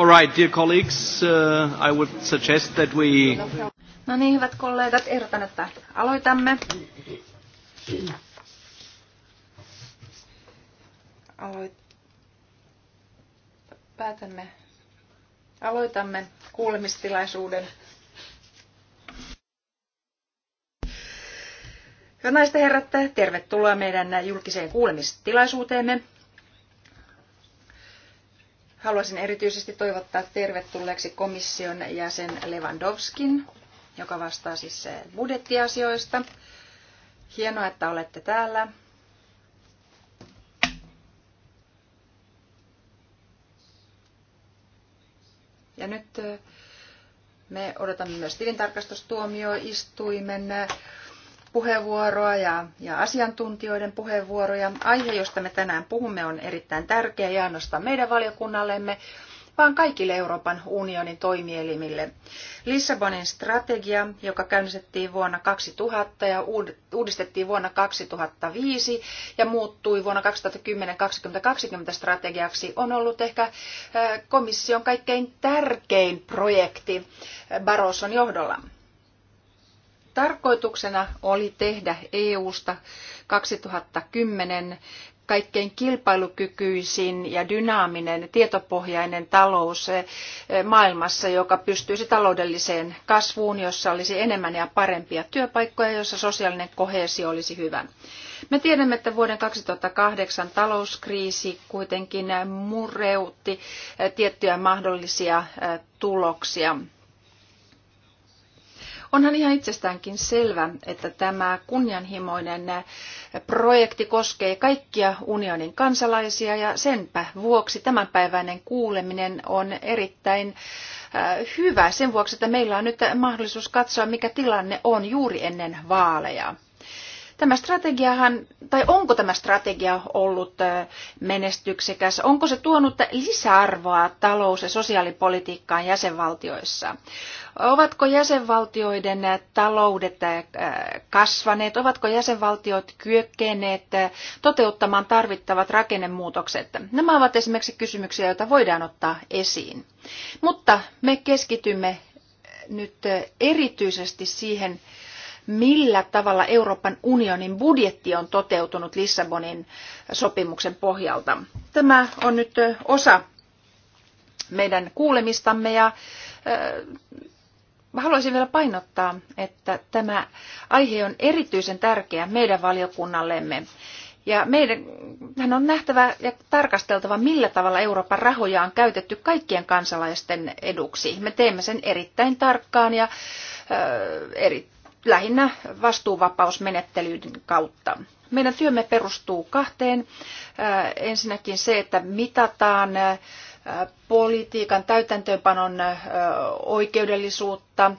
All right, dear colleagues, uh, I would suggest that we... No niin, hyvät kollegat, ehdotan, että aloitamme. Aloit... Päätämme. Aloitamme kuulemistilaisuuden. Hyvät naisten herrat, tervetuloa meidän julkiseen kuulemistilaisuuteemme. Haluaisin erityisesti toivottaa tervetulleeksi komission jäsen Lewandowskin, joka vastaa siis eh, budjettiasioista. Hienoa, että olette täällä. Ja nyt eh, me odotamme myös tilintarkastustuomioistuimen eh, puheenvuoroa ja, ja asiantuntijoiden puheenvuoroja. Aihe, josta me tänään puhumme, on erittäin tärkeä ja ainoastaan meidän valiokunnallemme, vaan kaikille Euroopan unionin toimielimille. Lissabonin strategia, joka käynnistettiin vuonna 2000 ja uudistettiin vuonna 2005 ja muuttui vuonna 2010-2020 strategiaksi, on ollut ehkä komission kaikkein tärkein projekti Barroson johdolla. Tarkoituksena oli tehdä EUsta 2010 kaikkein kilpailukykyisin ja dynaaminen tietopohjainen talous eh, maailmassa, joka pystyisi taloudelliseen kasvuun, jossa olisi enemmän ja parempia työpaikkoja, jossa sosiaalinen koheesio olisi hyvä. Me tiedämme, että vuoden 2008 talouskriisi kuitenkin mureutti eh, tiettyjä mahdollisia eh, tuloksia. Onhan ihan itsestäänkin selvä, että tämä kunnianhimoinen projekti koskee kaikkia unionin kansalaisia ja senpä vuoksi tämänpäiväinen kuuleminen on erittäin äh, hyvä sen vuoksi, että meillä on nyt mahdollisuus katsoa, mikä tilanne on juuri ennen vaaleja. Tämä strategiahan, tai onko tämä strategia ollut menestyksekäs? Onko se tuonut lisäarvoa talous- ja sosiaalipolitiikkaan jäsenvaltioissa? Ovatko jäsenvaltioiden taloudet kasvaneet? Ovatko jäsenvaltiot kyökkeneet toteuttamaan tarvittavat rakennemuutokset? Nämä ovat esimerkiksi kysymyksiä, joita voidaan ottaa esiin. Mutta me keskitymme nyt erityisesti siihen, millä tavalla Euroopan unionin budjetti on toteutunut Lissabonin sopimuksen pohjalta. Tämä on nyt osa meidän kuulemistamme ja haluaisin vielä painottaa, että tämä aihe on erityisen tärkeä meidän valiokunnallemme. Ja meidän on nähtävä ja tarkasteltava, millä tavalla Euroopan rahoja on käytetty kaikkien kansalaisten eduksi. Me teemme sen erittäin tarkkaan ja ö, eri, lähinnä vastuuvapausmenettelyiden kautta. Meidän työmme perustuu kahteen. Äh, ensinnäkin se, että mitataan äh, politiikan täytäntöönpanon äh, oikeudellisuutta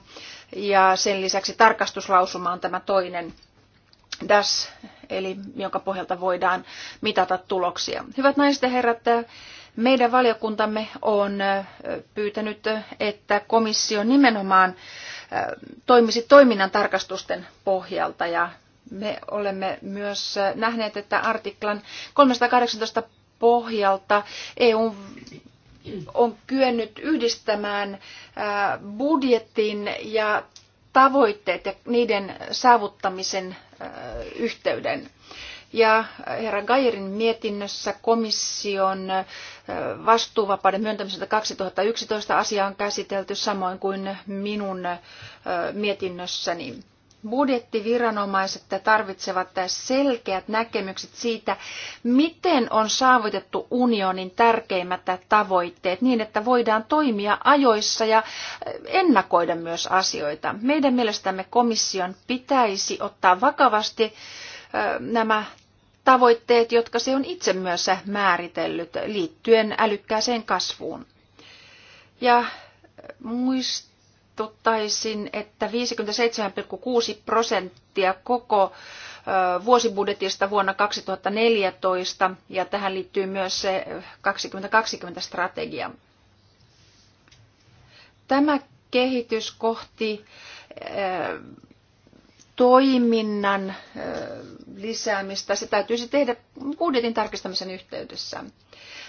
ja sen lisäksi tarkastuslausuma on tämä toinen DAS, eli jonka pohjalta voidaan mitata tuloksia. Hyvät naiset ja herrat, meidän valiokuntamme on pyytänyt, että komissio nimenomaan toimisi toiminnan tarkastusten pohjalta ja me olemme myös nähneet, että artiklan 318 pohjalta EU on kyennyt yhdistämään budjetin ja tavoitteet ja niiden saavuttamisen yhteyden. Ja äh, herra Gairin mietinnössä komission äh, vastuuvapauden myöntämiseltä 2011 asia on käsitelty samoin kuin minun äh, mietinnössäni. Budjettiviranomaiset tarvitsevat selkeät näkemykset siitä, miten on saavutettu unionin tärkeimmät tavoitteet niin, että voidaan toimia ajoissa ja ennakoida myös asioita. Meidän mielestämme komission pitäisi ottaa vakavasti nämä tavoitteet, jotka se on itse myös määritellyt liittyen älykkääseen kasvuun. Ja muistuttaisin, että 57,6 prosenttia koko vuosibudjetista vuonna 2014 ja tähän liittyy myös se 2020-strategia. Tämä kehitys kohti toiminnan lisäämistä. Se täytyisi tehdä budjetin tarkistamisen yhteydessä.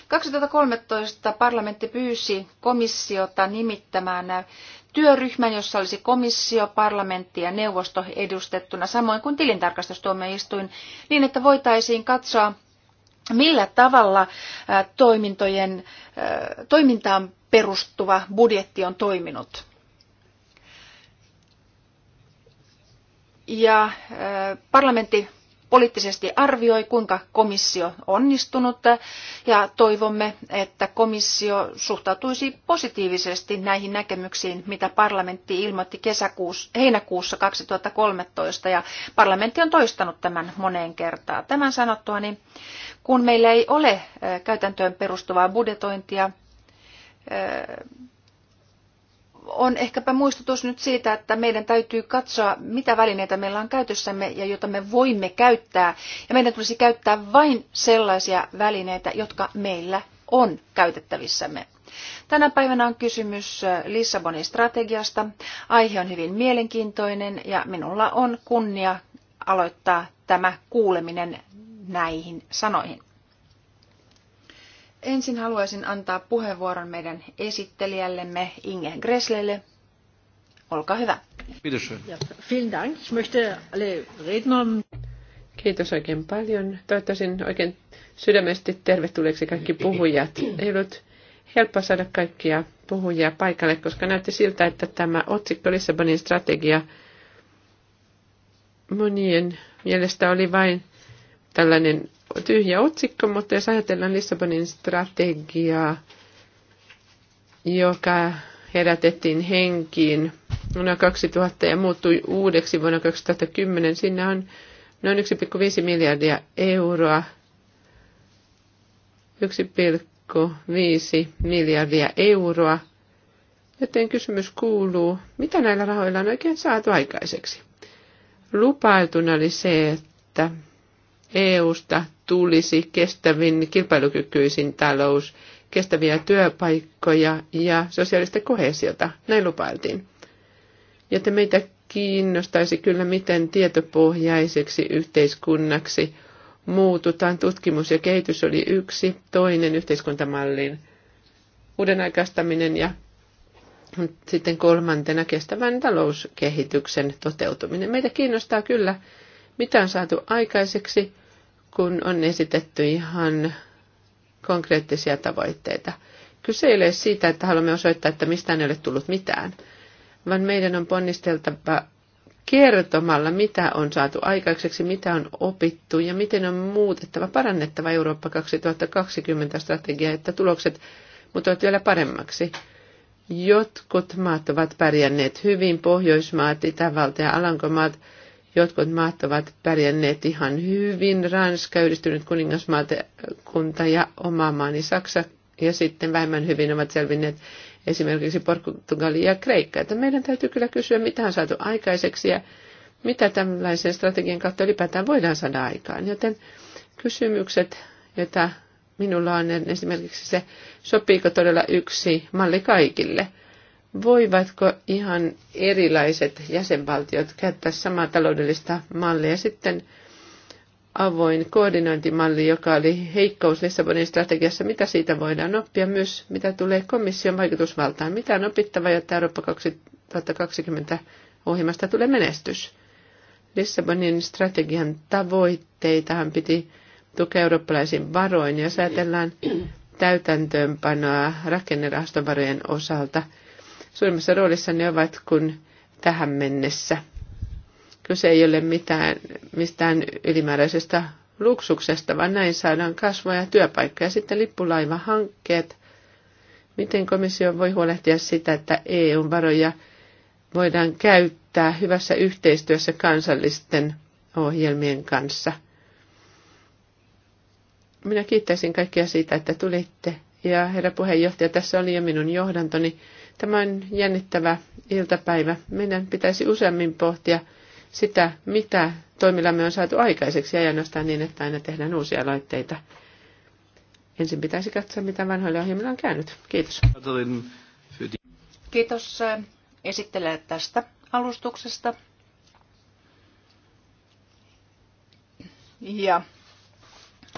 2013 parlamentti pyysi komissiota nimittämään työryhmän, jossa olisi komissio, parlamentti ja neuvosto edustettuna, samoin kuin tilintarkastustuomioistuin, niin että voitaisiin katsoa, millä tavalla toimintojen, toimintaan perustuva budjetti on toiminut. Ja parlamentti poliittisesti arvioi, kuinka komissio onnistunut ja toivomme, että komissio suhtautuisi positiivisesti näihin näkemyksiin, mitä parlamentti ilmoitti kesäkuussa, heinäkuussa 2013 ja parlamentti on toistanut tämän moneen kertaan. Tämän sanottua, niin kun meillä ei ole käytäntöön perustuvaa budjetointia, on ehkäpä muistutus nyt siitä, että meidän täytyy katsoa, mitä välineitä meillä on käytössämme ja joita me voimme käyttää. Ja meidän tulisi käyttää vain sellaisia välineitä, jotka meillä on käytettävissämme. Tänä päivänä on kysymys äh, Lissabonin strategiasta. Aihe on hyvin mielenkiintoinen ja minulla on kunnia aloittaa tämä kuuleminen näihin sanoihin. Ensin haluaisin antaa puheenvuoron meidän esittelijällemme Inge Gresslelle. Olkaa hyvä. Kiitos oikein paljon. Toivottavasti oikein sydämesti tervetulleeksi kaikki puhujat. Ei ollut helppo saada kaikkia puhujia paikalle, koska näytti siltä, että tämä otsikko Lissabonin strategia monien mielestä oli vain tällainen tyhjä otsikko, mutta jos ajatellaan Lissabonin strategiaa, joka herätettiin henkiin vuonna 2000 ja muuttui uudeksi vuonna 2010, siinä on noin 1,5 miljardia euroa, 1,5 miljardia euroa, joten kysymys kuuluu, mitä näillä rahoilla on oikein saatu aikaiseksi? Lupailtuna oli se, että EUsta tulisi kestävin, kilpailukykyisin talous, kestäviä työpaikkoja ja sosiaalista kohesiota. Näin lupailtiin. että meitä kiinnostaisi kyllä, miten tietopohjaiseksi yhteiskunnaksi muututaan. Tutkimus ja kehitys oli yksi, toinen yhteiskuntamallin uuden aikaistaminen ja sitten kolmantena kestävän talouskehityksen toteutuminen. Meitä kiinnostaa kyllä, mitä on saatu aikaiseksi, kun on esitetty ihan konkreettisia tavoitteita. Kyse ei ole siitä, että haluamme osoittaa, että mistään ei ole tullut mitään, vaan meidän on ponnisteltava kertomalla, mitä on saatu aikaiseksi, mitä on opittu ja miten on muutettava, parannettava Eurooppa 2020 strategia, että tulokset muuttuvat vielä paremmaksi. Jotkut maat ovat pärjänneet hyvin, Pohjoismaat, Itävalta ja Alankomaat – Jotkut maat ovat pärjänneet ihan hyvin, Ranska, yhdistynyt kuningasmaakunta ja oma maani Saksa, ja sitten vähemmän hyvin ovat selvinneet esimerkiksi Portugali ja Kreikka. Että meidän täytyy kyllä kysyä, mitä on saatu aikaiseksi ja mitä tällaisen strategian kautta ylipäätään voidaan saada aikaan. Joten kysymykset, joita minulla on niin esimerkiksi se, sopiiko todella yksi malli kaikille – voivatko ihan erilaiset jäsenvaltiot käyttää samaa taloudellista mallia. Sitten avoin koordinointimalli, joka oli heikkous Lissabonin strategiassa. Mitä siitä voidaan oppia myös, mitä tulee komission vaikutusvaltaan? Mitä on opittava, jotta Eurooppa 2020 ohjelmasta tulee menestys? Lissabonin strategian tavoitteitahan piti tukea eurooppalaisin varoin, ja säätellään täytäntöönpanoa rakennerahastovarojen osalta – suurimmassa roolissa ne ovat kuin tähän mennessä. Kyse ei ole mitään, mistään ylimääräisestä luksuksesta, vaan näin saadaan kasvua ja työpaikkoja. Sitten lippulaivahankkeet. Miten komissio voi huolehtia sitä, että EU-varoja voidaan käyttää hyvässä yhteistyössä kansallisten ohjelmien kanssa? Minä kiittäisin kaikkia siitä, että tulitte. Ja herra puheenjohtaja, tässä oli jo minun johdantoni. Tämä on jännittävä iltapäivä. Meidän pitäisi useammin pohtia sitä, mitä toimillamme on saatu aikaiseksi, ja ainoastaan niin, että aina tehdään uusia laitteita. Ensin pitäisi katsoa, mitä vanhoilla ohjelmilla on käynyt. Kiitos. Kiitos eh, esittelijä tästä alustuksesta. Ja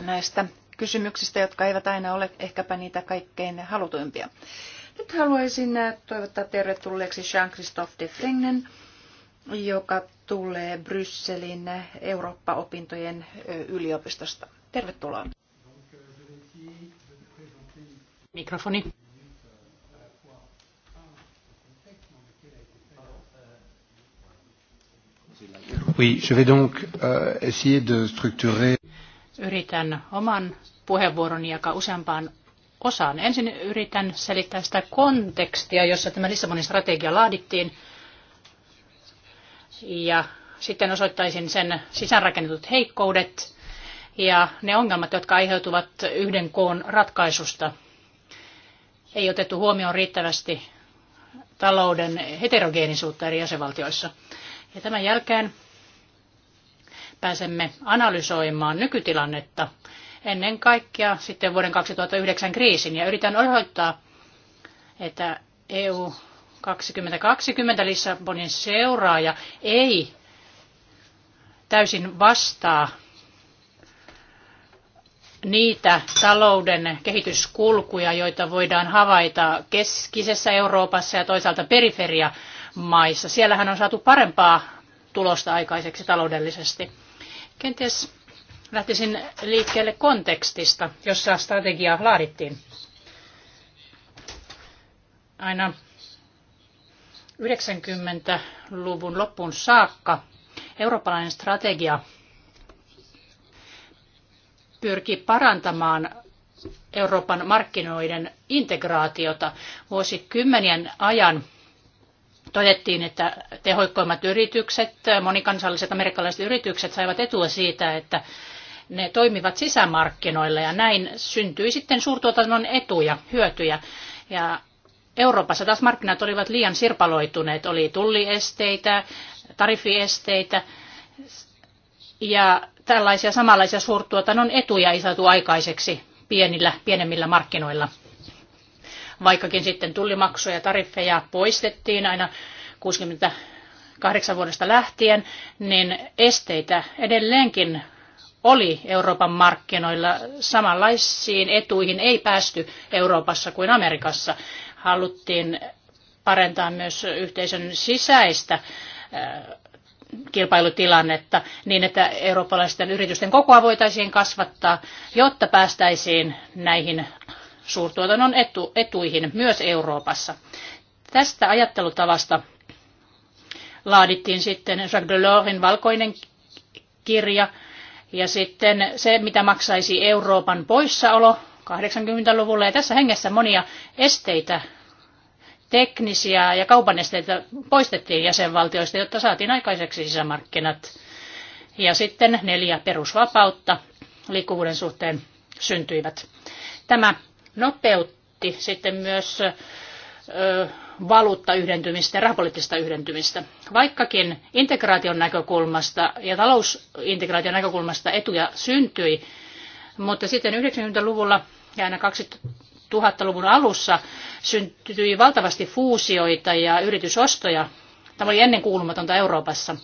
näistä kysymyksistä, jotka eivät aina ole ehkäpä niitä kaikkein halutuimpia. Nyt haluaisin äh, toivottaa tervetulleeksi Jean-Christophe de Frengen, joka tulee Brysselin äh, Eurooppa-opintojen yliopistosta. Tervetuloa. Mikrofoni. Oui, je vais donc euh, essayer de structurer. Yritän oman puheenvuoroni jakaa useampaan osaan. Ensin yritän selittää sitä kontekstia, jossa tämä Lissabonin strategia laadittiin. Ja sitten osoittaisin sen sisäänrakennetut heikkoudet ja ne ongelmat, jotka aiheutuvat yhden koon ratkaisusta. Ei otettu huomioon riittävästi talouden heterogeenisuutta eri jäsenvaltioissa. Ja tämän jälkeen pääsemme analysoimaan nykytilannetta ennen kaikkea sitten vuoden 2009 kriisin. Ja yritän osoittaa, että EU 2020 Lissabonin seuraaja ei täysin vastaa niitä talouden kehityskulkuja, joita voidaan havaita keskisessä Euroopassa ja toisaalta periferiamaissa. Siellähän on saatu parempaa tulosta aikaiseksi taloudellisesti. Kenties lähtisin liikkeelle kontekstista, jossa strategia laadittiin. Aina 90-luvun loppuun saakka eurooppalainen strategia pyrki parantamaan Euroopan markkinoiden integraatiota. Vuosikymmenien ajan todettiin, että tehoikkoimmat yritykset, monikansalliset amerikkalaiset yritykset saivat etua siitä, että ne toimivat sisämarkkinoilla ja näin syntyi sitten suurtuotannon etuja, hyötyjä. Ja Euroopassa taas markkinat olivat liian sirpaloituneet, oli tulliesteitä, tarifiesteitä ja tällaisia samanlaisia suurtuotannon etuja ei saatu aikaiseksi pienillä, pienemmillä markkinoilla. Vaikkakin sitten tullimaksuja ja tariffeja poistettiin aina 68 vuodesta lähtien, niin esteitä edelleenkin oli Euroopan markkinoilla. Samanlaisiin etuihin ei päästy Euroopassa kuin Amerikassa. Haluttiin parentaa myös yhteisön sisäistä äh, kilpailutilannetta niin, että eurooppalaisten yritysten kokoa voitaisiin kasvattaa, jotta päästäisiin näihin suurtuotannon etu, etuihin myös Euroopassa. Tästä ajattelutavasta laadittiin sitten Jacques Delorsin valkoinen kirja – ja sitten se, mitä maksaisi Euroopan poissaolo 80-luvulla. Ja tässä hengessä monia esteitä, teknisiä ja kaupan esteitä poistettiin jäsenvaltioista, jotta saatiin aikaiseksi sisämarkkinat. Ja sitten neljä perusvapautta liikkuvuuden suhteen syntyivät. Tämä nopeutti sitten myös valuutta yhdentymistä ja rahapoliittista yhdentymistä. Vaikkakin integraation näkökulmasta ja talousintegraation näkökulmasta etuja syntyi, mutta sitten 90-luvulla ja aina 2000-luvun alussa syntyi valtavasti fuusioita ja yritysostoja. Tämä oli ennen kuulumatonta Euroopassa.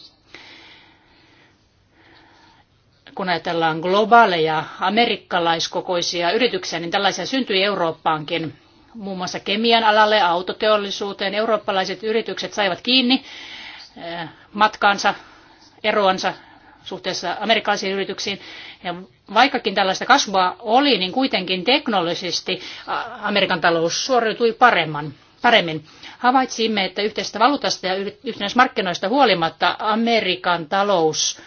Kun ajatellaan globaaleja amerikkalaiskokoisia yrityksiä, niin tällaisia syntyi Eurooppaankin – muun muassa kemian alalle, autoteollisuuteen. Eurooppalaiset yritykset saivat kiinni eh, matkaansa, eroansa suhteessa amerikkalaisiin yrityksiin. Ja vaikkakin tällaista kasvua oli, niin kuitenkin teknologisesti Amerikan talous suoriutui paremman, paremmin. Havaitsimme, että yhteisestä valuutasta ja yhtenäismarkkinoista huolimatta Amerikan talous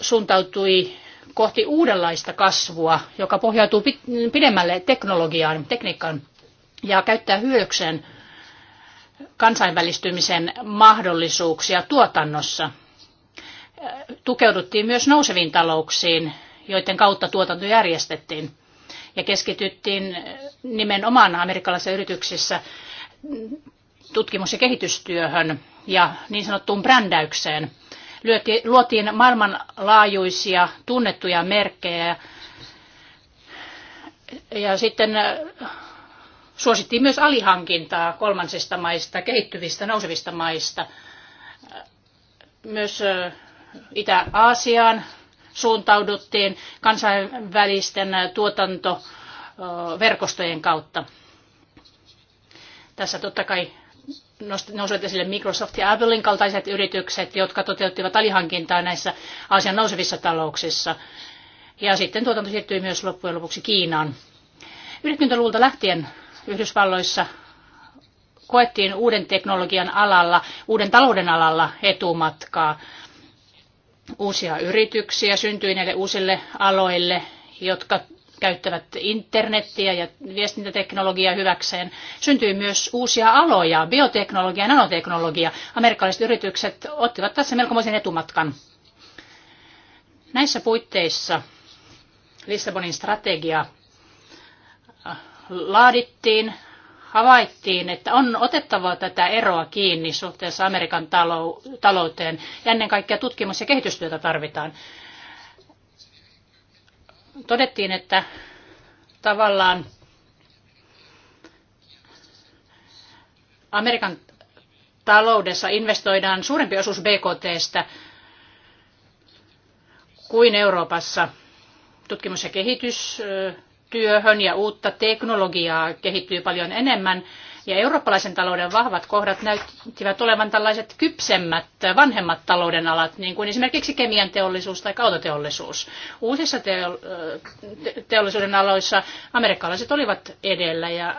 suuntautui kohti uudenlaista kasvua, joka pohjautuu pidemmälle teknologiaan, tekniikkaan ja käyttää hyödykseen kansainvälistymisen mahdollisuuksia tuotannossa. Tukeuduttiin myös nouseviin talouksiin, joiden kautta tuotanto järjestettiin. Ja keskityttiin nimenomaan amerikkalaisissa yrityksissä tutkimus- ja kehitystyöhön ja niin sanottuun brändäykseen – luotiin maailmanlaajuisia tunnettuja merkkejä. Ja sitten äh, suosittiin myös alihankintaa kolmansista maista, kehittyvistä, nousevista maista. Äh, myös äh, Itä-Aasiaan suuntauduttiin kansainvälisten tuotantoverkostojen kautta. Tässä totta kai nousivat esille Microsoft ja Applein kaltaiset yritykset, jotka toteuttivat alihankintaa näissä Aasian nousevissa talouksissa. Ja sitten tuotanto siirtyi myös loppujen lopuksi Kiinaan. 90-luvulta lähtien Yhdysvalloissa koettiin uuden teknologian alalla, uuden talouden alalla etumatkaa. Uusia yrityksiä syntyi näille uusille aloille, jotka käyttävät internettiä ja viestintäteknologiaa hyväkseen. Syntyy myös uusia aloja, bioteknologia ja nanoteknologia. Amerikkalaiset yritykset ottivat tässä melkomoisen etumatkan. Näissä puitteissa Lissabonin strategia äh, laadittiin, havaittiin, että on otettava tätä eroa kiinni suhteessa Amerikan talouteen ja ennen kaikkea tutkimus- ja kehitystyötä tarvitaan todettiin, että tavallaan Amerikan taloudessa investoidaan suurempi osuus BKTstä kuin Euroopassa tutkimus- ja kehitystyöhön ja uutta teknologiaa kehittyy paljon enemmän ja eurooppalaisen talouden vahvat kohdat näyttivät olevan tällaiset kypsemmät, vanhemmat talouden alat, niin kuin esimerkiksi kemian teollisuus tai autoteollisuus. Uusissa teollisuuden aloissa amerikkalaiset olivat edellä ja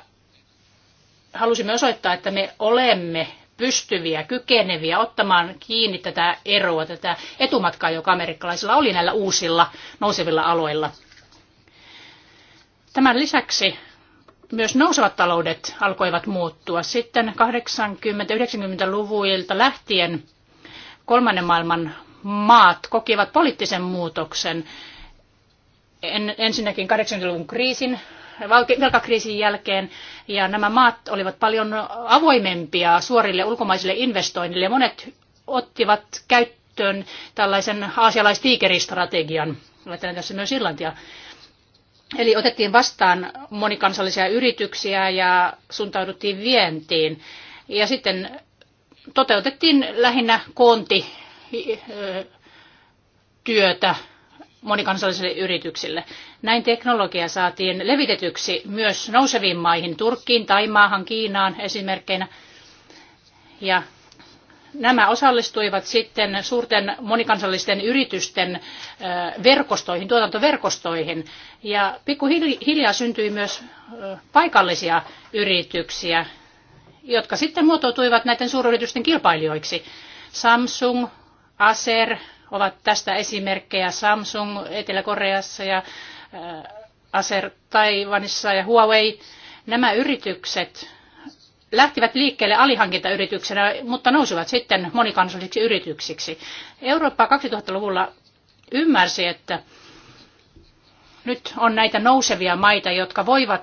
halusimme osoittaa, että me olemme pystyviä, kykeneviä ottamaan kiinni tätä eroa, tätä etumatkaa, joka amerikkalaisilla oli näillä uusilla nousevilla aloilla. Tämän lisäksi myös nousevat taloudet alkoivat muuttua. Sitten 80-90-luvuilta lähtien kolmannen maailman maat kokivat poliittisen muutoksen. En, ensinnäkin 80-luvun kriisin, velkakriisin jälkeen, ja nämä maat olivat paljon avoimempia suorille ulkomaisille investoinnille. Monet ottivat käyttöön tällaisen aasialaistiikeristrategian. Ajattelen tässä myös Irlantia. Eli otettiin vastaan monikansallisia yrityksiä ja suuntauduttiin vientiin. Ja sitten toteutettiin lähinnä konti työtä monikansallisille yrityksille. Näin teknologia saatiin levitetyksi myös nouseviin maihin, Turkkiin, Taimaahan, Kiinaan esimerkkeinä. Ja nämä osallistuivat sitten suurten monikansallisten yritysten verkostoihin, tuotantoverkostoihin. Ja pikkuhiljaa syntyi myös paikallisia yrityksiä, jotka sitten muotoutuivat näiden suuryritysten kilpailijoiksi. Samsung, Acer ovat tästä esimerkkejä. Samsung Etelä-Koreassa ja Acer Taiwanissa ja Huawei. Nämä yritykset lähtivät liikkeelle alihankintayrityksenä, mutta nousivat sitten monikansallisiksi yrityksiksi. Eurooppa 2000-luvulla ymmärsi, että nyt on näitä nousevia maita, jotka voivat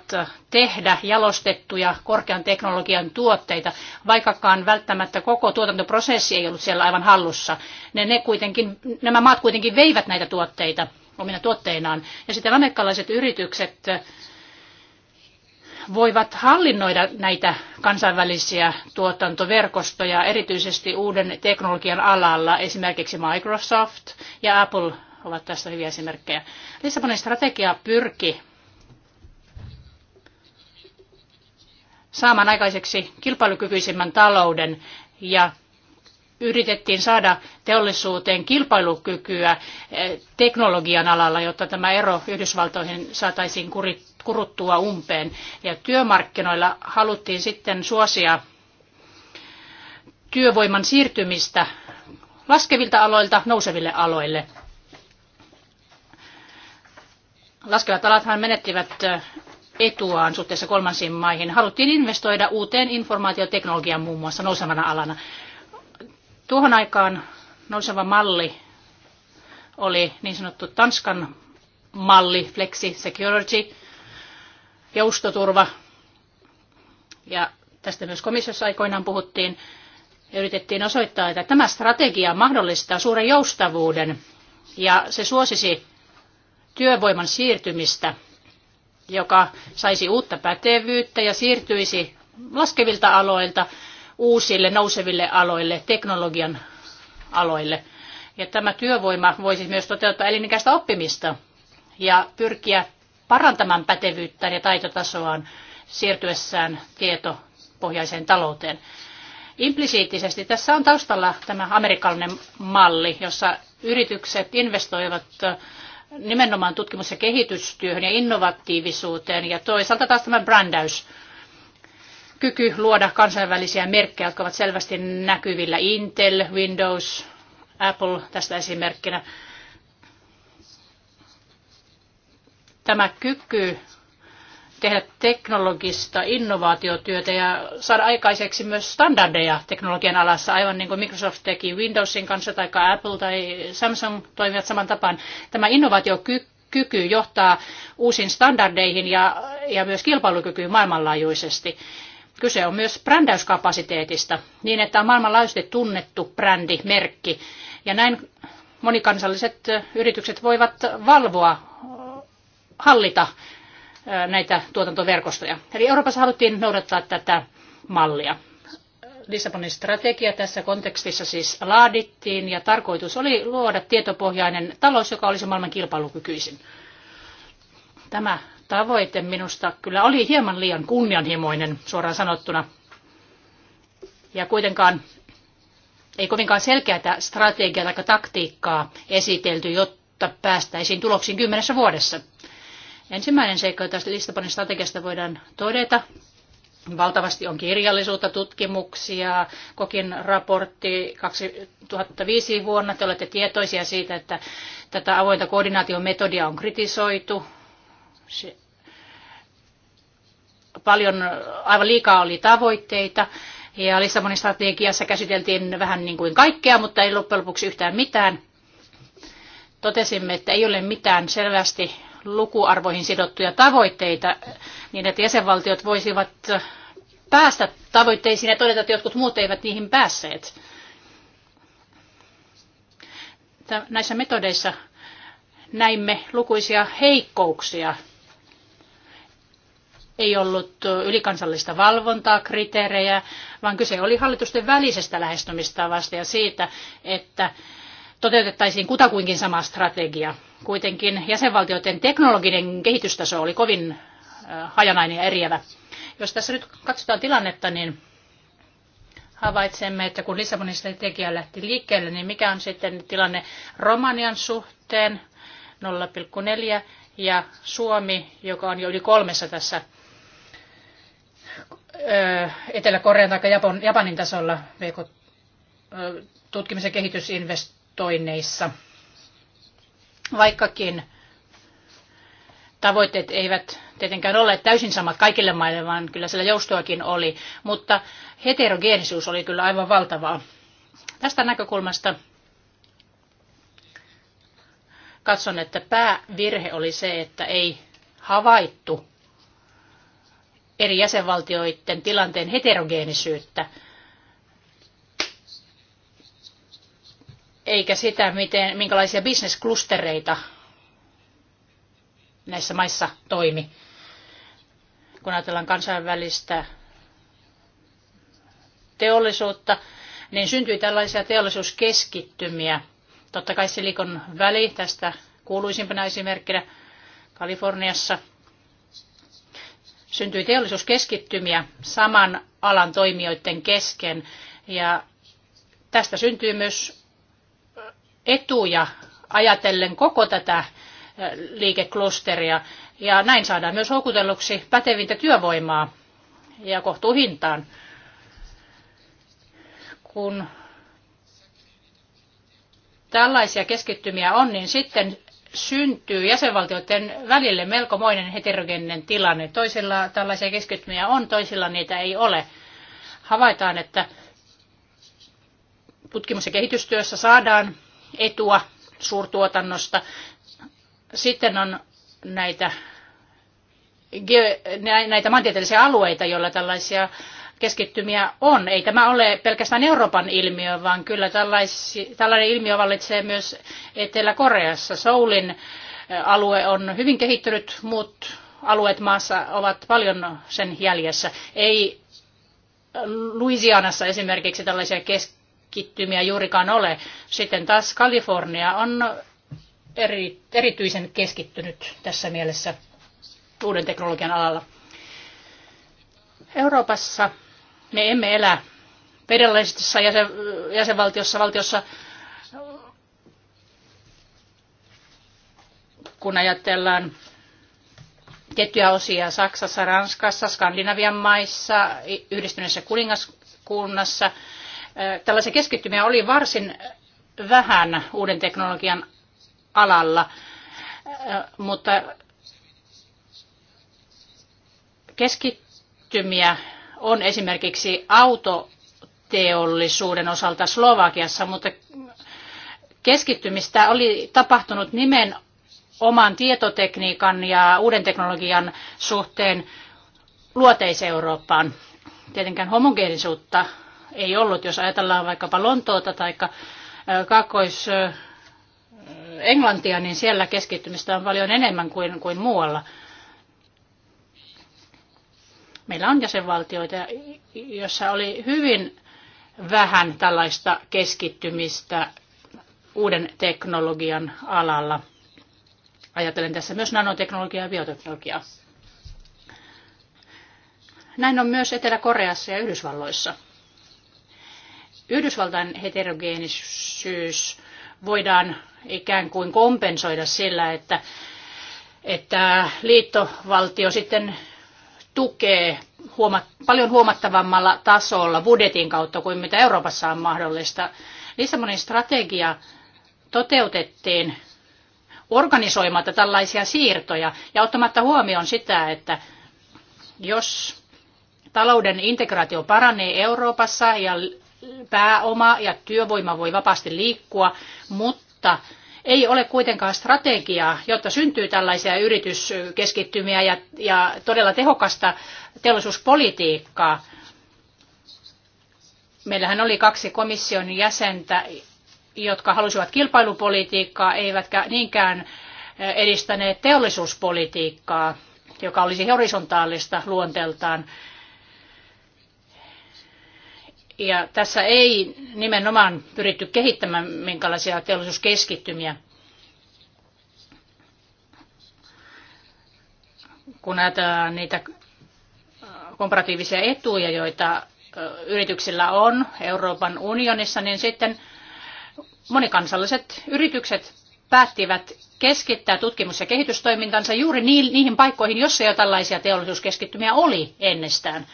tehdä jalostettuja korkean teknologian tuotteita, vaikkakaan välttämättä koko tuotantoprosessi ei ollut siellä aivan hallussa. Ne, ne kuitenkin, nämä maat kuitenkin veivät näitä tuotteita omina tuotteinaan. Ja sitten amerikkalaiset yritykset voivat hallinnoida näitä kansainvälisiä tuotantoverkostoja, erityisesti uuden teknologian alalla, esimerkiksi Microsoft ja Apple ovat tästä hyviä esimerkkejä. Lissabonin strategia pyrki saamaan aikaiseksi kilpailukykyisimmän talouden ja yritettiin saada teollisuuteen kilpailukykyä eh, teknologian alalla, jotta tämä ero Yhdysvaltoihin saataisiin kurittua kuruttua umpeen. Ja työmarkkinoilla haluttiin sitten suosia työvoiman siirtymistä laskevilta aloilta nouseville aloille. Laskevat alathan menettivät etuaan suhteessa kolmansiin maihin. Haluttiin investoida uuteen informaatioteknologiaan muun muassa nousevana alana. Tuohon aikaan nouseva malli oli niin sanottu Tanskan malli, Flexi Security, joustoturva. Ja tästä myös komissiossa aikoinaan puhuttiin ja yritettiin osoittaa, että tämä strategia mahdollistaa suuren joustavuuden ja se suosisi työvoiman siirtymistä, joka saisi uutta pätevyyttä ja siirtyisi laskevilta aloilta uusille nouseville aloille, teknologian aloille. Ja tämä työvoima voisi myös toteuttaa elinikäistä oppimista ja pyrkiä parantamaan pätevyyttään ja taitotasoaan siirtyessään tietopohjaiseen talouteen. Implisiittisesti tässä on taustalla tämä amerikkalainen malli, jossa yritykset investoivat nimenomaan tutkimus- ja kehitystyöhön ja innovatiivisuuteen ja toisaalta taas tämä brändäys kyky luoda kansainvälisiä merkkejä, jotka ovat selvästi näkyvillä. Intel, Windows, Apple tästä esimerkkinä. tämä kyky tehdä teknologista innovaatiotyötä ja saada aikaiseksi myös standardeja teknologian alassa, aivan niin kuin Microsoft teki Windowsin kanssa tai Apple tai Samsung toimivat saman tapaan. Tämä innovaatiokyky johtaa uusiin standardeihin ja, ja myös kilpailukykyyn maailmanlaajuisesti. Kyse on myös brändäyskapasiteetista, niin että on maailmanlaajuisesti tunnettu brändi, merkki. Ja näin monikansalliset yritykset voivat valvoa hallita näitä tuotantoverkostoja. Eli Euroopassa haluttiin noudattaa tätä mallia. Lissabonin strategia tässä kontekstissa siis laadittiin ja tarkoitus oli luoda tietopohjainen talous, joka olisi maailman kilpailukykyisin. Tämä tavoite minusta kyllä oli hieman liian kunnianhimoinen suoraan sanottuna. Ja kuitenkaan ei kovinkaan selkeää strategiaa tai taktiikkaa esitelty, jotta päästäisiin tuloksiin kymmenessä vuodessa. Ensimmäinen seikka, jota Lissabonin strategiasta voidaan todeta, Valtavasti on kirjallisuutta, tutkimuksia, kokin raportti 2005 vuonna. Te olette tietoisia siitä, että tätä avointa koordinaatiometodia on kritisoitu. Se paljon, aivan liikaa oli tavoitteita. Ja Lissabonin strategiassa käsiteltiin vähän niin kuin kaikkea, mutta ei loppujen lopuksi yhtään mitään. Totesimme, että ei ole mitään selvästi lukuarvoihin sidottuja tavoitteita, niin että jäsenvaltiot voisivat päästä tavoitteisiin ja todeta, että jotkut muut eivät niihin päässeet. Näissä metodeissa näimme lukuisia heikkouksia. Ei ollut ylikansallista valvontaa, kriteerejä, vaan kyse oli hallitusten välisestä lähestymistavasta ja siitä, että toteutettaisiin kutakuinkin sama strategia kuitenkin jäsenvaltioiden teknologinen kehitystaso oli kovin hajanainen ja eriävä. Jos tässä nyt katsotaan tilannetta, niin havaitsemme, että kun Lissabonin strategia lähti liikkeelle, niin mikä on sitten tilanne Romanian suhteen 0,4 ja Suomi, joka on jo yli kolmessa tässä Etelä-Korean tai Japanin tasolla tutkimisen kehitysinvestoinneissa. Vaikkakin tavoitteet eivät tietenkään ole täysin samat kaikille maille, vaan kyllä siellä joustoakin oli, mutta heterogeenisuus oli kyllä aivan valtavaa. Tästä näkökulmasta katson, että päävirhe oli se, että ei havaittu eri jäsenvaltioiden tilanteen heterogeenisyyttä – eikä sitä, miten, minkälaisia bisnesklustereita näissä maissa toimi. Kun ajatellaan kansainvälistä teollisuutta, niin syntyi tällaisia teollisuuskeskittymiä. Totta kai Silikon väli tästä kuuluisimpana esimerkkinä Kaliforniassa syntyi teollisuuskeskittymiä saman alan toimijoiden kesken ja tästä syntyy myös etuja ajatellen koko tätä äh, liikeklusteria. Ja näin saadaan myös houkutelluksi pätevintä työvoimaa ja kohtuuhintaan. Kun tällaisia keskittymiä on, niin sitten syntyy jäsenvaltioiden välille melkomoinen heterogeeninen tilanne. Toisilla tällaisia keskittymiä on, toisilla niitä ei ole. Havaitaan, että tutkimus- ja kehitystyössä saadaan etua suurtuotannosta. Sitten on näitä, näitä maantieteellisiä alueita, joilla tällaisia keskittymiä on. Ei tämä ole pelkästään Euroopan ilmiö, vaan kyllä tällaisi, tällainen ilmiö vallitsee myös Etelä-Koreassa. Soulin alue on hyvin kehittynyt, muut alueet maassa ovat paljon sen jäljessä. Ei Louisianassa esimerkiksi tällaisia kes- keskittymiä juurikaan ole. Sitten taas Kalifornia on eri, erityisen keskittynyt tässä mielessä uuden teknologian alalla. Euroopassa me emme elä federalistisessa jäsen, jäsenvaltiossa, valtiossa, kun ajatellaan tiettyjä osia Saksassa, Ranskassa, Skandinavian maissa, yhdistyneessä kuningaskunnassa, tällaisia keskittymiä oli varsin vähän uuden teknologian alalla, mutta keskittymiä on esimerkiksi autoteollisuuden osalta Slovakiassa, mutta keskittymistä oli tapahtunut nimen oman tietotekniikan ja uuden teknologian suhteen luoteis-Eurooppaan. Tietenkään homogeenisuutta ei ollut. Jos ajatellaan vaikkapa Lontoota tai äh, Kaakkois-Englantia, äh, niin siellä keskittymistä on paljon enemmän kuin, kuin muualla. Meillä on jäsenvaltioita, joissa oli hyvin vähän tällaista keskittymistä uuden teknologian alalla. Ajattelen tässä myös nanoteknologiaa ja bioteknologiaa. Näin on myös Etelä-Koreassa ja Yhdysvalloissa. Yhdysvaltain heterogeenisyys voidaan ikään kuin kompensoida sillä, että, että liittovaltio sitten tukee huomat, paljon huomattavammalla tasolla budjetin kautta kuin mitä Euroopassa on mahdollista. Lissabonin strategia toteutettiin organisoimatta tällaisia siirtoja ja ottamatta huomioon sitä, että jos talouden integraatio paranee Euroopassa ja pääoma ja työvoima voi vapaasti liikkua, mutta ei ole kuitenkaan strategiaa, jotta syntyy tällaisia yrityskeskittymiä ja, ja todella tehokasta teollisuuspolitiikkaa. Meillähän oli kaksi komission jäsentä, jotka halusivat kilpailupolitiikkaa, eivätkä niinkään eh, edistäneet teollisuuspolitiikkaa, joka olisi horisontaalista luonteeltaan. Ja tässä ei nimenomaan pyritty kehittämään minkälaisia teollisuuskeskittymiä. Kun ajatellaan niitä komparatiivisia etuja, joita yrityksillä on Euroopan unionissa, niin sitten monikansalliset yritykset päättivät keskittää tutkimus- ja kehitystoimintansa juuri niihin paikkoihin, jossa jo tällaisia teollisuuskeskittymiä oli ennestään.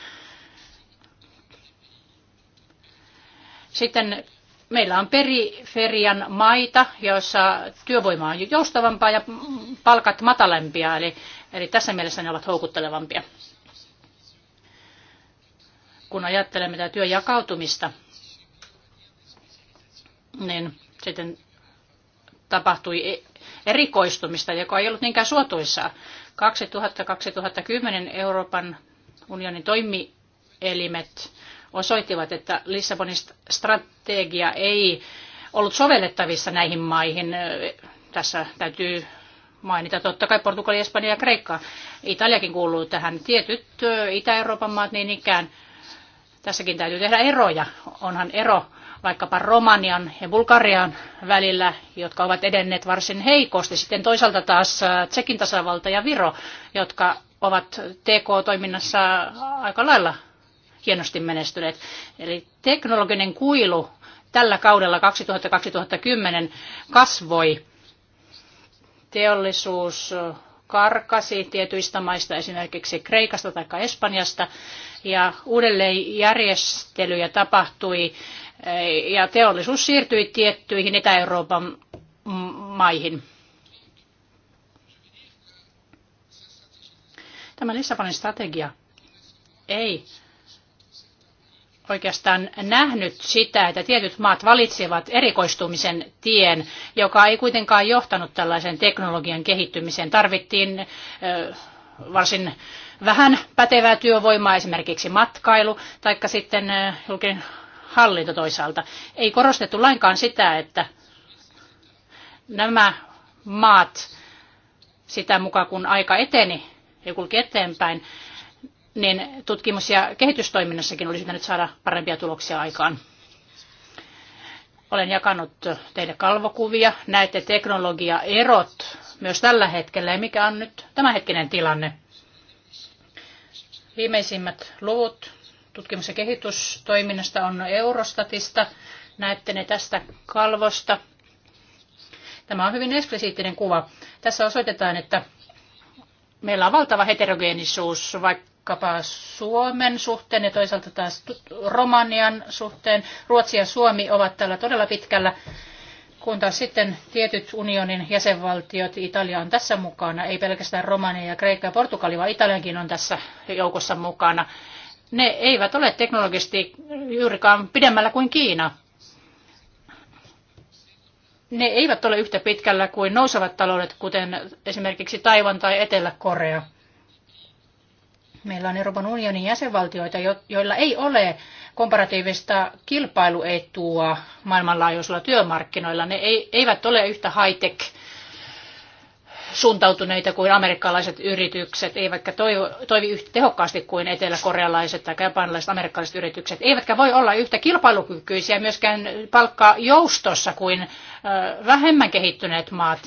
Sitten meillä on periferian maita, joissa työvoima on joustavampaa ja palkat matalempia, eli, eli tässä mielessä ne ovat houkuttelevampia. Kun ajattelemme tätä työn jakautumista, niin sitten tapahtui e- erikoistumista, joka ei ollut niinkään suotuisaa. 2000-2010 Euroopan unionin toimielimet osoittivat, että Lissabonin strategia ei ollut sovellettavissa näihin maihin. Tässä täytyy mainita totta kai Portugali, Espanja ja Kreikka. Italiakin kuuluu tähän tietyt Itä-Euroopan maat niin ikään. Tässäkin täytyy tehdä eroja. Onhan ero vaikkapa Romanian ja Bulgarian välillä, jotka ovat edenneet varsin heikosti. Sitten toisaalta taas Tsekin tasavalta ja Viro, jotka ovat TK-toiminnassa aika lailla hienosti menestyneet. Eli teknologinen kuilu tällä kaudella 2000-2010 kasvoi. Teollisuus karkasi tietyistä maista, esimerkiksi Kreikasta tai Espanjasta, ja uudelleenjärjestelyjä tapahtui, ja teollisuus siirtyi tiettyihin Itä-Euroopan maihin. Tämä Lissabonin strategia ei oikeastaan nähnyt sitä, että tietyt maat valitsivat erikoistumisen tien, joka ei kuitenkaan johtanut tällaisen teknologian kehittymiseen. Tarvittiin varsin vähän pätevää työvoimaa, esimerkiksi matkailu tai sitten julkinen hallinto toisaalta. Ei korostettu lainkaan sitä, että nämä maat sitä mukaan kun aika eteni ja kulki eteenpäin, niin tutkimus- ja kehitystoiminnassakin olisi pitänyt saada parempia tuloksia aikaan. Olen jakanut teille kalvokuvia. Näette teknologiaerot myös tällä hetkellä ja mikä on nyt tämänhetkinen tilanne. Viimeisimmät luvut tutkimus- ja kehitystoiminnasta on Eurostatista. Näette ne tästä kalvosta. Tämä on hyvin eksplisiittinen kuva. Tässä osoitetaan, että meillä on valtava heterogeenisuus, vaikka vaikkapa Suomen suhteen ja toisaalta taas Romanian suhteen. Ruotsi ja Suomi ovat täällä todella pitkällä, kun taas sitten tietyt unionin jäsenvaltiot, Italia on tässä mukana, ei pelkästään Romania ja Kreikka ja Portugali, vaan Italiankin on tässä joukossa mukana. Ne eivät ole teknologisesti juurikaan pidemmällä kuin Kiina. Ne eivät ole yhtä pitkällä kuin nousevat taloudet, kuten esimerkiksi Taivan tai Etelä-Korea Meillä on Euroopan unionin jäsenvaltioita, joilla ei ole komparatiivista kilpailuetua maailmanlaajuisilla työmarkkinoilla. Ne eivät ole yhtä high-tech suuntautuneita kuin amerikkalaiset yritykset, eivätkä toivo, toimi yhtä tehokkaasti kuin eteläkorealaiset tai japanilaiset amerikkalaiset yritykset, eivätkä voi olla yhtä kilpailukykyisiä myöskään palkkajoustossa kuin vähemmän kehittyneet maat,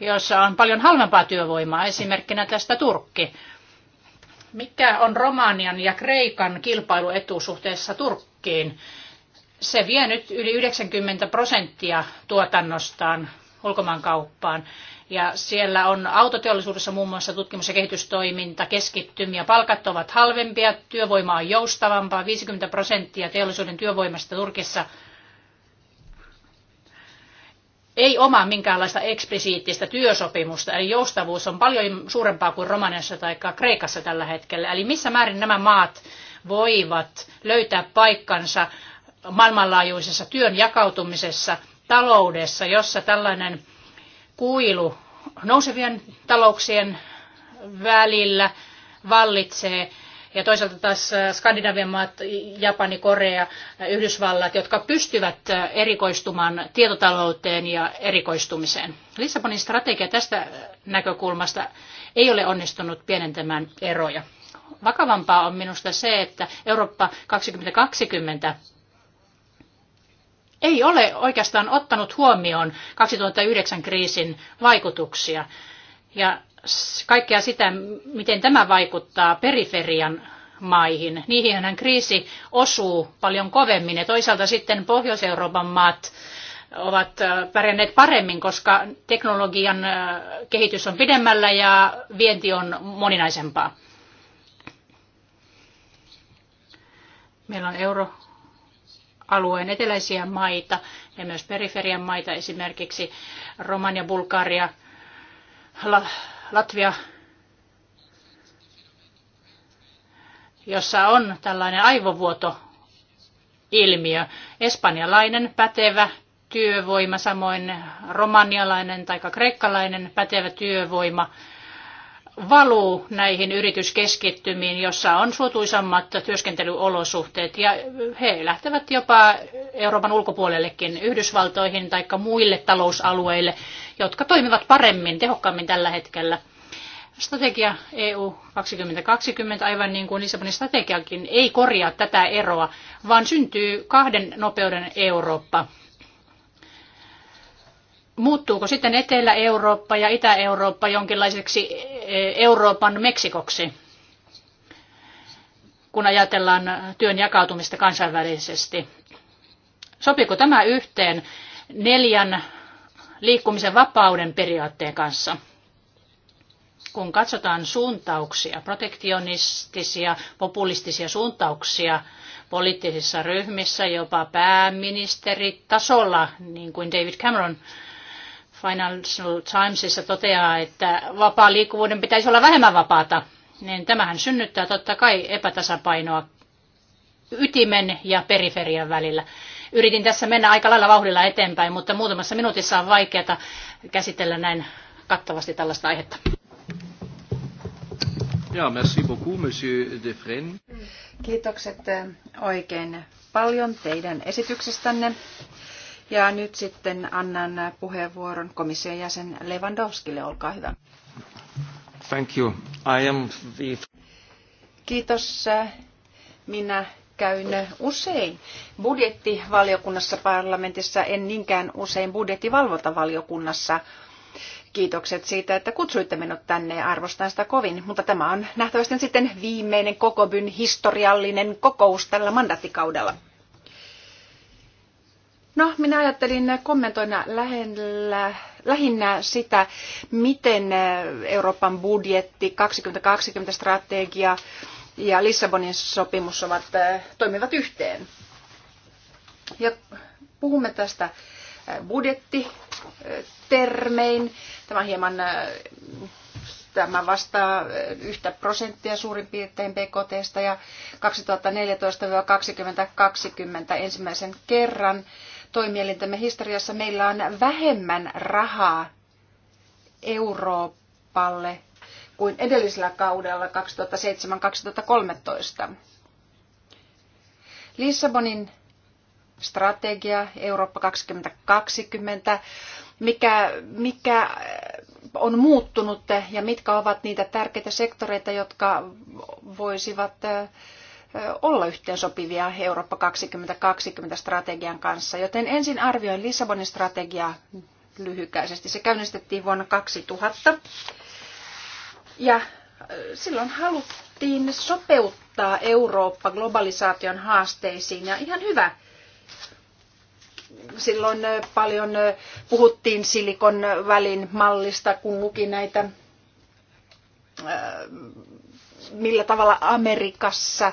joissa on paljon halvempaa työvoimaa, esimerkkinä tästä Turkki. Mikä on Romanian ja Kreikan kilpailuetu suhteessa Turkkiin? Se vie nyt yli 90 prosenttia tuotannostaan ulkomaankauppaan. Ja siellä on autoteollisuudessa muun muassa tutkimus- ja kehitystoiminta, keskittymiä, palkat ovat halvempia, työvoima on joustavampaa, 50 prosenttia teollisuuden työvoimasta Turkissa – ei omaa minkäänlaista eksplisiittistä työsopimusta, eli joustavuus on paljon suurempaa kuin Romaniassa tai Kreikassa tällä hetkellä. Eli missä määrin nämä maat voivat löytää paikkansa maailmanlaajuisessa työn jakautumisessa taloudessa, jossa tällainen kuilu nousevien talouksien välillä vallitsee ja toisaalta taas äh, Skandinavian maat, Japani, Korea, äh, Yhdysvallat, jotka pystyvät äh, erikoistumaan tietotalouteen ja erikoistumiseen. Lissabonin strategia tästä näkökulmasta ei ole onnistunut pienentämään eroja. Vakavampaa on minusta se, että Eurooppa 2020 ei ole oikeastaan ottanut huomioon 2009 kriisin vaikutuksia. Ja kaikkea sitä, miten tämä vaikuttaa periferian maihin. Niihinhän kriisi osuu paljon kovemmin ja toisaalta sitten Pohjois-Euroopan maat ovat äh, pärjänneet paremmin, koska teknologian äh, kehitys on pidemmällä ja vienti on moninaisempaa. Meillä on euroalueen eteläisiä maita ja myös periferian maita, esimerkiksi Romania, Bulgaria, Latvia, jossa on tällainen aivovuoto ilmiö. Espanjalainen pätevä työvoima, samoin romanialainen tai kreikkalainen pätevä työvoima – valuu näihin yrityskeskittymiin, jossa on suotuisammat työskentelyolosuhteet ja he lähtevät jopa Euroopan ulkopuolellekin Yhdysvaltoihin tai muille talousalueille, jotka toimivat paremmin, tehokkaammin tällä hetkellä. Strategia EU 2020, aivan niin kuin Lissabonin strategiakin, ei korjaa tätä eroa, vaan syntyy kahden nopeuden Eurooppa muuttuuko sitten Etelä-Eurooppa ja Itä-Eurooppa jonkinlaiseksi e, Euroopan Meksikoksi, kun ajatellaan työn jakautumista kansainvälisesti? Sopiiko tämä yhteen neljän liikkumisen vapauden periaatteen kanssa? Kun katsotaan suuntauksia, protektionistisia, populistisia suuntauksia, poliittisissa ryhmissä, jopa pääministeritasolla, niin kuin David Cameron Financial Timesissa toteaa, että vapaa liikkuvuuden pitäisi olla vähemmän vapaata, niin tämähän synnyttää totta kai epätasapainoa ytimen ja periferian välillä. Yritin tässä mennä aika lailla vauhdilla eteenpäin, mutta muutamassa minuutissa on vaikeata käsitellä näin kattavasti tällaista aihetta. Ja, merci beaucoup, monsieur Defren. Kiitokset oikein paljon teidän esityksestänne. Ja nyt sitten annan puheenvuoron komission jäsen Lewandowskille. Olkaa hyvä. Thank you. I am the... Kiitos. Minä käyn usein budjettivaliokunnassa parlamentissa, en niinkään usein budjettivalvontavaliokunnassa. Kiitokset siitä, että kutsuitte minut tänne, arvostan sitä kovin, mutta tämä on nähtävästi sitten viimeinen kokobyn historiallinen kokous tällä mandattikaudella. No, minä ajattelin kommentoida lähellä, lähinnä sitä, miten Euroopan budjetti, 2020-strategia ja Lissabonin sopimus ovat, äh, toimivat yhteen. Ja puhumme tästä äh, budjettitermein. Tämä hieman äh, tämä vastaa yhtä prosenttia suurin piirtein BKT ja 2014-2020 ensimmäisen kerran toimielintämme historiassa meillä on vähemmän rahaa Euroopalle kuin edellisellä kaudella 2007-2013. Lissabonin strategia Eurooppa 2020, mikä, mikä on muuttunut ja mitkä ovat niitä tärkeitä sektoreita, jotka voisivat olla yhteensopivia Eurooppa 2020 strategian kanssa. Joten ensin arvioin Lissabonin strategiaa lyhykäisesti. Se käynnistettiin vuonna 2000 ja silloin haluttiin sopeuttaa Eurooppa globalisaation haasteisiin ja ihan hyvä. Silloin paljon puhuttiin silikon välin mallista, kun luki näitä millä tavalla Amerikassa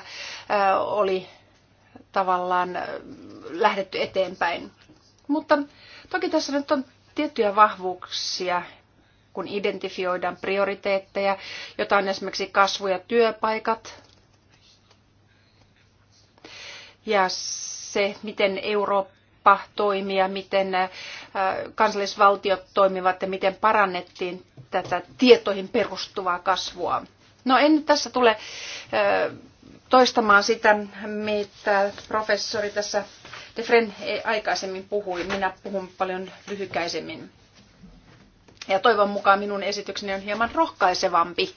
oli tavallaan lähdetty eteenpäin. Mutta toki tässä nyt on tiettyjä vahvuuksia, kun identifioidaan prioriteetteja, jota on esimerkiksi kasvu- ja työpaikat. Ja se, miten Eurooppa toimii ja miten kansallisvaltiot toimivat ja miten parannettiin tätä tietoihin perustuvaa kasvua. No en nyt tässä tule toistamaan sitä, mitä professori tässä Defren e, aikaisemmin puhui. Minä puhun paljon lyhykäisemmin. Ja toivon mukaan minun esitykseni on hieman rohkaisevampi.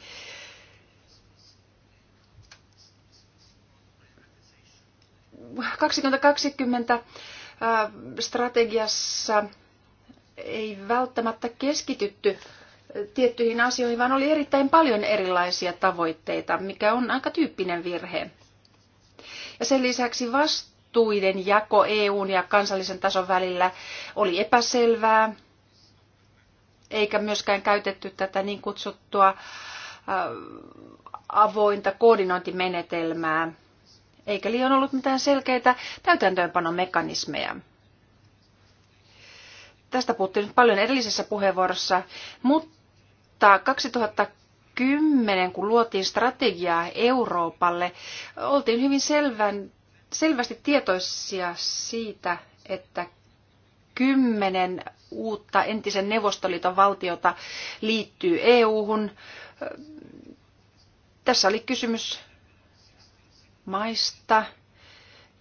kaksikymmentä strategiassa ei välttämättä keskitytty tiettyihin asioihin, vaan oli erittäin paljon erilaisia tavoitteita, mikä on aika tyyppinen virhe. Ja sen lisäksi vastuiden jako EUn ja kansallisen tason välillä oli epäselvää, eikä myöskään käytetty tätä niin kutsuttua äh, avointa koordinointimenetelmää, eikä liian ollut mitään selkeitä täytäntöönpanomekanismeja. Tästä puhuttiin nyt paljon edellisessä puheenvuorossa, mutta mutta 2010, kun luotiin strategiaa Euroopalle, oltiin hyvin selvän, selvästi tietoisia siitä, että kymmenen uutta entisen Neuvostoliiton valtiota liittyy EU-hun. Tässä oli kysymys maista,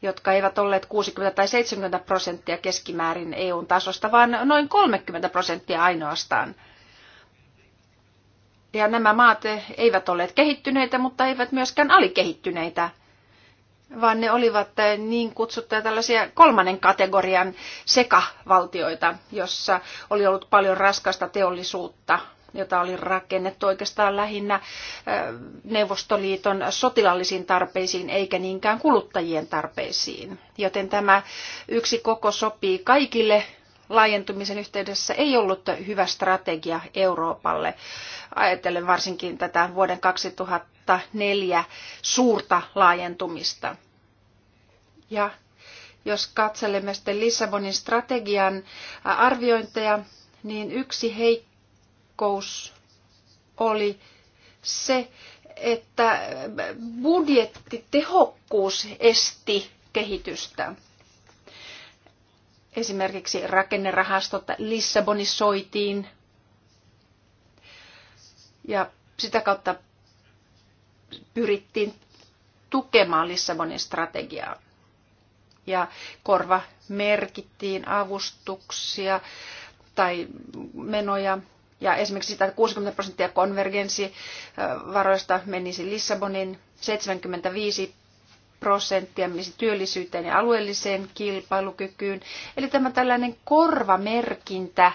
jotka eivät olleet 60 tai 70 prosenttia keskimäärin EUn tasosta, vaan noin 30 prosenttia ainoastaan. Ja nämä maat eivät olleet kehittyneitä, mutta eivät myöskään alikehittyneitä, vaan ne olivat niin kutsuttuja tällaisia kolmannen kategorian sekavaltioita, jossa oli ollut paljon raskasta teollisuutta, jota oli rakennettu oikeastaan lähinnä Neuvostoliiton sotilallisiin tarpeisiin eikä niinkään kuluttajien tarpeisiin. Joten tämä yksi koko sopii kaikille laajentumisen yhteydessä ei ollut hyvä strategia Euroopalle. Ajatellen varsinkin tätä vuoden 2004 suurta laajentumista. Ja jos katselemme sitten Lissabonin strategian arviointeja, niin yksi heikkous oli se, että budjettitehokkuus esti kehitystä. Esimerkiksi rakennerahastot Lissabonisoitiin ja sitä kautta pyrittiin tukemaan Lissabonin strategiaa. Ja korva merkittiin avustuksia tai menoja. Ja esimerkiksi sitä 60 prosenttia konvergenssivaroista menisi Lissabonin, 75 prosenttia työllisyyteen ja alueelliseen kilpailukykyyn. Eli tämä tällainen korvamerkintä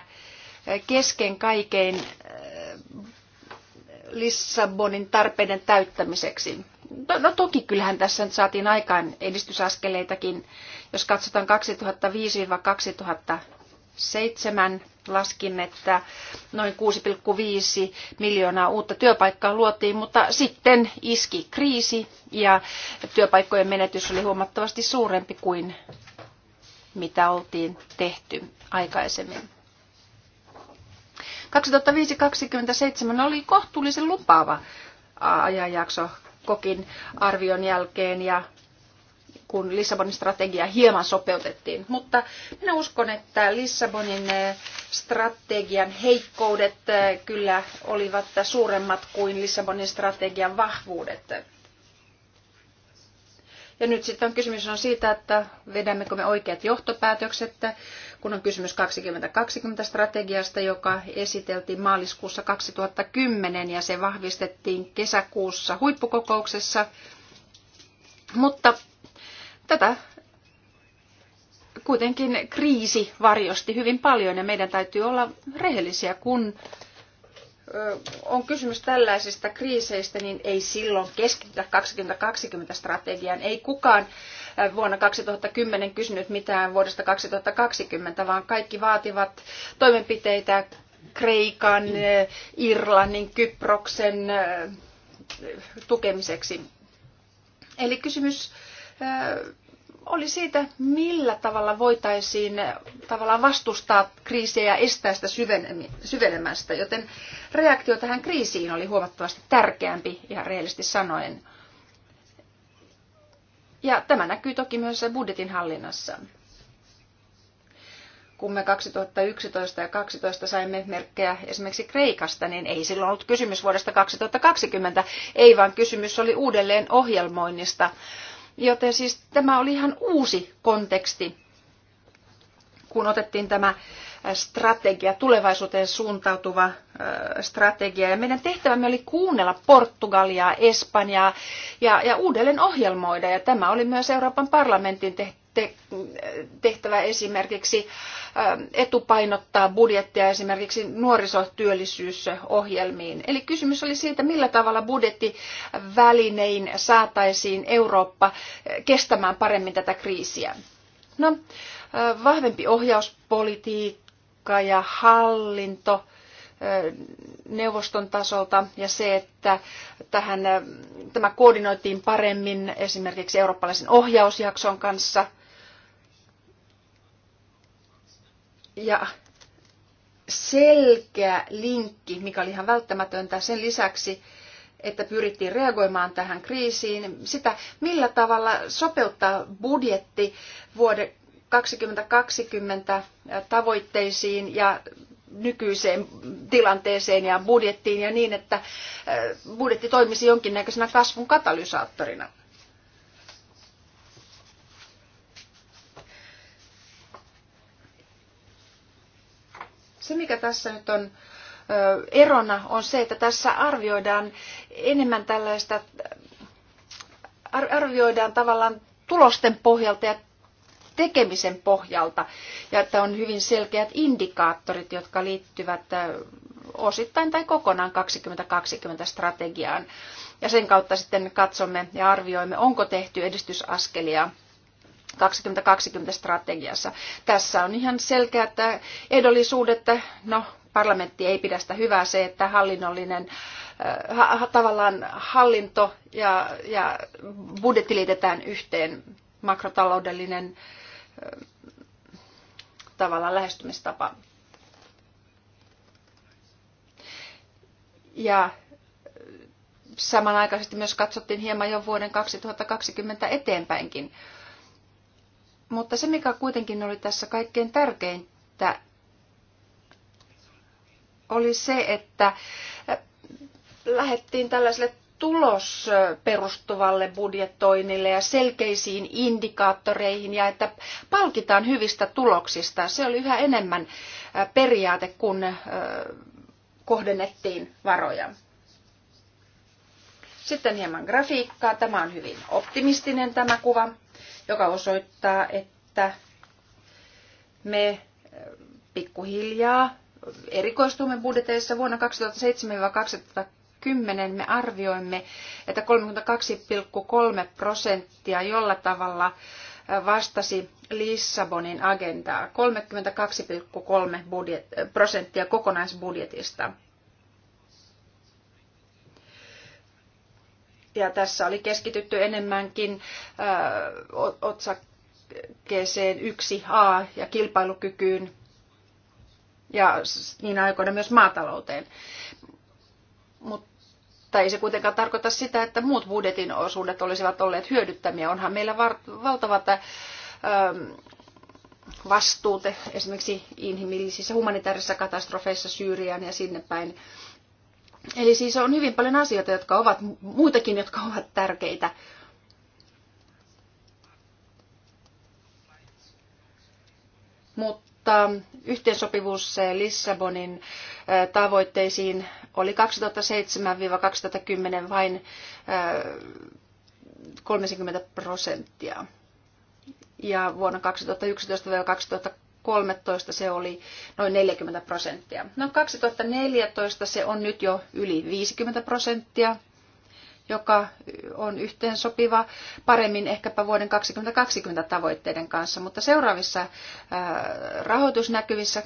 eh, kesken kaiken eh, Lissabonin tarpeiden täyttämiseksi. No, no toki kyllähän tässä nyt saatiin aikaan edistysaskeleitakin, jos katsotaan 2005-2007 laskin, että noin 6,5 miljoonaa uutta työpaikkaa luotiin, mutta sitten iski kriisi ja työpaikkojen menetys oli huomattavasti suurempi kuin mitä oltiin tehty aikaisemmin. 2005-2027 oli kohtuullisen lupaava ajanjakso kokin arvion jälkeen ja kun Lissabonin strategia hieman sopeutettiin. Mutta minä uskon, että Lissabonin eh, strategian heikkoudet eh, kyllä olivat suuremmat kuin Lissabonin strategian vahvuudet. Ja nyt sitten on kysymys on siitä, että vedämmekö me oikeat johtopäätökset, kun on kysymys 2020 strategiasta, joka esiteltiin maaliskuussa 2010 ja se vahvistettiin kesäkuussa huippukokouksessa. Mutta Tätä kuitenkin kriisi varjosti hyvin paljon ja meidän täytyy olla rehellisiä, kun on kysymys tällaisista kriiseistä, niin ei silloin keskitytä 2020 strategiaan. Ei kukaan vuonna 2010 kysynyt mitään vuodesta 2020, vaan kaikki vaativat toimenpiteitä Kreikan, Irlannin, Kyproksen tukemiseksi. Eli kysymys oli siitä, millä tavalla voitaisiin tavallaan vastustaa kriisiä ja estää sitä syvenemästä, joten reaktio tähän kriisiin oli huomattavasti tärkeämpi, ihan rehellisesti sanoen. Ja tämä näkyy toki myös budjetin hallinnassa. Kun me 2011 ja 2012 saimme merkkejä esimerkiksi Kreikasta, niin ei silloin ollut kysymys vuodesta 2020, ei vaan kysymys oli uudelleen ohjelmoinnista Joten siis tämä oli ihan uusi konteksti, kun otettiin tämä äh, strategia, tulevaisuuteen suuntautuva äh, strategia. Ja meidän tehtävämme oli kuunnella Portugalia, Espanjaa ja, ja uudelleen ohjelmoida. Ja tämä oli myös Euroopan parlamentin tehtävä esimerkiksi ähm, etupainottaa budjettia esimerkiksi nuorisotyöllisyysohjelmiin. Eli kysymys oli siitä, millä tavalla budjettivälinein saataisiin Eurooppa äh, kestämään paremmin tätä kriisiä. No, äh, vahvempi ohjauspolitiikka ja hallinto äh, neuvoston tasolta ja se, että tähän, tämä koordinoitiin paremmin esimerkiksi eurooppalaisen ohjausjakson kanssa – Ja selkeä linkki, mikä oli ihan välttämätöntä sen lisäksi, että pyrittiin reagoimaan tähän kriisiin, sitä millä tavalla sopeuttaa budjetti vuoden 2020 tavoitteisiin ja nykyiseen tilanteeseen ja budjettiin ja niin, että äh, budjetti toimisi jonkinnäköisenä kasvun katalysaattorina. Se, mikä tässä nyt on erona, on se, että tässä arvioidaan enemmän tällaista, arvioidaan tavallaan tulosten pohjalta ja tekemisen pohjalta, ja että on hyvin selkeät indikaattorit, jotka liittyvät osittain tai kokonaan 2020-strategiaan. Ja sen kautta sitten katsomme ja arvioimme, onko tehty edistysaskelia 2020 strategiassa. Tässä on ihan että ehdollisuudet, no parlamentti ei pidä sitä hyvää se, että hallinnollinen äh, tavallaan hallinto ja, ja budjetti liitetään yhteen makrotaloudellinen äh, tavallaan lähestymistapa. Ja äh, samanaikaisesti myös katsottiin hieman jo vuoden 2020 eteenpäinkin mutta se, mikä kuitenkin oli tässä kaikkein tärkeintä, oli se, että äh, lähettiin tällaiselle tulosperustuvalle äh, budjetoinnille ja selkeisiin indikaattoreihin ja että palkitaan hyvistä tuloksista. Se oli yhä enemmän äh, periaate, kun kohdennettiin varoja. Sitten hieman grafiikkaa. Tämä on hyvin optimistinen tämä kuva joka osoittaa, että me eh, pikkuhiljaa erikoistumme budjeteissa vuonna 2007-2010 me arvioimme, että 32,3 prosenttia jolla tavalla eh, vastasi Lissabonin agendaa, 32,3 eh, prosenttia kokonaisbudjetista. Ja tässä oli keskitytty enemmänkin äh, otsakkeeseen 1a ja kilpailukykyyn ja niin aikoina myös maatalouteen. Mutta ei se kuitenkaan tarkoita sitä, että muut budjetin osuudet olisivat olleet hyödyttämiä. Onhan meillä valtavat äh, vastuute, esimerkiksi inhimillisissä humanitaarisissa katastrofeissa Syyriaan ja sinne päin Eli siis on hyvin paljon asioita, jotka ovat, muitakin, jotka ovat tärkeitä. Mutta yhteensopivuus Lissabonin tavoitteisiin oli 2007-2010 vain 30 prosenttia. Ja vuonna 2013 se oli noin 40 prosenttia. No 2014 se on nyt jo yli 50 prosenttia, joka on yhteen sopiva paremmin ehkäpä vuoden 2020 tavoitteiden kanssa, mutta seuraavissa äh, rahoitusnäkyvissä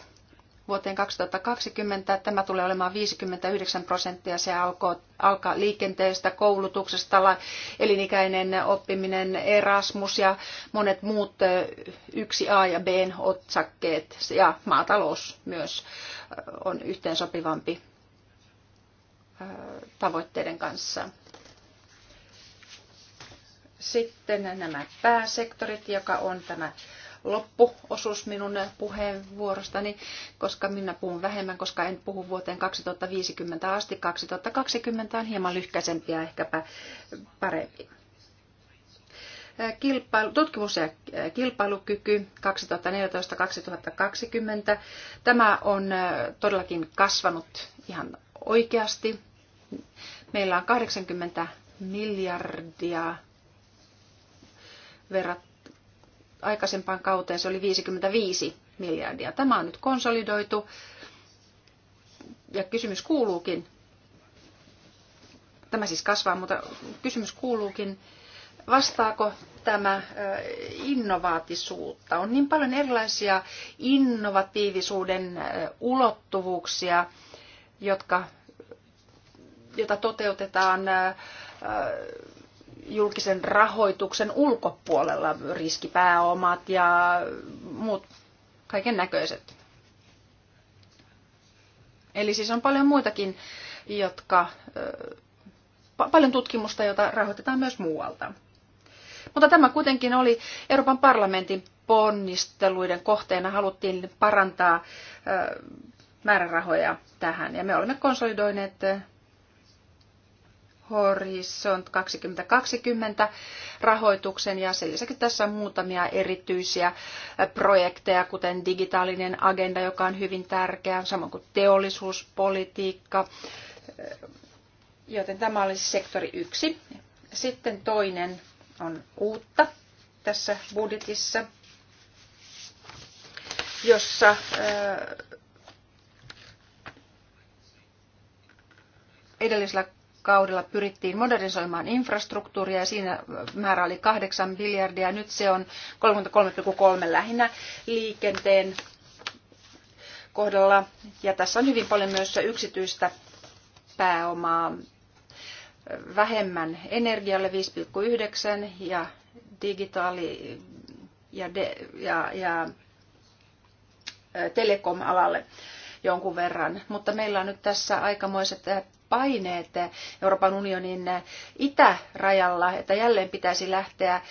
vuoteen 2020. Tämä tulee olemaan 59 prosenttia. Se alkaa liikenteestä, koulutuksesta, elinikäinen oppiminen, Erasmus ja monet muut yksi a ja B-otsakkeet ja maatalous myös on yhteensopivampi tavoitteiden kanssa. Sitten nämä pääsektorit, joka on tämä loppuosuus minun puheenvuorostani, koska minä puhun vähemmän, koska en puhu vuoteen 2050 asti. 2020 on hieman lyhkäisempi ja ehkäpä parempi. Kilpailu, tutkimus ja kilpailukyky 2014-2020. Tämä on äh, todellakin kasvanut ihan oikeasti. Meillä on 80 miljardia verrat, aikaisempaan kauteen se oli 55 miljardia. Tämä on nyt konsolidoitu. Ja kysymys kuuluukin, tämä siis kasvaa, mutta kysymys kuuluukin, vastaako tämä innovaatisuutta? On niin paljon erilaisia innovatiivisuuden ulottuvuuksia, jotka, jota toteutetaan julkisen rahoituksen ulkopuolella, riskipääomat ja muut kaiken näköiset. Eli siis on paljon muitakin, jotka, paljon tutkimusta, jota rahoitetaan myös muualta. Mutta tämä kuitenkin oli Euroopan parlamentin ponnisteluiden kohteena. Haluttiin parantaa määrärahoja tähän ja me olemme konsolidoineet Horisont 2020 rahoituksen ja sen lisäksi tässä on muutamia erityisiä projekteja, kuten digitaalinen agenda, joka on hyvin tärkeä, samoin kuin teollisuuspolitiikka, joten tämä olisi sektori yksi. Sitten toinen on uutta tässä budjetissa, jossa edellisellä kaudella pyrittiin modernisoimaan infrastruktuuria ja siinä määrä oli 8 miljardia. Nyt se on 33,3 lähinnä liikenteen kohdalla. Ja tässä on hyvin paljon myös yksityistä pääomaa vähemmän energialle 5,9 ja digitaali ja, de, ja, ja telekom-alalle jonkun verran. Mutta meillä on nyt tässä aikamoiset paineet Euroopan unionin itärajalla, että jälleen pitäisi lähteä äh,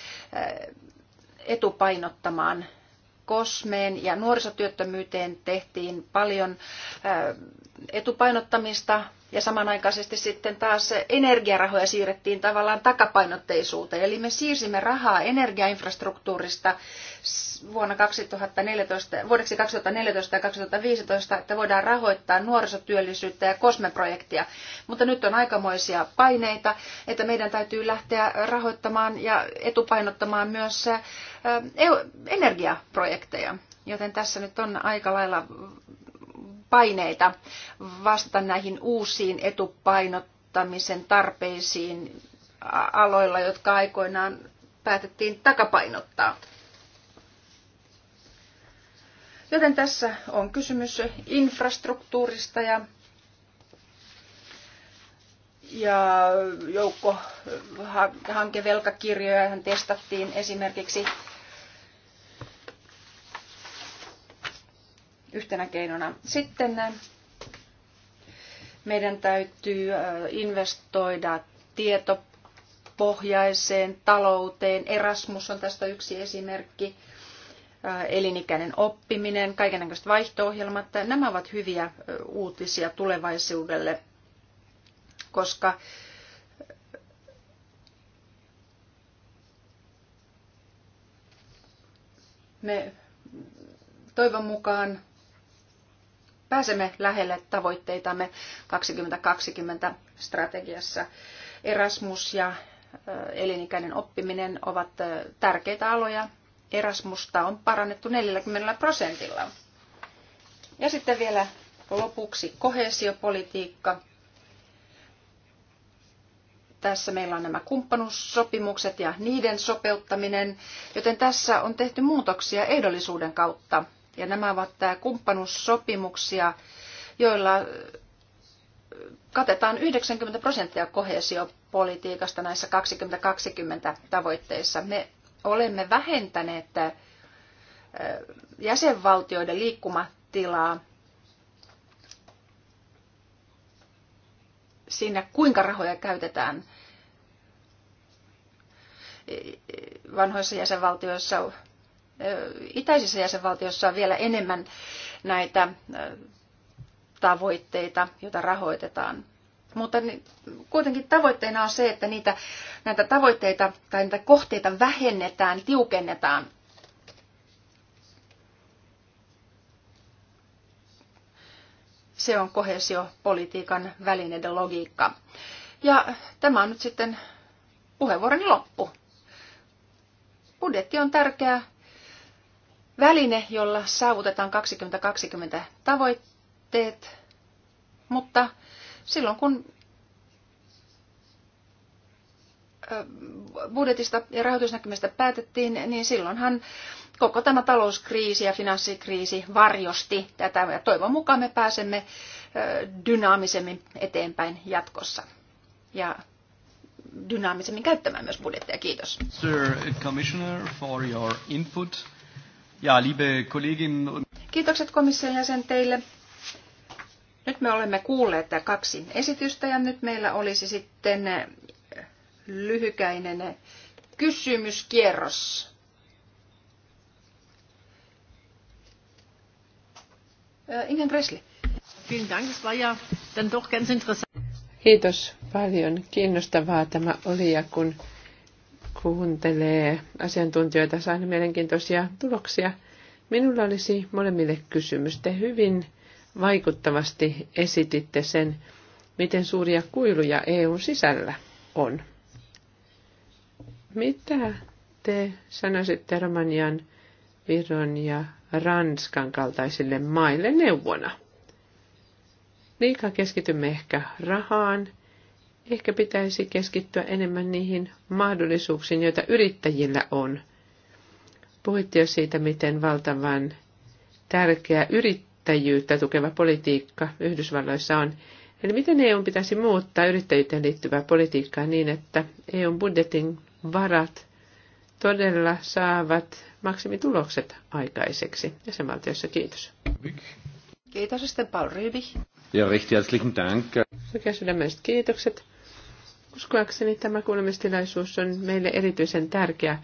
etupainottamaan kosmeen ja nuorisotyöttömyyteen tehtiin paljon äh, etupainottamista ja samanaikaisesti sitten taas energiarahoja siirrettiin tavallaan takapainotteisuuteen. Eli me siirsimme rahaa energiainfrastruktuurista vuonna 2014, vuodeksi 2014 ja 2015, että voidaan rahoittaa nuorisotyöllisyyttä ja kosmeprojektia. Mutta nyt on aikamoisia paineita, että meidän täytyy lähteä rahoittamaan ja etupainottamaan myös energiaprojekteja. Joten tässä nyt on aika lailla paineita vastata näihin uusiin etupainottamisen tarpeisiin aloilla, jotka aikoinaan päätettiin takapainottaa. Joten tässä on kysymys infrastruktuurista ja, ja joukko hankevelkakirjoja testattiin esimerkiksi yhtenä keinona. Sitten äh, meidän täytyy äh, investoida tietopohjaiseen talouteen. Erasmus on tästä yksi esimerkki elinikäinen oppiminen, kaikenlaiset vaihto-ohjelmat. Nämä ovat hyviä uutisia tulevaisuudelle, koska me toivon mukaan pääsemme lähelle tavoitteitamme 2020 strategiassa. Erasmus ja elinikäinen oppiminen ovat tärkeitä aloja, Erasmusta on parannettu 40 prosentilla. Ja sitten vielä lopuksi kohesiopolitiikka. Tässä meillä on nämä kumppanuussopimukset ja niiden sopeuttaminen, joten tässä on tehty muutoksia ehdollisuuden kautta. Ja nämä ovat tämä kumppanuussopimuksia, joilla katetaan 90 prosenttia kohesiopolitiikasta näissä 2020 tavoitteissa. Me olemme vähentäneet äh, jäsenvaltioiden liikkumatilaa siinä, kuinka rahoja käytetään vanhoissa jäsenvaltioissa. Äh, itäisissä jäsenvaltioissa on vielä enemmän näitä äh, tavoitteita, joita rahoitetaan. Mutta kuitenkin tavoitteena on se, että niitä, näitä tavoitteita tai näitä kohteita vähennetään, tiukennetaan. Se on kohesiopolitiikan välineiden logiikka. Ja tämä on nyt sitten puheenvuoroni loppu. Budjetti on tärkeä väline, jolla saavutetaan 2020 tavoitteet, mutta silloin kun budjetista ja rahoitusnäkymistä päätettiin, niin silloinhan koko tämä talouskriisi ja finanssikriisi varjosti tätä ja toivon mukaan me pääsemme dynaamisemmin eteenpäin jatkossa ja dynaamisemmin käyttämään myös budjettia. Kiitos. Sir Commissioner for your input. Ja, liebe Kollegin... Kiitokset komission jäsen teille. Nyt me olemme kuulleet kaksi esitystä ja nyt meillä olisi sitten lyhykäinen kysymyskierros. Ingen Gressli. Vielen Dank, es war ja dann doch ganz interessant. Kiitos paljon. Kiinnostavaa tämä oli ja kun kuuntelee asiantuntijoita, saa mielenkiintoisia tuloksia. Minulla olisi molemmille kysymys. Te hyvin vaikuttavasti esititte sen, miten suuria kuiluja EUn sisällä on. Mitä te sanoisitte Romanian, Viron ja Ranskan kaltaisille maille neuvona? Liikaa keskitymme ehkä rahaan. Ehkä pitäisi keskittyä enemmän niihin mahdollisuuksiin, joita yrittäjillä on. Puhuitte jo siitä, miten valtavan tärkeä yrittäjä yrittäjyyttä tukeva politiikka Yhdysvalloissa on. Eli miten EU pitäisi muuttaa yrittäjyyteen liittyvää politiikkaa niin, että EUn budjetin varat todella saavat maksimitulokset aikaiseksi Ja valtiossa Kiitos. Kiitos sitten Paul Ryby. Ja recht herzlichen Dank. Sekä sydämelliset kiitokset. Uskoakseni tämä kuulemistilaisuus on meille erityisen tärkeä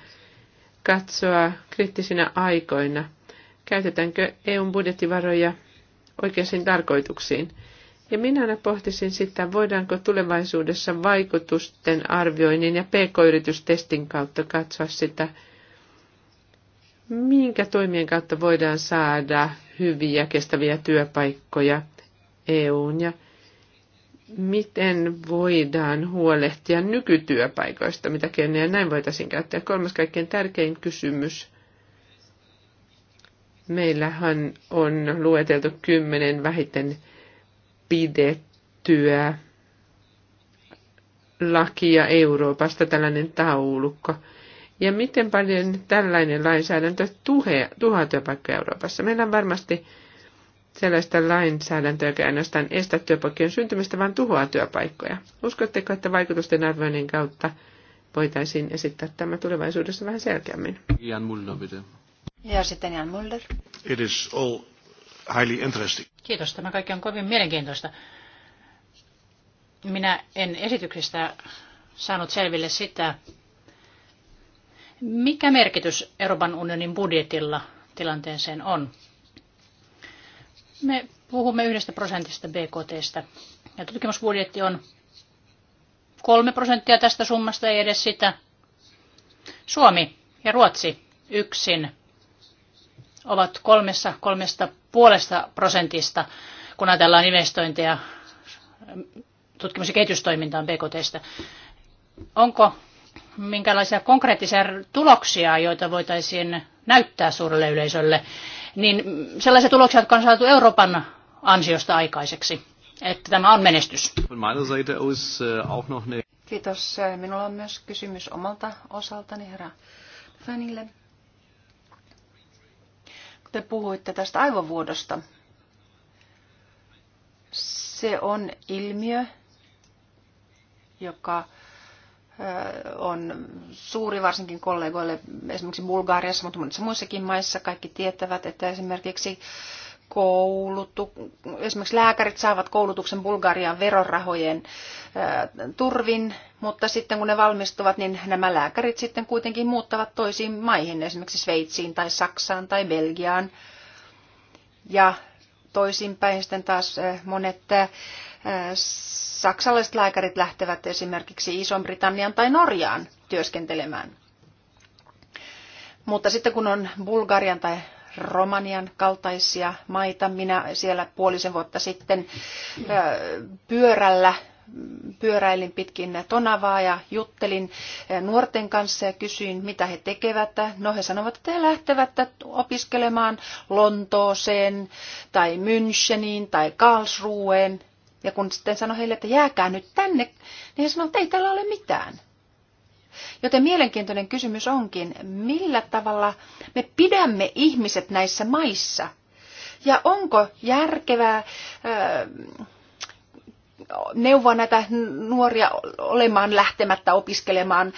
katsoa kriittisinä aikoina – käytetäänkö EUn budjettivaroja oikeisiin tarkoituksiin. Ja minä aina pohtisin sitä, voidaanko tulevaisuudessa vaikutusten arvioinnin ja pk-yritystestin kautta katsoa sitä, minkä toimien kautta voidaan saada hyviä, kestäviä työpaikkoja EUn ja miten voidaan huolehtia nykytyöpaikoista, mitä keinoja näin voitaisiin käyttää. Kolmas kaikkein tärkein kysymys Meillähän on lueteltu kymmenen vähiten pidettyä lakia Euroopasta tällainen taulukko. Ja miten paljon tällainen lainsäädäntö tuhea, tuhaa työpaikkoja Euroopassa? Meillä on varmasti sellaista lainsäädäntöä, joka ainoastaan estää työpaikkojen syntymistä, vaan tuhoaa työpaikkoja. Uskotteko, että vaikutusten arvioinnin kautta voitaisiin esittää tämä tulevaisuudessa vähän selkeämmin? Jan Mulnovide. Ja sitten Jan Mulder. It is all highly interesting. Kiitos. Tämä kaikki on kovin mielenkiintoista. Minä en esityksestä saanut selville sitä, mikä merkitys Euroopan unionin budjetilla tilanteeseen on. Me puhumme yhdestä prosentista BKTstä ja tutkimusbudjetti on kolme prosenttia tästä summasta, ei edes sitä. Suomi ja Ruotsi yksin ovat kolmessa, kolmesta puolesta prosentista, kun ajatellaan investointeja tutkimus- ja kehitystoimintaan BKTstä. Onko minkälaisia konkreettisia tuloksia, joita voitaisiin näyttää suurelle yleisölle, niin sellaisia tuloksia, jotka on saatu Euroopan ansiosta aikaiseksi, että tämä on menestys. Äh, Kiitos. Äh, minulla on myös kysymys omalta osaltani herra Fanille te puhuitte tästä aivovuodosta. Se on ilmiö, joka on suuri varsinkin kollegoille esimerkiksi Bulgariassa, mutta monissa muissakin maissa kaikki tietävät, että esimerkiksi koulutu, esimerkiksi lääkärit saavat koulutuksen Bulgarian verorahojen turvin, mutta sitten kun ne valmistuvat, niin nämä lääkärit sitten kuitenkin muuttavat toisiin maihin, esimerkiksi Sveitsiin tai Saksaan tai Belgiaan. Ja toisinpäin sitten taas monet saksalaiset lääkärit lähtevät esimerkiksi Iso-Britannian tai Norjaan työskentelemään. Mutta sitten kun on Bulgarian tai Romanian kaltaisia maita. Minä siellä puolisen vuotta sitten pyörällä pyöräilin pitkin Tonavaa ja juttelin nuorten kanssa ja kysyin, mitä he tekevät. No he sanovat, että he lähtevät opiskelemaan Lontooseen tai Müncheniin tai Karlsruheen. Ja kun sitten sanoi heille, että jääkää nyt tänne, niin he sanoivat, että ei täällä ole mitään. Joten mielenkiintoinen kysymys onkin, millä tavalla me pidämme ihmiset näissä maissa? Ja onko järkevää neuvoa näitä nuoria olemaan lähtemättä opiskelemaan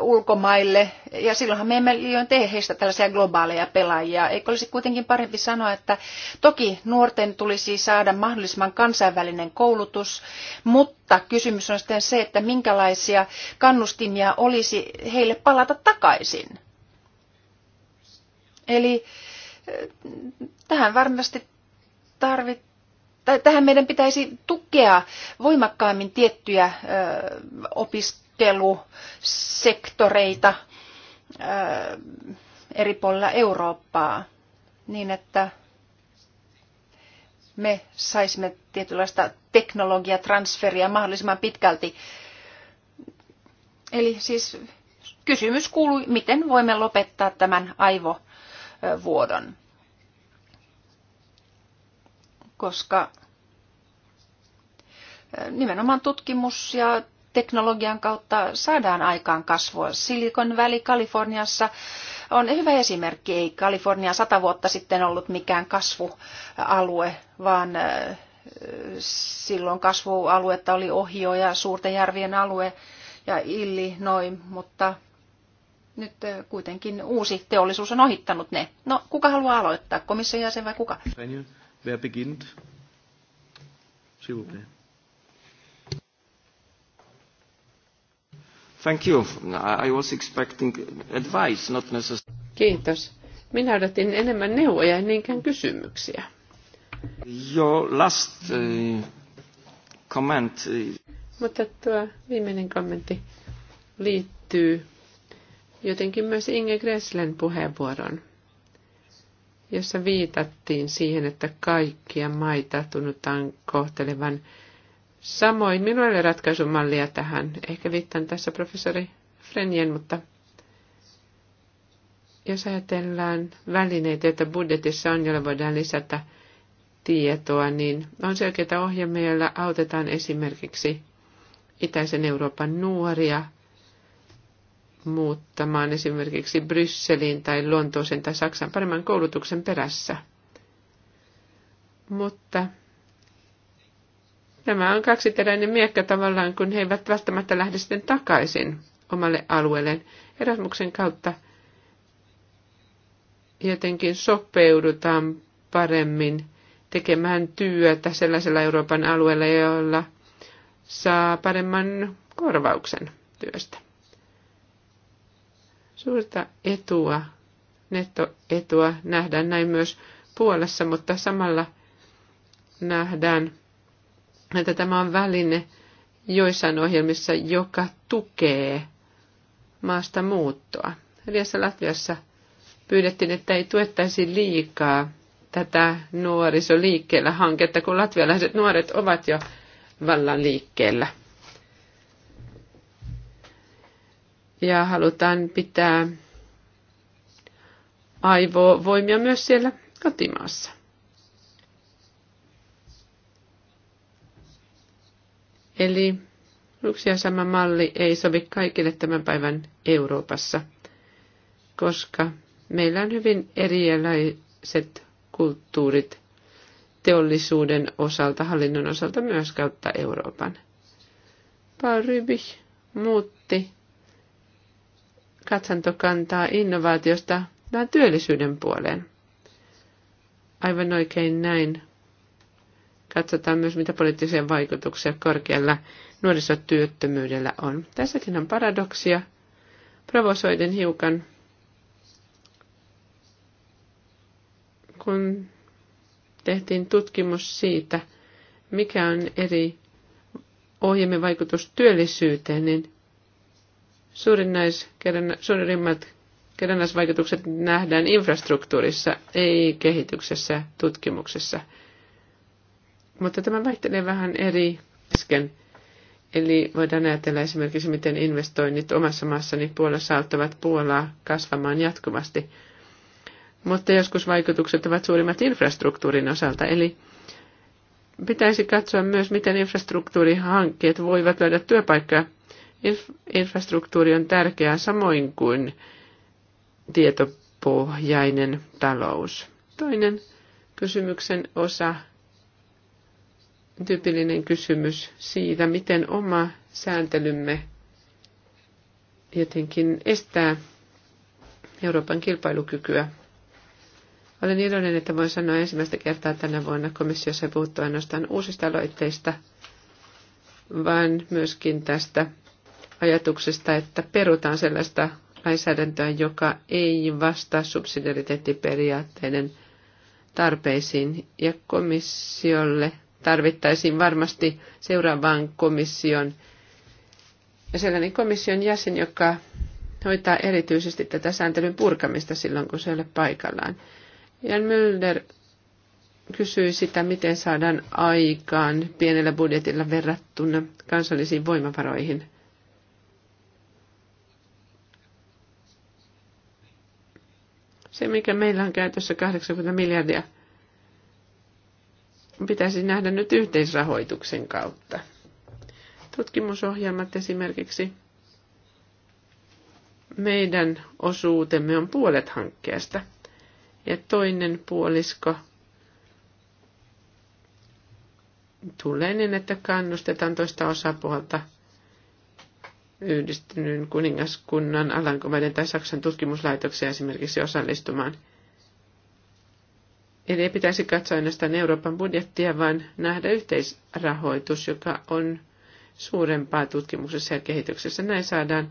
ulkomaille. Ja silloinhan me emme liioin tee heistä tällaisia globaaleja pelaajia. Eikö olisi kuitenkin parempi sanoa, että toki nuorten tulisi saada mahdollisimman kansainvälinen koulutus, mutta kysymys on sitten se, että minkälaisia kannustimia olisi heille palata takaisin. Eli tähän varmasti tarvitaan tähän meidän pitäisi tukea voimakkaammin tiettyjä opiskelusektoreita eri puolilla Eurooppaa niin, että me saisimme tietynlaista teknologiatransferia mahdollisimman pitkälti. Eli siis kysymys kuului, miten voimme lopettaa tämän aivovuodon koska nimenomaan tutkimus ja teknologian kautta saadaan aikaan kasvua. Silicon Valley Kaliforniassa on hyvä esimerkki. Ei Kalifornia sata vuotta sitten ollut mikään kasvualue, vaan silloin kasvualuetta oli Ohio ja Suurten järvien alue ja Illi noin, mutta nyt kuitenkin uusi teollisuus on ohittanut ne. No, kuka haluaa aloittaa? Komission jäsen vai kuka? Wer beginnt? S'il vous plaît. Thank you. I was expecting advice, not necessarily. Kiitos. Minä odotin enemmän neuvoja ja niinkään kysymyksiä. Your last uh, comment. Uh, Mutta tuo viimeinen kommentti liittyy jotenkin myös Inge Gresslen puheenvuoron jossa viitattiin siihen, että kaikkia maita tunnutaan kohtelevan samoin. Minulla oli ratkaisumallia tähän. Ehkä viittaan tässä professori Frenjen, mutta jos ajatellaan välineitä, joita budjetissa on, joilla voidaan lisätä tietoa, niin on selkeitä ohjelmia, joilla autetaan esimerkiksi itäisen Euroopan nuoria – muuttamaan esimerkiksi Brysseliin tai Lontooseen tai Saksan paremman koulutuksen perässä. Mutta nämä on kaksiteräinen miekka tavallaan, kun he eivät välttämättä lähde sitten takaisin omalle alueelleen. Erasmuksen kautta jotenkin sopeudutaan paremmin tekemään työtä sellaisella Euroopan alueella, jolla saa paremman korvauksen työstä. Suurta etua, nettoetua nähdään näin myös Puolassa, mutta samalla nähdään, että tämä on väline joissain ohjelmissa, joka tukee maasta muuttoa. Riassa Latviassa pyydettiin, että ei tuettaisi liikaa tätä nuorisoliikkeellä hanketta, kun latvialaiset nuoret ovat jo vallan liikkeellä. ja halutaan pitää aivovoimia myös siellä kotimaassa. Eli yksi ja sama malli ei sovi kaikille tämän päivän Euroopassa, koska meillä on hyvin erilaiset kulttuurit teollisuuden osalta, hallinnon osalta myös kautta Euroopan. Paul Rybich muutti katsantokantaa innovaatiosta tähän työllisyyden puoleen. Aivan oikein näin. Katsotaan myös, mitä poliittisia vaikutuksia korkealla nuorisotyöttömyydellä on. Tässäkin on paradoksia. Provosoiden hiukan, kun tehtiin tutkimus siitä, mikä on eri ohjelmien vaikutus työllisyyteen, niin Suurimmat kerrannaisvaikutukset nähdään infrastruktuurissa, ei kehityksessä, tutkimuksessa. Mutta tämä vaihtelee vähän eri kesken. Eli voidaan ajatella esimerkiksi, miten investoinnit omassa maassani Puolassa auttavat Puolaa kasvamaan jatkuvasti. Mutta joskus vaikutukset ovat suurimmat infrastruktuurin osalta, eli pitäisi katsoa myös, miten infrastruktuurihankkeet voivat löydä työpaikkoja infrastruktuuri on tärkeää samoin kuin tietopohjainen talous. Toinen kysymyksen osa, tyypillinen kysymys siitä, miten oma sääntelymme jotenkin estää Euroopan kilpailukykyä. Olen iloinen, että voin sanoa ensimmäistä kertaa tänä vuonna komissiossa ei puhuttu ainoastaan uusista aloitteista, vaan myöskin tästä ajatuksesta, että perutaan sellaista lainsäädäntöä, joka ei vastaa subsidiariteettiperiaatteiden tarpeisiin. Ja komissiolle tarvittaisiin varmasti seuraavaan komission ja sellainen komission jäsen, joka hoitaa erityisesti tätä sääntelyn purkamista silloin, kun se ei ole paikallaan. Jan Mölder kysyi sitä, miten saadaan aikaan pienellä budjetilla verrattuna kansallisiin voimavaroihin – Se, mikä meillä on käytössä 80 miljardia, pitäisi nähdä nyt yhteisrahoituksen kautta. Tutkimusohjelmat esimerkiksi. Meidän osuutemme on puolet hankkeesta ja toinen puolisko tulee niin, että kannustetaan toista osapuolta – yhdistyneen kuningaskunnan, Alankomaiden tai Saksan tutkimuslaitoksia esimerkiksi osallistumaan. Eli ei pitäisi katsoa ainoastaan Euroopan budjettia, vaan nähdä yhteisrahoitus, joka on suurempaa tutkimuksessa ja kehityksessä. Näin saadaan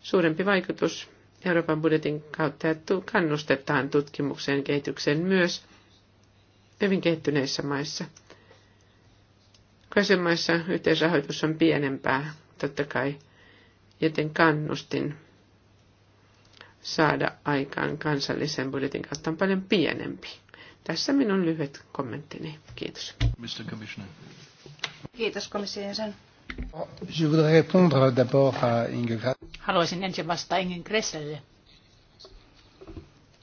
suurempi vaikutus Euroopan budjetin kautta ja kannustetaan tutkimukseen ja kehitykseen myös hyvin kehittyneissä maissa. Kaisen maissa yhteisrahoitus on pienempää, totta kai – joten kannustin saada aikaan kansallisen budjetin kautta on paljon pienempi. Tässä minun lyhyet kommenttini. Kiitos. Mr. Commissioner. Kiitos komission Je voudrais répondre d'abord à Inge Haluaisin ensin vastata Inge Gresselle.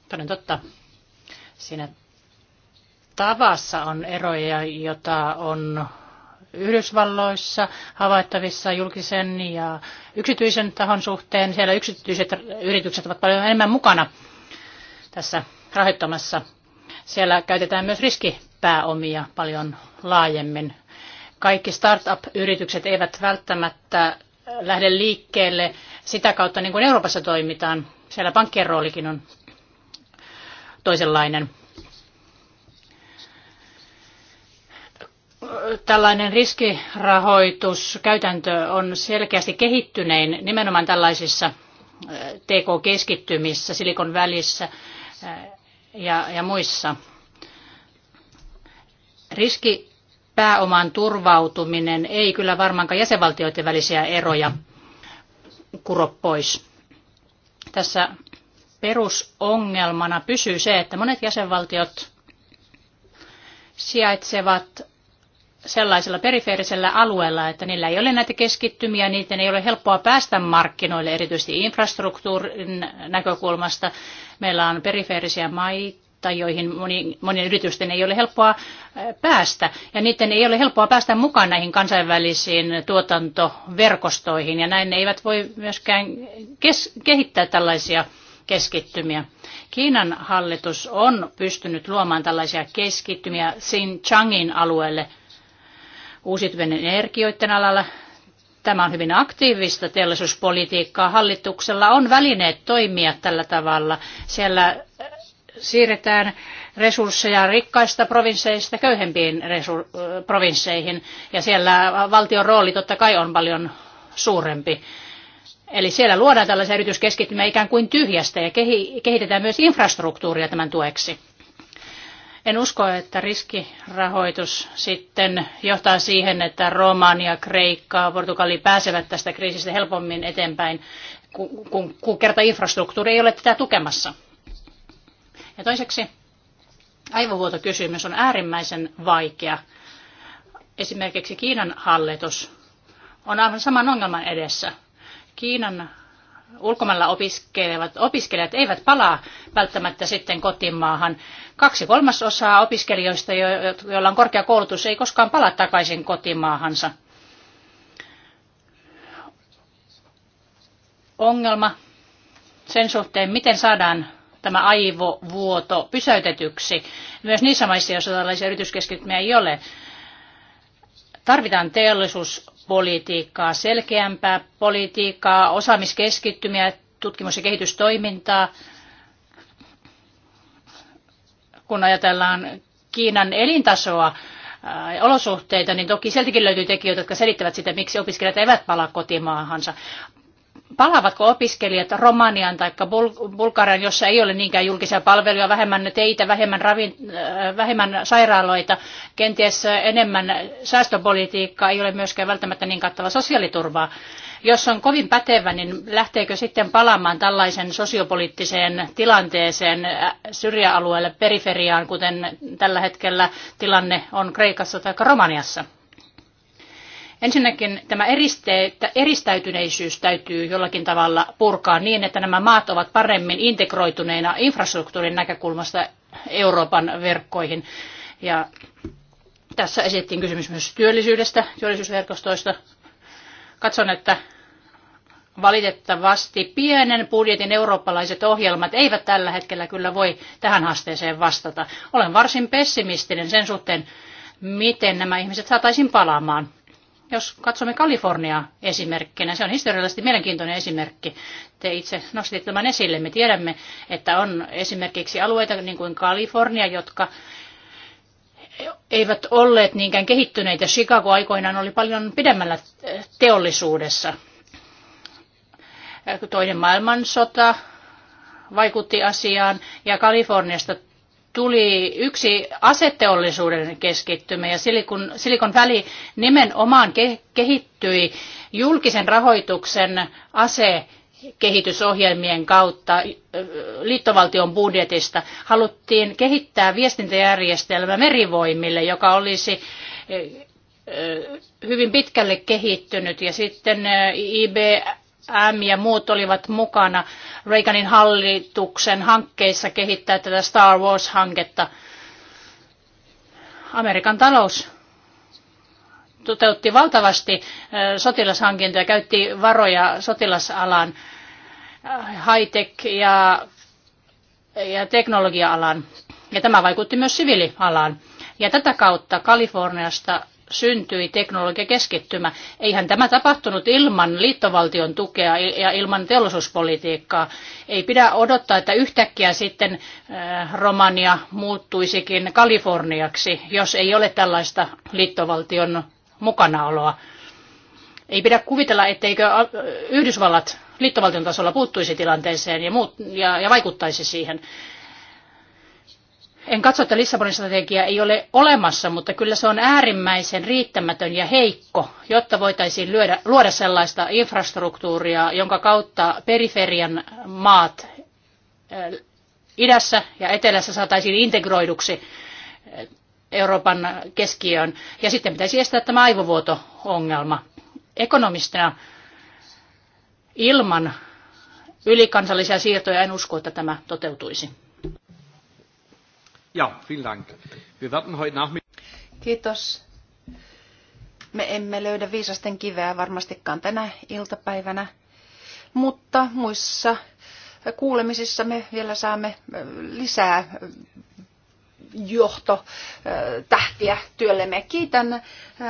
Toden totta. Siinä tavassa on eroja, jota on Yhdysvalloissa havaittavissa julkisen ja yksityisen tahon suhteen. Siellä yksityiset yritykset ovat paljon enemmän mukana tässä rahoittamassa. Siellä käytetään myös riskipääomia paljon laajemmin. Kaikki startup-yritykset eivät välttämättä lähde liikkeelle sitä kautta, niin kuin Euroopassa toimitaan. Siellä pankkien roolikin on toisenlainen. tällainen riskirahoituskäytäntö on selkeästi kehittynein nimenomaan tällaisissa äh, TK-keskittymissä, Silikon välissä äh, ja, ja muissa. Riskipääoman turvautuminen ei kyllä varmaankaan jäsenvaltioiden välisiä eroja kuro pois. Tässä perusongelmana pysyy se, että monet jäsenvaltiot sijaitsevat sellaisella perifeerisellä alueella, että niillä ei ole näitä keskittymiä, niiden ei ole helppoa päästä markkinoille, erityisesti infrastruktuurin näkökulmasta. Meillä on perifeerisiä maita, joihin moni, monien yritysten ei ole helppoa äh, päästä, ja niiden ei ole helppoa päästä mukaan näihin kansainvälisiin tuotantoverkostoihin, ja näin ne eivät voi myöskään kes- kehittää tällaisia keskittymiä. Kiinan hallitus on pystynyt luomaan tällaisia keskittymiä Xinjiangin alueelle – uusiutuvien energioiden alalla. Tämä on hyvin aktiivista teollisuuspolitiikkaa. Hallituksella on välineet toimia tällä tavalla. Siellä äh, siirretään resursseja rikkaista provinsseista köyhempiin äh, provinsseihin ja siellä valtion rooli totta kai on paljon suurempi. Eli siellä luodaan tällaisia yrityskeskittymiä ikään kuin tyhjästä ja kehitetään myös infrastruktuuria tämän tueksi. En usko, että riskirahoitus sitten johtaa siihen, että Romania, Kreikka, Portugali pääsevät tästä kriisistä helpommin eteenpäin, kun, kun kerta infrastruktuuri ei ole tätä tukemassa. Ja toiseksi aivovuotokysymys on äärimmäisen vaikea. Esimerkiksi Kiinan hallitus on aivan saman ongelman edessä. Kiinan ulkomailla opiskelevat opiskelijat eivät palaa välttämättä sitten kotimaahan. Kaksi kolmasosaa opiskelijoista, joilla on koulutus ei koskaan palaa takaisin kotimaahansa. Ongelma sen suhteen, miten saadaan tämä aivovuoto pysäytetyksi. Myös niissä maissa, joissa tällaisia yrityskeskittymiä ei ole, tarvitaan teollisuus politiikkaa, selkeämpää politiikkaa, osaamiskeskittymiä, tutkimus- ja kehitystoimintaa. Kun ajatellaan Kiinan elintasoa, äh, olosuhteita, niin toki sieltäkin löytyy tekijöitä, jotka selittävät sitä, miksi opiskelijat eivät palaa kotimaahansa palaavatko opiskelijat Romaniaan tai Bul- Bulgarian, jossa ei ole niinkään julkisia palveluja, vähemmän teitä, vähemmän, ravin, äh, vähemmän sairaaloita, kenties enemmän säästöpolitiikkaa, ei ole myöskään välttämättä niin kattava sosiaaliturvaa. Jos on kovin pätevä, niin lähteekö sitten palaamaan tällaisen sosiopoliittiseen tilanteeseen äh, syrjäalueelle, periferiaan, kuten tällä hetkellä tilanne on Kreikassa tai Romaniassa? Ensinnäkin tämä eriste, eristäytyneisyys täytyy jollakin tavalla purkaa niin, että nämä maat ovat paremmin integroituneina infrastruktuurin näkökulmasta Euroopan verkkoihin. Ja tässä esitettiin kysymys myös työllisyydestä, työllisyysverkostoista. Katson, että valitettavasti pienen budjetin eurooppalaiset ohjelmat eivät tällä hetkellä kyllä voi tähän haasteeseen vastata. Olen varsin pessimistinen sen suhteen, miten nämä ihmiset saataisiin palaamaan jos katsomme Kaliforniaa esimerkkinä, se on historiallisesti mielenkiintoinen esimerkki. Te itse nostitte tämän esille. Me tiedämme, että on esimerkiksi alueita niin kuin Kalifornia, jotka eivät olleet niinkään kehittyneitä. Chicago aikoinaan oli paljon pidemmällä teollisuudessa. Toinen maailmansota vaikutti asiaan ja Kaliforniasta tuli yksi aseteollisuuden keskittymä ja Silikon, Silikon väli nimenomaan ke, kehittyi julkisen rahoituksen ase kehitysohjelmien kautta liittovaltion budjetista haluttiin kehittää viestintäjärjestelmä merivoimille, joka olisi hyvin pitkälle kehittynyt ja sitten IBM M ja muut olivat mukana Reaganin hallituksen hankkeissa kehittää tätä Star Wars-hanketta. Amerikan talous toteutti valtavasti sotilashankintoja, käytti varoja sotilasalan, äh, high-tech ja, ja teknologia-alan. Ja tämä vaikutti myös sivilialaan. Ja tätä kautta Kaliforniasta syntyi teknologiakeskittymä. Eihän tämä tapahtunut ilman liittovaltion tukea ja ilman teollisuuspolitiikkaa. Ei pidä odottaa, että yhtäkkiä sitten äh, Romania muuttuisikin Kaliforniaksi, jos ei ole tällaista liittovaltion mukanaoloa. Ei pidä kuvitella, etteikö äh, Yhdysvallat liittovaltion tasolla puuttuisi tilanteeseen ja, muut, ja, ja vaikuttaisi siihen. En katso, että Lissabonin strategia ei ole olemassa, mutta kyllä se on äärimmäisen riittämätön ja heikko, jotta voitaisiin lyödä, luoda sellaista infrastruktuuria, jonka kautta periferian maat idässä ja etelässä saataisiin integroiduksi Euroopan keskiöön. Ja sitten pitäisi estää tämä aivovuoto-ongelma. Ekonomistina ilman ylikansallisia siirtoja en usko, että tämä toteutuisi. Ja, vielen Dank. Wir werden heute Nachmittag... Kiitos. Me emme löydä viisasten kiveä varmastikaan tänä iltapäivänä, mutta muissa kuulemisissa me vielä saamme lisää johto tähtiä työllemme. Kiitän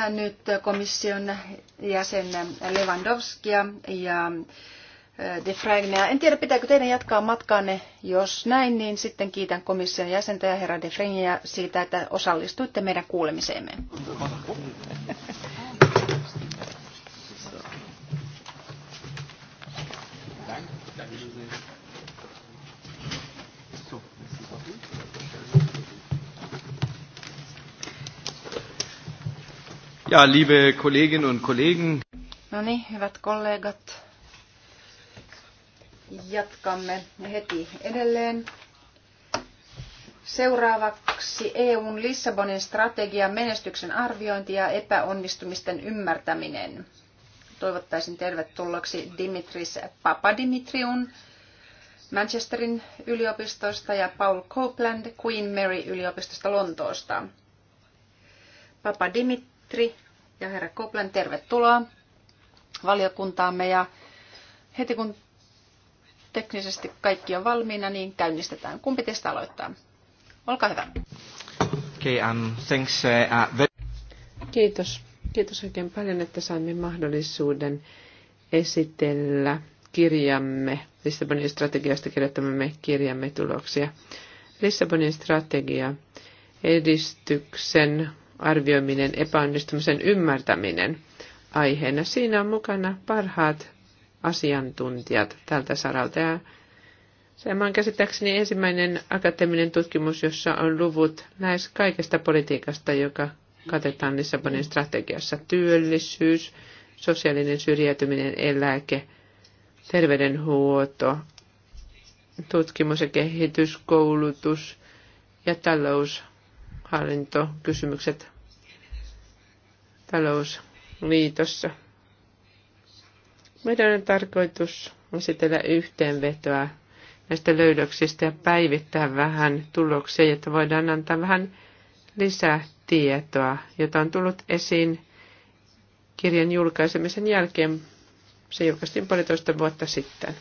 nyt komission jäsen Lewandowskia ja Äh, Defragnea. En tiedä, pitääkö teidän jatkaa matkaanne. Jos näin, niin sitten kiitän komission jäsentä ja herra Defragnea siitä, että osallistuitte meidän kuulemiseemme. Ja, liebe Kolleginnen und Kollegen. No niin, hyvät kollegat. Jatkamme heti edelleen. Seuraavaksi EUn Lissabonin strategian menestyksen arviointi ja epäonnistumisten ymmärtäminen. Toivottaisin tervetulleeksi Dimitris Papadimitriun Manchesterin yliopistosta ja Paul Copeland Queen Mary yliopistosta Lontoosta. Papadimitri ja herra Copeland, tervetuloa valiokuntaamme ja heti kun teknisesti kaikki on valmiina, niin käynnistetään. Kumpi teistä aloittaa? Olkaa hyvä. Okay, um, thanks, uh, uh Kiitos. Kiitos oikein paljon, että saimme mahdollisuuden esitellä kirjamme, Lissabonin strategiasta kirjoittamamme kirjamme tuloksia. Lissabonin strategia, edistyksen arvioiminen, epäonnistumisen ymmärtäminen aiheena. Siinä on mukana parhaat asiantuntijat tältä saralta. Ja se on käsittääkseni ensimmäinen akateeminen tutkimus, jossa on luvut lähes kaikesta politiikasta, joka katetaan Lissabonin strategiassa. Työllisyys, sosiaalinen syrjäytyminen, eläke, terveydenhuolto, tutkimus ja kehitys, koulutus ja taloushallintokysymykset talousliitossa. Meidän on tarkoitus esitellä yhteenvetoa näistä löydöksistä ja päivittää vähän tuloksia, jotta voidaan antaa vähän lisää tietoa, jota on tullut esiin kirjan julkaisemisen jälkeen. Se julkaistiin puolitoista vuotta sitten.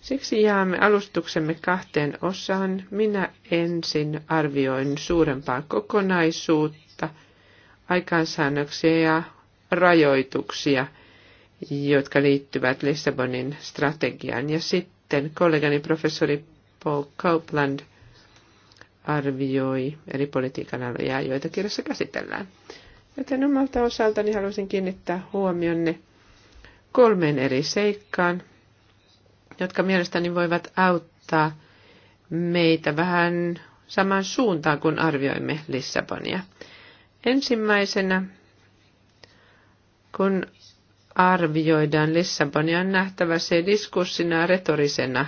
Siksi jaamme alustuksemme kahteen osaan. Minä ensin arvioin suurempaa kokonaisuutta, aikaansäännöksiä ja rajoituksia – jotka liittyvät Lissabonin strategiaan. Ja sitten kollegani professori Paul Copeland arvioi eri politiikan aloja, joita kirjassa käsitellään. Joten omalta osaltani haluaisin kiinnittää huomionne kolmeen eri seikkaan, jotka mielestäni voivat auttaa meitä vähän samaan suuntaan, kun arvioimme Lissabonia. Ensimmäisenä, kun arvioidaan Lissabonia on nähtävä se diskurssina ja retorisena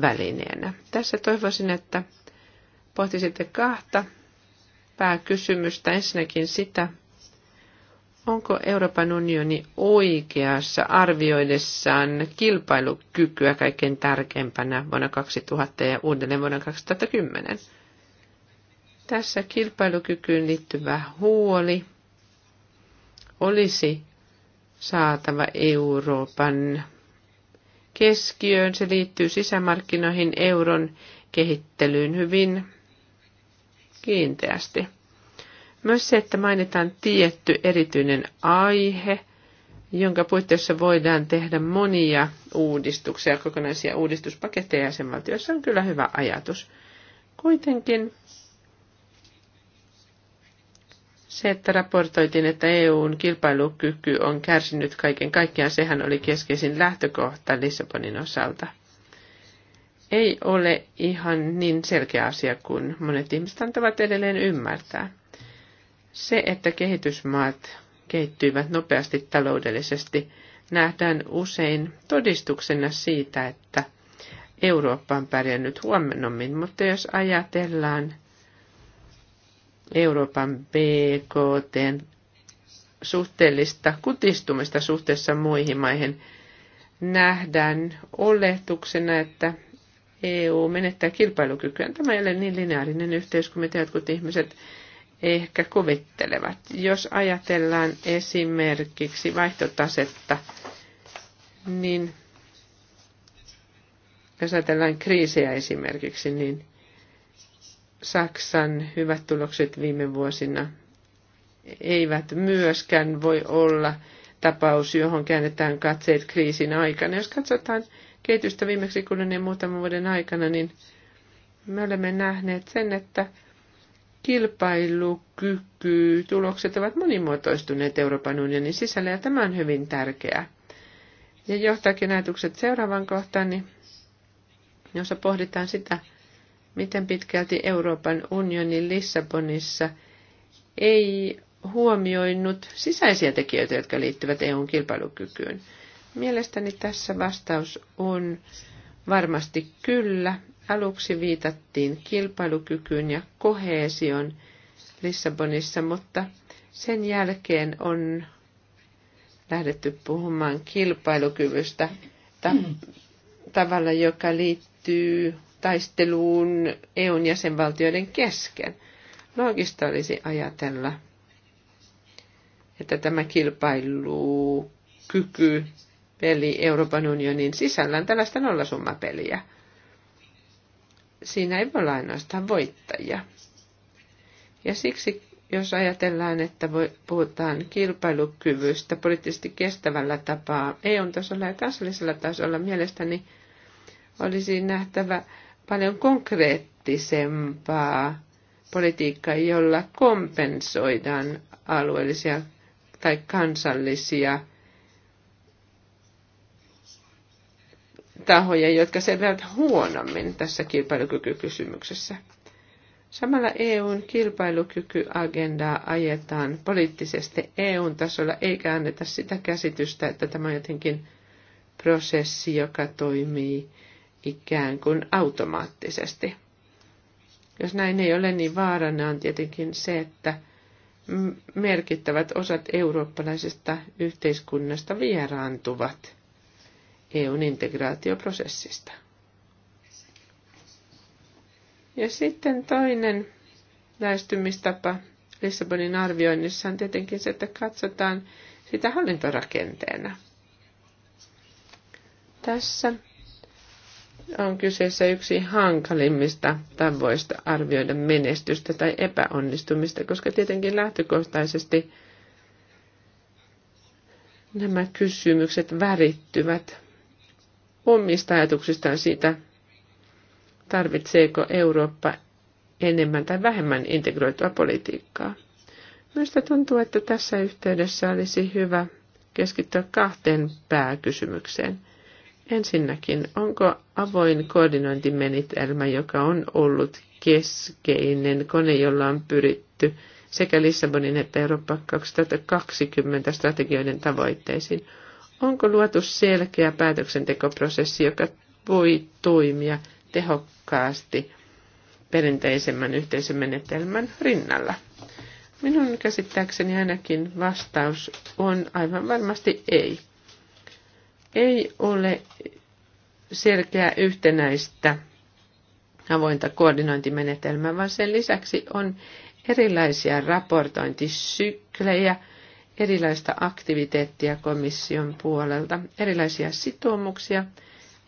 välineenä. Tässä toivoisin, että pohtisitte kahta pääkysymystä. Ensinnäkin sitä, onko Euroopan unioni oikeassa arvioidessaan kilpailukykyä kaikkein tärkeimpänä vuonna 2000 ja uudelleen vuonna 2010. Tässä kilpailukykyyn liittyvä huoli olisi saatava Euroopan keskiöön. Se liittyy sisämarkkinoihin, euron kehittelyyn hyvin kiinteästi. Myös se, että mainitaan tietty erityinen aihe, jonka puitteissa voidaan tehdä monia uudistuksia, kokonaisia uudistuspaketteja jäsenvaltioissa, on kyllä hyvä ajatus. Kuitenkin se, että raportoitiin, että EUn kilpailukyky on kärsinyt kaiken kaikkiaan, sehän oli keskeisin lähtökohta Lissabonin osalta. Ei ole ihan niin selkeä asia kuin monet ihmiset antavat edelleen ymmärtää. Se, että kehitysmaat kehittyivät nopeasti taloudellisesti, nähdään usein todistuksena siitä, että Eurooppa on pärjännyt huomennommin, mutta jos ajatellaan Euroopan BKT suhteellista kutistumista suhteessa muihin maihin nähdään oletuksena, että EU menettää kilpailukykyä. Tämä ei ole niin lineaarinen yhteiskunta, mitä jotkut ihmiset ehkä kuvittelevat. Jos ajatellaan esimerkiksi vaihtotasetta, niin jos ajatellaan kriisejä esimerkiksi, niin – Saksan hyvät tulokset viime vuosina eivät myöskään voi olla tapaus, johon käännetään katseet kriisin aikana. Jos katsotaan kehitystä viimeksi kuluneen muutaman vuoden aikana, niin me olemme nähneet sen, että kilpailukyky, tulokset ovat monimuotoistuneet Euroopan unionin sisällä ja tämä on hyvin tärkeää. Ja johtaakin ajatukset seuraavaan kohtaan, niin jossa pohditaan sitä, miten pitkälti Euroopan unionin Lissabonissa ei huomioinut sisäisiä tekijöitä, jotka liittyvät EUn kilpailukykyyn. Mielestäni tässä vastaus on varmasti kyllä. Aluksi viitattiin kilpailukykyyn ja koheesion Lissabonissa, mutta sen jälkeen on lähdetty puhumaan kilpailukyvystä ta- tavalla, joka liittyy taisteluun EUn jäsenvaltioiden kesken. Loogista olisi ajatella, että tämä kilpailukyky peli Euroopan unionin sisällään tällaista nollasummapeliä. Siinä ei voi olla ainoastaan voittajia. Ja siksi, jos ajatellaan, että voi, puhutaan kilpailukyvystä poliittisesti kestävällä tapaa EUn tasolla ja kansallisella tasolla, mielestäni olisi nähtävä paljon konkreettisempaa politiikkaa, jolla kompensoidaan alueellisia tai kansallisia tahoja, jotka selviävät huonommin tässä kilpailukykykysymyksessä. Samalla EUn kilpailukykyagendaa ajetaan poliittisesti EUn tasolla, eikä anneta sitä käsitystä, että tämä on jotenkin prosessi, joka toimii ikään kuin automaattisesti. Jos näin ei ole, niin vaarana on tietenkin se, että merkittävät osat eurooppalaisesta yhteiskunnasta vieraantuvat EUn integraatioprosessista. Ja sitten toinen lähestymistapa Lissabonin arvioinnissa on tietenkin se, että katsotaan sitä hallintorakenteena. Tässä on kyseessä yksi hankalimmista tavoista arvioida menestystä tai epäonnistumista, koska tietenkin lähtökohtaisesti nämä kysymykset värittyvät omista ajatuksistaan siitä, tarvitseeko Eurooppa enemmän tai vähemmän integroitua politiikkaa. Minusta tuntuu, että tässä yhteydessä olisi hyvä keskittyä kahteen pääkysymykseen – Ensinnäkin, onko avoin koordinointimenetelmä, joka on ollut keskeinen kone, jolla on pyritty sekä Lissabonin että Eurooppa 2020 strategioiden tavoitteisiin, onko luotu selkeä päätöksentekoprosessi, joka voi toimia tehokkaasti perinteisemmän yhteisömenetelmän rinnalla? Minun käsittääkseni ainakin vastaus on aivan varmasti ei. Ei ole selkeää yhtenäistä avointa koordinointimenetelmää, vaan sen lisäksi on erilaisia raportointisyklejä, erilaista aktiviteettia komission puolelta, erilaisia sitoumuksia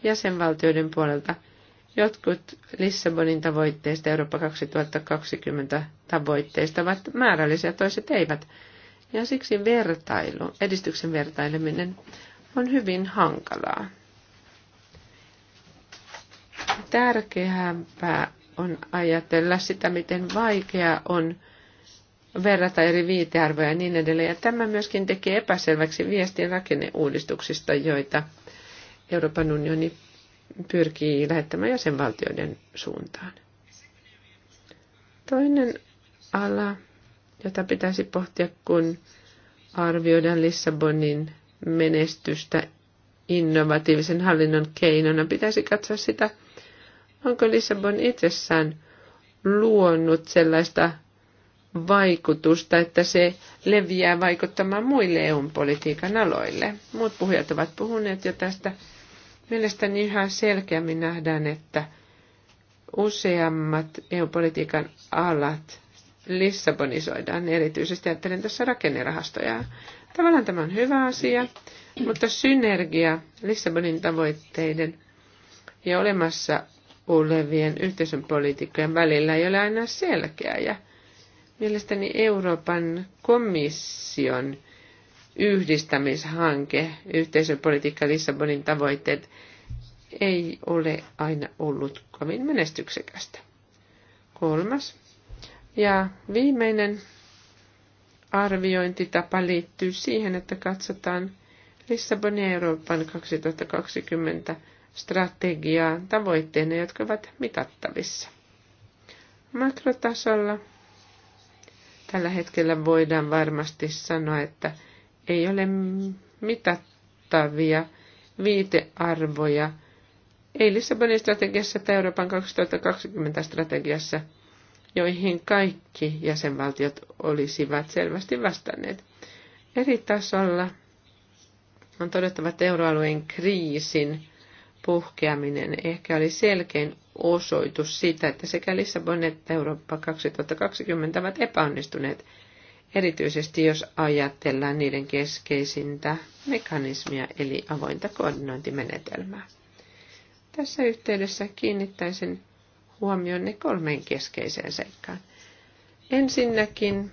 jäsenvaltioiden puolelta. Jotkut Lissabonin tavoitteista, Eurooppa 2020 tavoitteista ovat määrällisiä, toiset eivät. Ja siksi vertailu, edistyksen vertaileminen on hyvin hankalaa. Tärkeämpää on ajatella sitä, miten vaikea on verrata eri viitearvoja ja niin edelleen. Ja tämä myöskin tekee epäselväksi viestin rakenneuudistuksista, joita Euroopan unioni pyrkii lähettämään jäsenvaltioiden suuntaan. Toinen ala, jota pitäisi pohtia, kun arvioidaan Lissabonin menestystä innovatiivisen hallinnon keinona. Pitäisi katsoa sitä, onko Lissabon itsessään luonut sellaista vaikutusta, että se leviää vaikuttamaan muille EU-politiikan aloille. Muut puhujat ovat puhuneet jo tästä. Mielestäni ihan selkeämmin nähdään, että useammat EU-politiikan alat Lissabonisoidaan, erityisesti ajattelen tässä rakennerahastoja. Tavallaan tämä on hyvä asia, mutta synergia Lissabonin tavoitteiden ja olemassa olevien yhteisön politiikkojen välillä ei ole aina selkeä. Ja mielestäni Euroopan komission yhdistämishanke, politiikka Lissabonin tavoitteet, ei ole aina ollut kovin menestyksekästä. Kolmas ja viimeinen arviointitapa liittyy siihen, että katsotaan Lissabonin Euroopan 2020 strategiaa tavoitteena, jotka ovat mitattavissa. Makrotasolla tällä hetkellä voidaan varmasti sanoa, että ei ole mitattavia viitearvoja, ei Lissabonin strategiassa tai Euroopan 2020 strategiassa – joihin kaikki jäsenvaltiot olisivat selvästi vastanneet. Eri tasolla on todettava, että euroalueen kriisin puhkeaminen ehkä oli selkein osoitus siitä, että sekä Lissabon että Eurooppa 2020 ovat epäonnistuneet, erityisesti jos ajatellaan niiden keskeisintä mekanismia eli avointa koordinointimenetelmää. Tässä yhteydessä kiinnittäisin huomionne kolmeen keskeiseen seikkaan. Ensinnäkin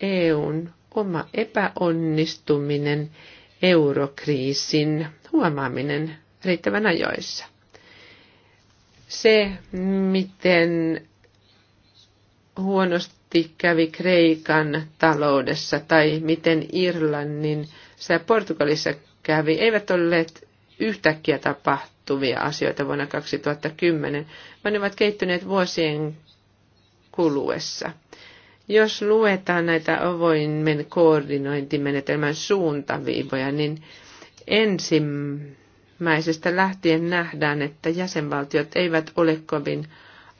EUn oma epäonnistuminen eurokriisin huomaaminen riittävän ajoissa. Se, miten huonosti kävi Kreikan taloudessa tai miten Irlannin ja Portugalissa kävi, eivät olleet yhtäkkiä tapahtuneet tapahtuvia asioita vuonna 2010, vaan ne ovat kehittyneet vuosien kuluessa. Jos luetaan näitä avoimen koordinointimenetelmän suuntaviivoja, niin ensimmäisestä lähtien nähdään, että jäsenvaltiot eivät ole kovin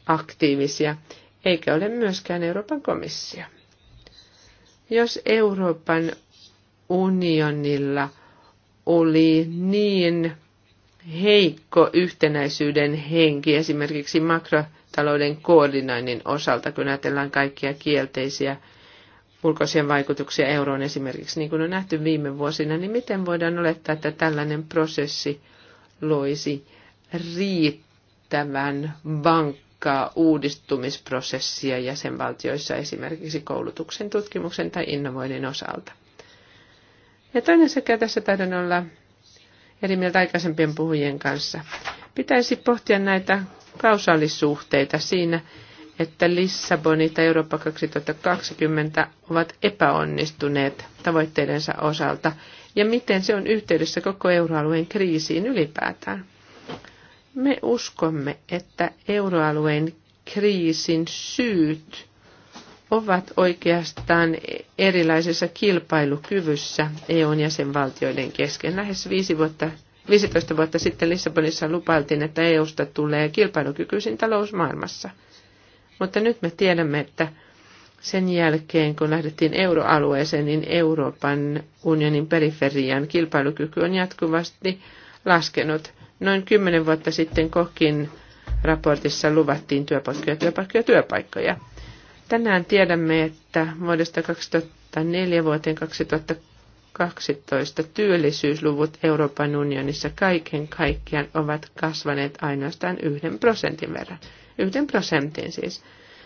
aktiivisia, eikä ole myöskään Euroopan komissio. Jos Euroopan unionilla oli niin heikko yhtenäisyyden henki esimerkiksi makrotalouden koordinoinnin osalta, kun ajatellaan kaikkia kielteisiä ulkoisia vaikutuksia euroon esimerkiksi, niin kuin on nähty viime vuosina, niin miten voidaan olettaa, että tällainen prosessi loisi riittävän vankkaa uudistumisprosessia jäsenvaltioissa esimerkiksi koulutuksen, tutkimuksen tai innovoinnin osalta? Ja toinen sekä tässä taidon olla eri mieltä aikaisempien puhujien kanssa. Pitäisi pohtia näitä kausaalisuhteita siinä, että Lissaboni tai Eurooppa 2020 ovat epäonnistuneet tavoitteidensa osalta ja miten se on yhteydessä koko euroalueen kriisiin ylipäätään. Me uskomme, että euroalueen kriisin syyt ovat oikeastaan erilaisessa kilpailukyvyssä EUn jäsenvaltioiden kesken. Lähes viisi vuotta, 15 vuotta sitten Lissabonissa lupailtiin, että EUsta tulee kilpailukykyisin talous maailmassa. Mutta nyt me tiedämme, että sen jälkeen, kun lähdettiin euroalueeseen, niin Euroopan unionin periferian kilpailukyky on jatkuvasti laskenut. Noin kymmenen vuotta sitten kokin raportissa luvattiin työpaikkoja, työpaikkoja, työpaikkoja. Tänään tiedämme, että vuodesta 2004 vuoteen 2012 työllisyysluvut Euroopan unionissa kaiken kaikkiaan ovat kasvaneet ainoastaan yhden prosentin verran. Yhden prosentin siis.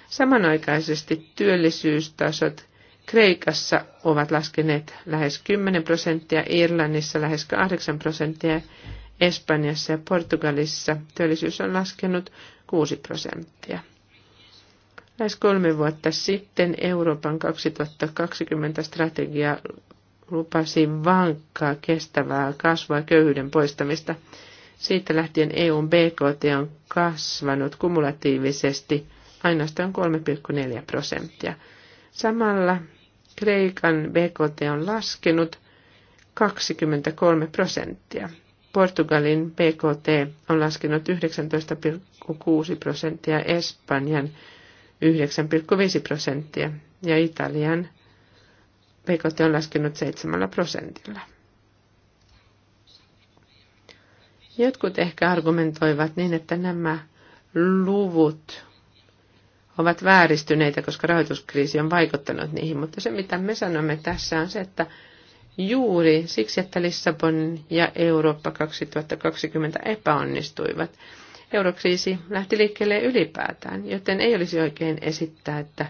Samanaikaisesti työllisyystasot Kreikassa ovat laskeneet lähes 10 prosenttia, Irlannissa lähes 8 prosenttia, Espanjassa ja Portugalissa työllisyys on laskenut 6 prosenttia. Lähes kolme vuotta sitten Euroopan 2020 strategia lupasi vankkaa kestävää kasvua köyhyyden poistamista. Siitä lähtien EUn BKT on kasvanut kumulatiivisesti ainoastaan 3,4 prosenttia. Samalla Kreikan BKT on laskenut 23 prosenttia. Portugalin BKT on laskenut 19,6 prosenttia, Espanjan 9,5 prosenttia ja Italian BKT on laskenut 7 prosentilla. Jotkut ehkä argumentoivat niin, että nämä luvut ovat vääristyneitä, koska rahoituskriisi on vaikuttanut niihin, mutta se mitä me sanomme tässä on se, että juuri siksi, että Lissabon ja Eurooppa 2020 epäonnistuivat, eurokriisi lähti liikkeelle ylipäätään, joten ei olisi oikein esittää, että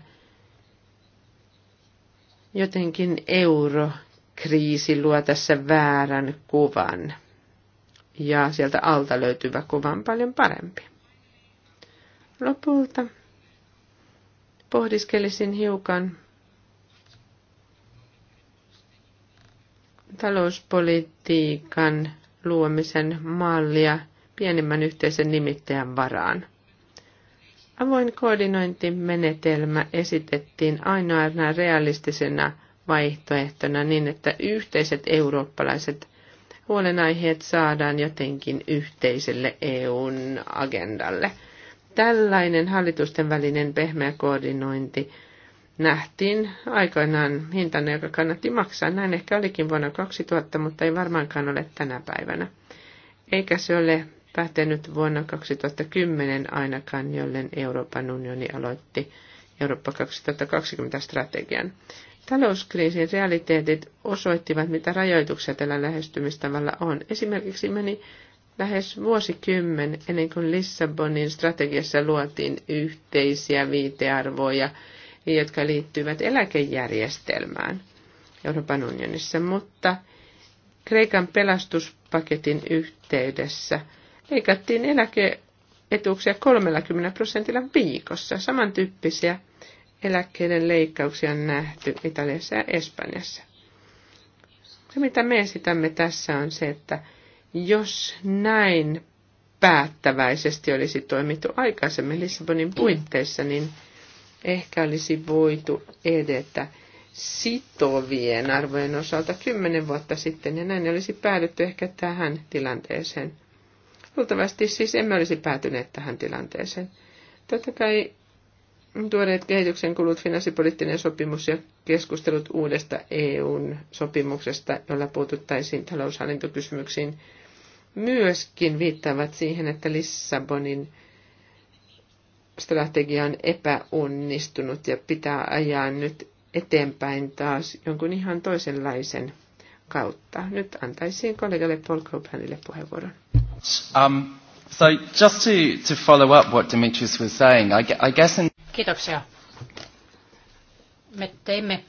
jotenkin eurokriisi luo tässä väärän kuvan ja sieltä alta löytyvä kuva on paljon parempi. Lopulta pohdiskelisin hiukan talouspolitiikan luomisen mallia – pienimmän yhteisen nimittäjän varaan. Avoin koordinointimenetelmä esitettiin ainoana realistisena vaihtoehtona niin, että yhteiset eurooppalaiset huolenaiheet saadaan jotenkin yhteiselle EUn agendalle. Tällainen hallitusten välinen pehmeä koordinointi nähtiin aikoinaan hintana, joka kannatti maksaa. Näin ehkä olikin vuonna 2000, mutta ei varmaankaan ole tänä päivänä. Eikä se ole päättänyt vuonna 2010 ainakaan, jollen Euroopan unioni aloitti Eurooppa 2020-strategian. Talouskriisin realiteetit osoittivat, mitä rajoituksia tällä lähestymistavalla on. Esimerkiksi meni lähes vuosikymmen ennen kuin Lissabonin strategiassa luotiin yhteisiä viitearvoja, jotka liittyvät eläkejärjestelmään Euroopan unionissa, mutta Kreikan pelastuspaketin yhteydessä – leikattiin eläkeetuuksia 30 prosentilla viikossa. Samantyyppisiä eläkkeiden leikkauksia on nähty Italiassa ja Espanjassa. Se, mitä me esitämme tässä, on se, että jos näin päättäväisesti olisi toimittu aikaisemmin Lissabonin puitteissa, niin ehkä olisi voitu edetä sitovien arvojen osalta kymmenen vuotta sitten, ja näin olisi päädytty ehkä tähän tilanteeseen. Luultavasti siis emme olisi päätyneet tähän tilanteeseen. Totta kai tuoreet kehityksen kulut, finanssipoliittinen sopimus ja keskustelut uudesta EUn sopimuksesta, jolla puututtaisiin taloushallintokysymyksiin, myöskin viittaavat siihen, että Lissabonin strategia on epäonnistunut ja pitää ajaa nyt eteenpäin taas jonkun ihan toisenlaisen kautta. Nyt antaisin kollegalle Paul Copenille puheenvuoron. Um, so just to, to follow up what Dimitris was saying, I, I guess in... Kiitoksia. Me teimme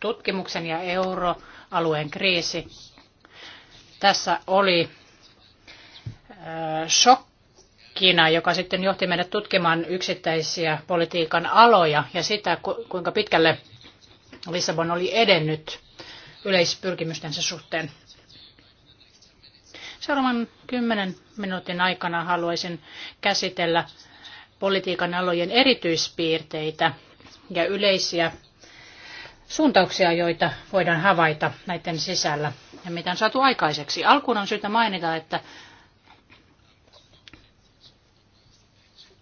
tutkimuksen ja euroalueen kriisi. Tässä oli äh, shokkina, joka sitten johti meidät tutkimaan yksittäisiä politiikan aloja ja sitä, kuinka pitkälle Lissabon oli edennyt yleispyrkimystensä suhteen. Seuraavan kymmenen minuutin aikana haluaisin käsitellä politiikan alojen erityispiirteitä ja yleisiä suuntauksia, joita voidaan havaita näiden sisällä ja mitä on saatu aikaiseksi. Alkuun on syytä mainita, että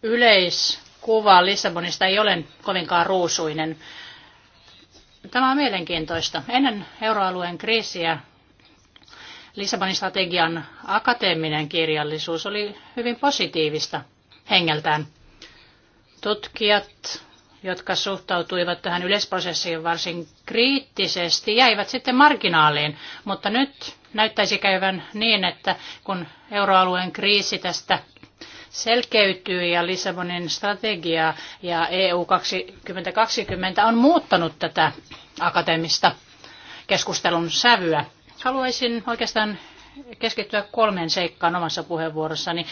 yleiskuva Lissabonista ei ole kovinkaan ruusuinen. Tämä on mielenkiintoista. Ennen euroalueen kriisiä Lissabonin strategian akateeminen kirjallisuus oli hyvin positiivista hengeltään. Tutkijat, jotka suhtautuivat tähän yleisprosessiin varsin kriittisesti, jäivät sitten marginaaliin, mutta nyt näyttäisi käyvän niin, että kun euroalueen kriisi tästä selkeytyy ja Lissabonin strategia ja EU 2020 on muuttanut tätä akateemista keskustelun sävyä. Haluaisin oikeastaan keskittyä kolmeen seikkaan omassa puheenvuorossani.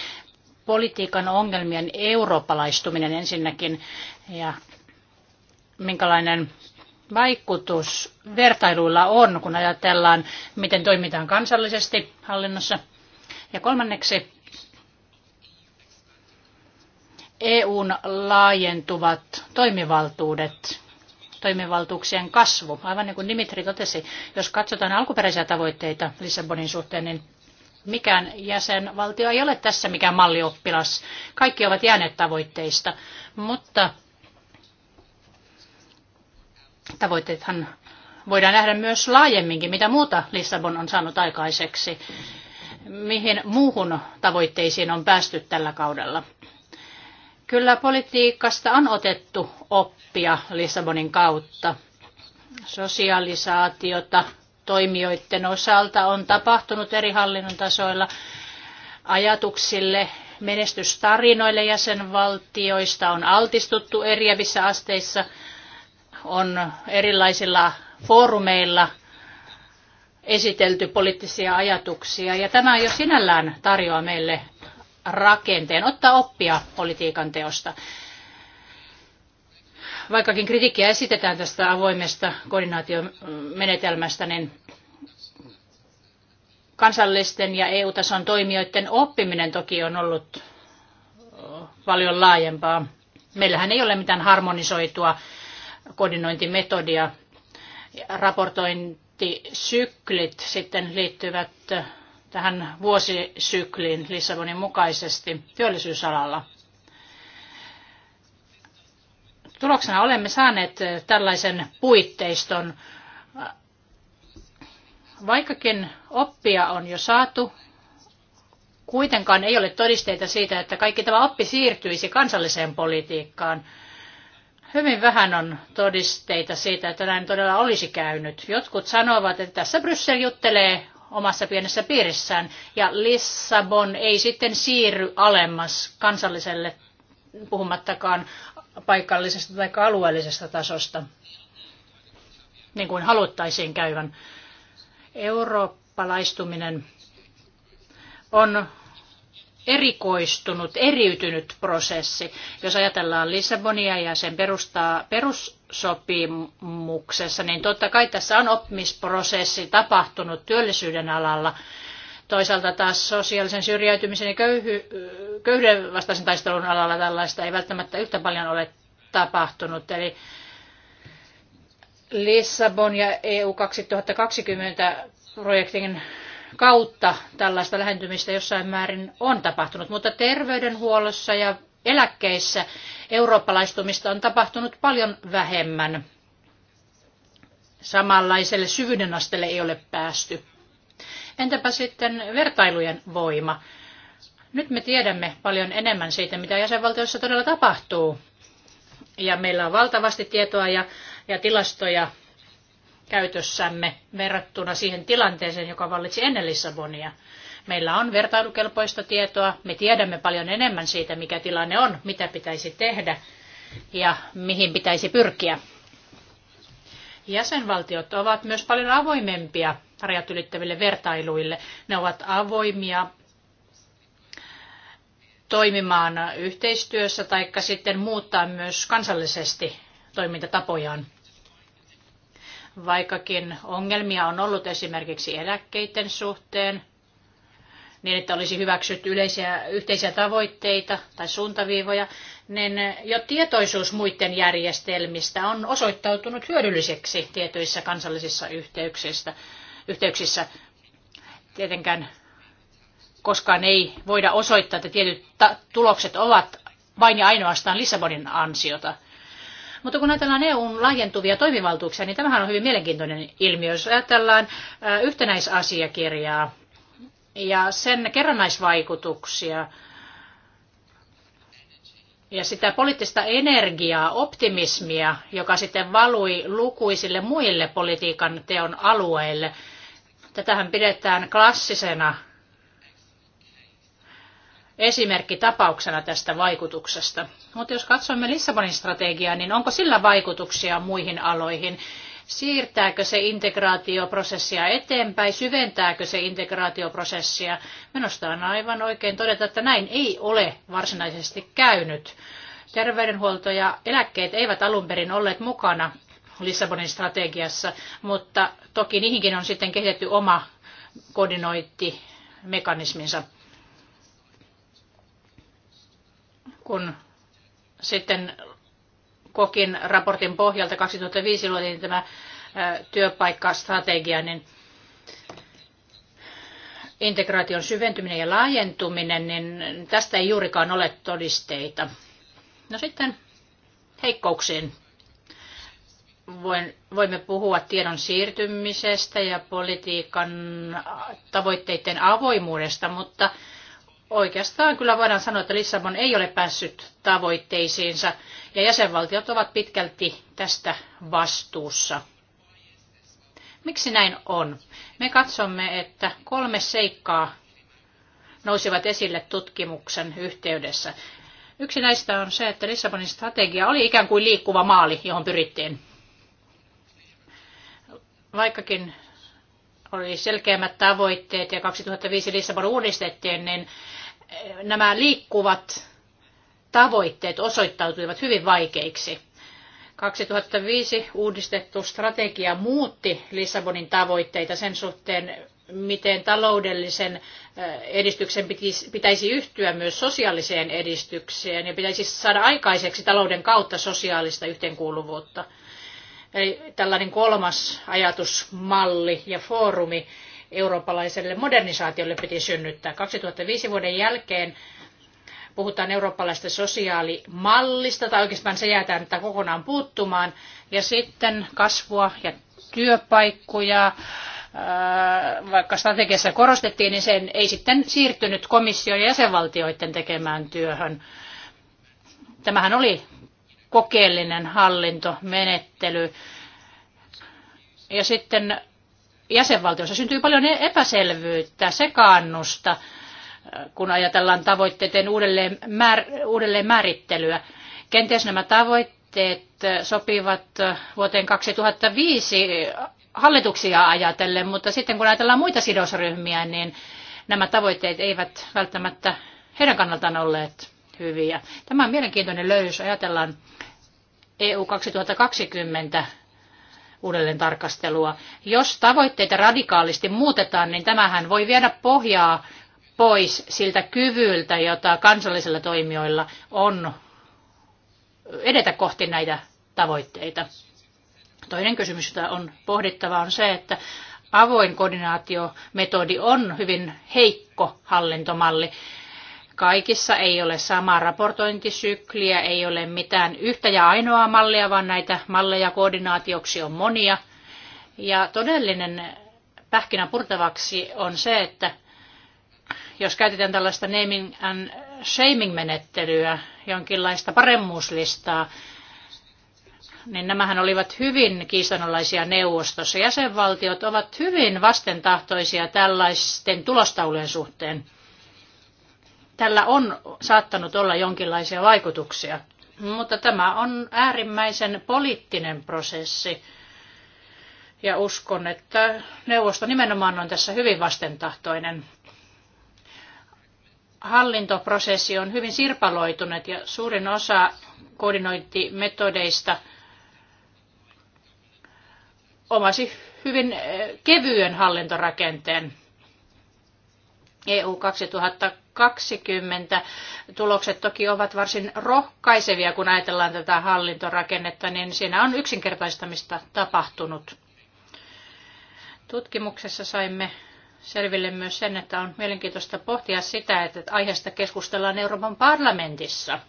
Politiikan ongelmien eurooppalaistuminen ensinnäkin ja minkälainen vaikutus vertailuilla on, kun ajatellaan, miten toimitaan kansallisesti hallinnossa. Ja kolmanneksi EUn laajentuvat toimivaltuudet toimivaltuuksien kasvu. Aivan niin kuin Dimitri totesi, jos katsotaan alkuperäisiä tavoitteita Lissabonin suhteen, niin mikään jäsenvaltio ei ole tässä mikään mallioppilas. Kaikki ovat jääneet tavoitteista, mutta tavoitteethan voidaan nähdä myös laajemminkin, mitä muuta Lissabon on saanut aikaiseksi, mihin muuhun tavoitteisiin on päästy tällä kaudella. Kyllä politiikasta on otettu oppia Lissabonin kautta. Sosialisaatiota toimijoiden osalta on tapahtunut eri hallinnon tasoilla ajatuksille, menestystarinoille jäsenvaltioista on altistuttu eriävissä asteissa, on erilaisilla foorumeilla esitelty poliittisia ajatuksia ja tämä jo sinällään tarjoaa meille rakenteen, ottaa oppia politiikan teosta. Vaikkakin kritiikkiä esitetään tästä avoimesta koordinaatiomenetelmästä, niin kansallisten ja EU-tason toimijoiden oppiminen toki on ollut paljon laajempaa. Meillähän ei ole mitään harmonisoitua koordinointimetodia. Raportointisyklit sitten liittyvät tähän vuosisykliin Lissabonin mukaisesti työllisyysalalla. Tuloksena olemme saaneet tällaisen puitteiston. Vaikkakin oppia on jo saatu, kuitenkaan ei ole todisteita siitä, että kaikki tämä oppi siirtyisi kansalliseen politiikkaan. Hyvin vähän on todisteita siitä, että näin todella olisi käynyt. Jotkut sanovat, että tässä Bryssel juttelee omassa pienessä piirissään. Ja Lissabon ei sitten siirry alemmas kansalliselle, puhumattakaan paikallisesta tai alueellisesta tasosta, niin kuin haluttaisiin käyvän. Eurooppalaistuminen on erikoistunut, eriytynyt prosessi. Jos ajatellaan Lissabonia ja sen perustaa perussopimuksessa, niin totta kai tässä on oppimisprosessi tapahtunut työllisyyden alalla. Toisaalta taas sosiaalisen syrjäytymisen ja köyhy, köyhyyden vastaisen taistelun alalla tällaista ei välttämättä yhtä paljon ole tapahtunut. Eli Lissabon ja EU 2020 projektin kautta tällaista lähentymistä jossain määrin on tapahtunut, mutta terveydenhuollossa ja eläkkeissä eurooppalaistumista on tapahtunut paljon vähemmän. Samanlaiselle syvyyden asteelle ei ole päästy. Entäpä sitten vertailujen voima? Nyt me tiedämme paljon enemmän siitä, mitä jäsenvaltioissa todella tapahtuu. Ja meillä on valtavasti tietoa ja, ja tilastoja käytössämme verrattuna siihen tilanteeseen, joka vallitsi ennen Lissabonia. Meillä on vertailukelpoista tietoa, me tiedämme paljon enemmän siitä, mikä tilanne on, mitä pitäisi tehdä ja mihin pitäisi pyrkiä. Jäsenvaltiot ovat myös paljon avoimempia rajat ylittäville vertailuille. Ne ovat avoimia toimimaan yhteistyössä tai sitten muuttaa myös kansallisesti toimintatapojaan vaikkakin ongelmia on ollut esimerkiksi eläkkeiden suhteen, niin että olisi hyväksytty yleisiä, yhteisiä tavoitteita tai suuntaviivoja, niin jo tietoisuus muiden järjestelmistä on osoittautunut hyödylliseksi tietyissä kansallisissa yhteyksissä. yhteyksissä. Tietenkään koskaan ei voida osoittaa, että tietyt tulokset ovat vain ja ainoastaan Lissabonin ansiota – mutta kun ajatellaan EUn laajentuvia toimivaltuuksia, niin tämähän on hyvin mielenkiintoinen ilmiö. Jos ajatellaan yhtenäisasiakirjaa ja sen kerrannaisvaikutuksia, ja sitä poliittista energiaa, optimismia, joka sitten valui lukuisille muille politiikan teon alueille. Tätähän pidetään klassisena esimerkki tapauksena tästä vaikutuksesta. Mutta jos katsomme Lissabonin strategiaa, niin onko sillä vaikutuksia muihin aloihin? Siirtääkö se integraatioprosessia eteenpäin? Syventääkö se integraatioprosessia? Minusta on aivan oikein todeta, että näin ei ole varsinaisesti käynyt. Terveydenhuolto ja eläkkeet eivät alun perin olleet mukana Lissabonin strategiassa, mutta toki niihinkin on sitten kehitetty oma koordinointimekanisminsa. Kun sitten Kokin raportin pohjalta 2005 luotiin tämä työpaikkastrategia, niin integraation syventyminen ja laajentuminen, niin tästä ei juurikaan ole todisteita. No sitten heikkouksiin. Voin, voimme puhua tiedon siirtymisestä ja politiikan tavoitteiden avoimuudesta, mutta Oikeastaan kyllä voidaan sanoa, että Lissabon ei ole päässyt tavoitteisiinsa ja jäsenvaltiot ovat pitkälti tästä vastuussa. Miksi näin on? Me katsomme, että kolme seikkaa nousivat esille tutkimuksen yhteydessä. Yksi näistä on se, että Lissabonin strategia oli ikään kuin liikkuva maali, johon pyrittiin. Vaikkakin oli selkeämmät tavoitteet ja 2005 Lissabon uudistettiin, niin nämä liikkuvat tavoitteet osoittautuivat hyvin vaikeiksi. 2005 uudistettu strategia muutti Lissabonin tavoitteita sen suhteen, miten taloudellisen edistyksen pitäisi yhtyä myös sosiaaliseen edistykseen ja pitäisi saada aikaiseksi talouden kautta sosiaalista yhteenkuuluvuutta. Eli tällainen kolmas ajatusmalli ja foorumi eurooppalaiselle modernisaatiolle piti synnyttää. 2005 vuoden jälkeen puhutaan eurooppalaisesta sosiaalimallista, tai oikeastaan se jäätään että kokonaan puuttumaan, ja sitten kasvua ja työpaikkoja, vaikka strategiassa korostettiin, niin sen ei sitten siirtynyt komission ja jäsenvaltioiden tekemään työhön. Tämähän oli kokeellinen hallintomenettely. Ja sitten jäsenvaltioissa syntyy paljon epäselvyyttä, sekaannusta, kun ajatellaan tavoitteiden uudelleen, määr, uudelleen määrittelyä. Kenties nämä tavoitteet sopivat vuoteen 2005 hallituksia ajatellen, mutta sitten kun ajatellaan muita sidosryhmiä, niin nämä tavoitteet eivät välttämättä heidän kannaltaan olleet hyviä. Tämä on mielenkiintoinen löydys. Ajatellaan EU 2020 uudelleen tarkastelua. Jos tavoitteita radikaalisti muutetaan, niin tämähän voi viedä pohjaa pois siltä kyvyltä, jota kansallisilla toimijoilla on edetä kohti näitä tavoitteita. Toinen kysymys, jota on pohdittava, on se, että avoin koordinaatiometodi on hyvin heikko hallintomalli. Kaikissa ei ole samaa raportointisykliä, ei ole mitään yhtä ja ainoaa mallia, vaan näitä malleja koordinaatioksi on monia. Ja todellinen pähkinä purtavaksi on se, että jos käytetään tällaista naming and shaming-menettelyä, jonkinlaista paremmuuslistaa, niin nämähän olivat hyvin kiistanalaisia neuvostossa. Jäsenvaltiot ovat hyvin vastentahtoisia tällaisten tulostaulujen suhteen tällä on saattanut olla jonkinlaisia vaikutuksia. Mutta tämä on äärimmäisen poliittinen prosessi. Ja uskon, että neuvosto nimenomaan on tässä hyvin vastentahtoinen. Hallintoprosessi on hyvin sirpaloitunut ja suurin osa koordinointimetodeista omasi hyvin eh, kevyen hallintorakenteen. EU 2000 2020. Tulokset toki ovat varsin rohkaisevia, kun ajatellaan tätä hallintorakennetta, niin siinä on yksinkertaistamista tapahtunut. Tutkimuksessa saimme selville myös sen, että on mielenkiintoista pohtia sitä, että aiheesta keskustellaan Euroopan parlamentissa –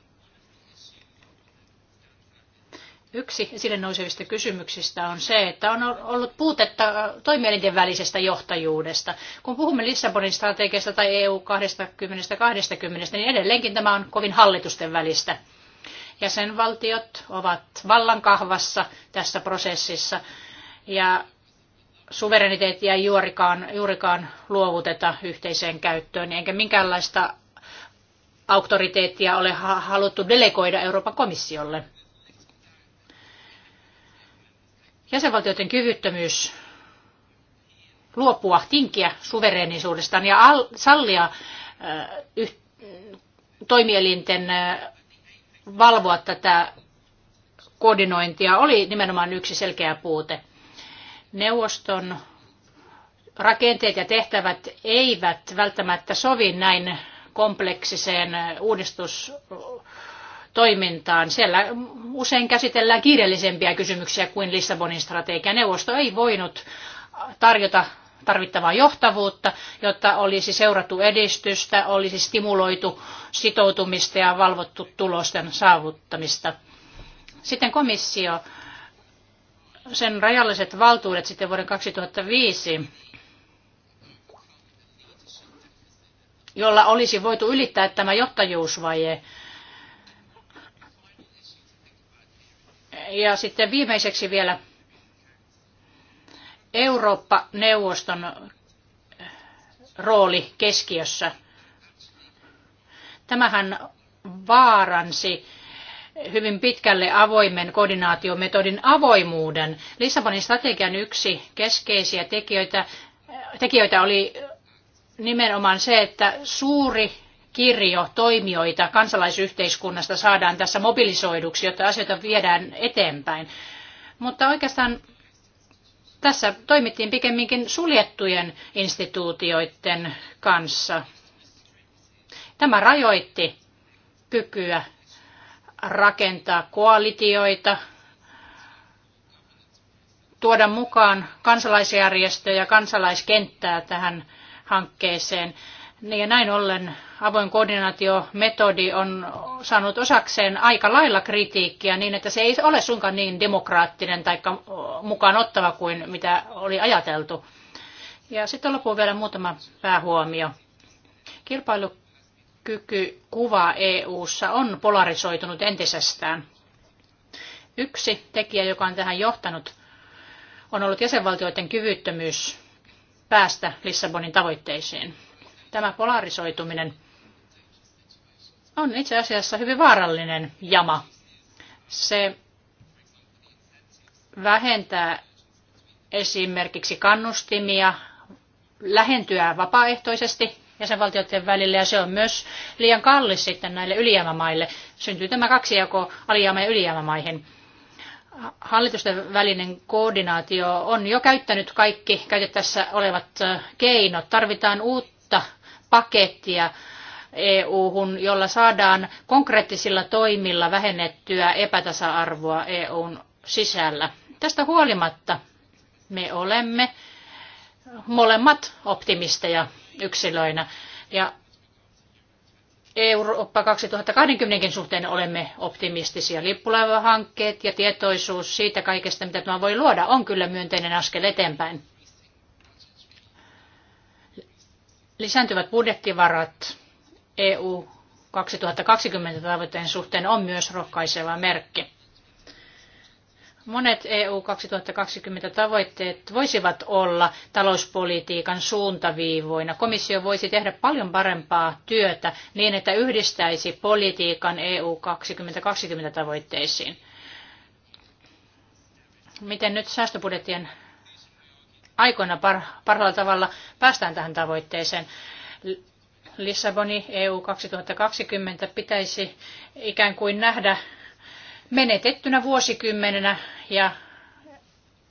Yksi esille nousevista kysymyksistä on se, että on ollut puutetta toimielinten välisestä johtajuudesta. Kun puhumme Lissabonin strategiasta tai EU 2020, niin edelleenkin tämä on kovin hallitusten välistä. Jäsenvaltiot ovat vallankahvassa tässä prosessissa ja suvereniteettia ei juurikaan, juurikaan luovuteta yhteiseen käyttöön, eikä minkäänlaista auktoriteettia ole haluttu delegoida Euroopan komissiolle. jäsenvaltioiden kyvyttömyys luopua, tinkiä suvereenisuudestaan ja al- sallia äh, yh- toimielinten äh, valvoa tätä koordinointia oli nimenomaan yksi selkeä puute. Neuvoston rakenteet ja tehtävät eivät välttämättä sovi näin kompleksiseen äh, uudistus toimintaan. Siellä usein käsitellään kiireellisempiä kysymyksiä kuin Lissabonin strategia. Neuvosto ei voinut tarjota tarvittavaa johtavuutta, jotta olisi seurattu edistystä, olisi stimuloitu sitoutumista ja valvottu tulosten saavuttamista. Sitten komissio, sen rajalliset valtuudet sitten vuoden 2005, jolla olisi voitu ylittää tämä johtajuusvaje, Ja sitten viimeiseksi vielä Eurooppa-neuvoston rooli keskiössä. Tämähän vaaransi hyvin pitkälle avoimen koordinaatiometodin avoimuuden. Lissabonin strategian yksi keskeisiä tekijöitä, tekijöitä oli nimenomaan se, että suuri kirjo toimijoita kansalaisyhteiskunnasta saadaan tässä mobilisoiduksi, jotta asioita viedään eteenpäin. Mutta oikeastaan tässä toimittiin pikemminkin suljettujen instituutioiden kanssa. Tämä rajoitti kykyä rakentaa koalitioita, tuoda mukaan kansalaisjärjestöjä ja kansalaiskenttää tähän hankkeeseen. Niin, ja näin ollen avoin koordinaatiometodi on saanut osakseen aika lailla kritiikkiä niin, että se ei ole suinkaan niin demokraattinen tai mukaan ottava kuin mitä oli ajateltu. Ja sitten lopuun vielä muutama päähuomio. Kilpailukykykuva EU:ssa on polarisoitunut entisestään. Yksi tekijä, joka on tähän johtanut, on ollut jäsenvaltioiden kyvyttömyys päästä Lissabonin tavoitteisiin Tämä polarisoituminen on itse asiassa hyvin vaarallinen jama. Se vähentää esimerkiksi kannustimia lähentyä vapaaehtoisesti jäsenvaltioiden välillä ja se on myös liian kallis sitten näille ylijäämämaille. Syntyy tämä kaksijako alijäämä- ja ylijäämämaihin. Hallitusten välinen koordinaatio on jo käyttänyt kaikki käytettävissä olevat keinot. Tarvitaan uutta pakettia EU-hun, jolla saadaan konkreettisilla toimilla vähennettyä epätasa-arvoa EUn sisällä. Tästä huolimatta me olemme molemmat optimisteja yksilöinä ja Eurooppa 2020 suhteen olemme optimistisia. Lippulaivahankkeet ja tietoisuus siitä kaikesta, mitä tämä voi luoda, on kyllä myönteinen askel eteenpäin. Lisääntyvät budjettivarat EU 2020 tavoitteen suhteen on myös rohkaiseva merkki. Monet EU 2020 tavoitteet voisivat olla talouspolitiikan suuntaviivoina. Komissio voisi tehdä paljon parempaa työtä niin, että yhdistäisi politiikan EU 2020 tavoitteisiin. Miten nyt säästöbudjettien aikoina par, parhaalla tavalla päästään tähän tavoitteeseen. Lissaboni EU 2020 pitäisi ikään kuin nähdä menetettynä vuosikymmenenä ja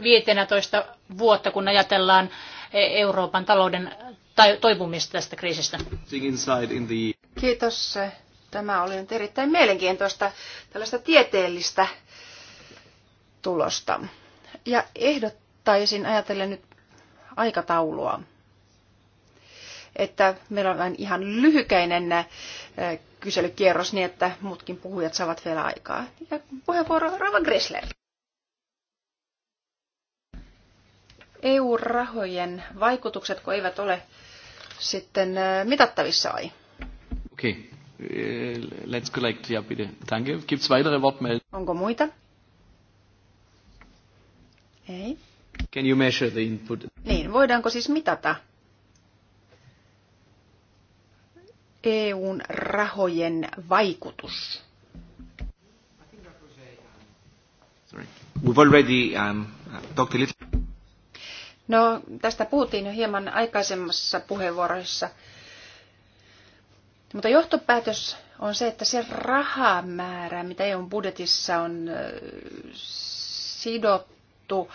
15 vuotta, kun ajatellaan Euroopan talouden toipumista tästä kriisistä. Kiitos. Tämä oli nyt erittäin mielenkiintoista tällaista tieteellistä tulosta. Ja ehdottaisin ajatellen nyt aikataulua. Että meillä on ihan lyhykäinen äh, kyselykierros niin, että muutkin puhujat saavat vielä aikaa. Ja puheenvuoro Rava Gressler. EU-rahojen vaikutuksetko eivät ole sitten äh, mitattavissa vai? Okei. Okay. Äh, let's collect, ja bitte. Danke. Gibt's weitere Wortmeldungen? Onko muita? Ei. Can you measure the input? Niin, voidaanko siis mitata EUn rahojen vaikutus? We've already um, talked a little... No, tästä puhuttiin jo hieman aikaisemmassa puheenvuoroissa. Mutta johtopäätös on se, että se rahamäärä, mitä EUn budjetissa on sidottu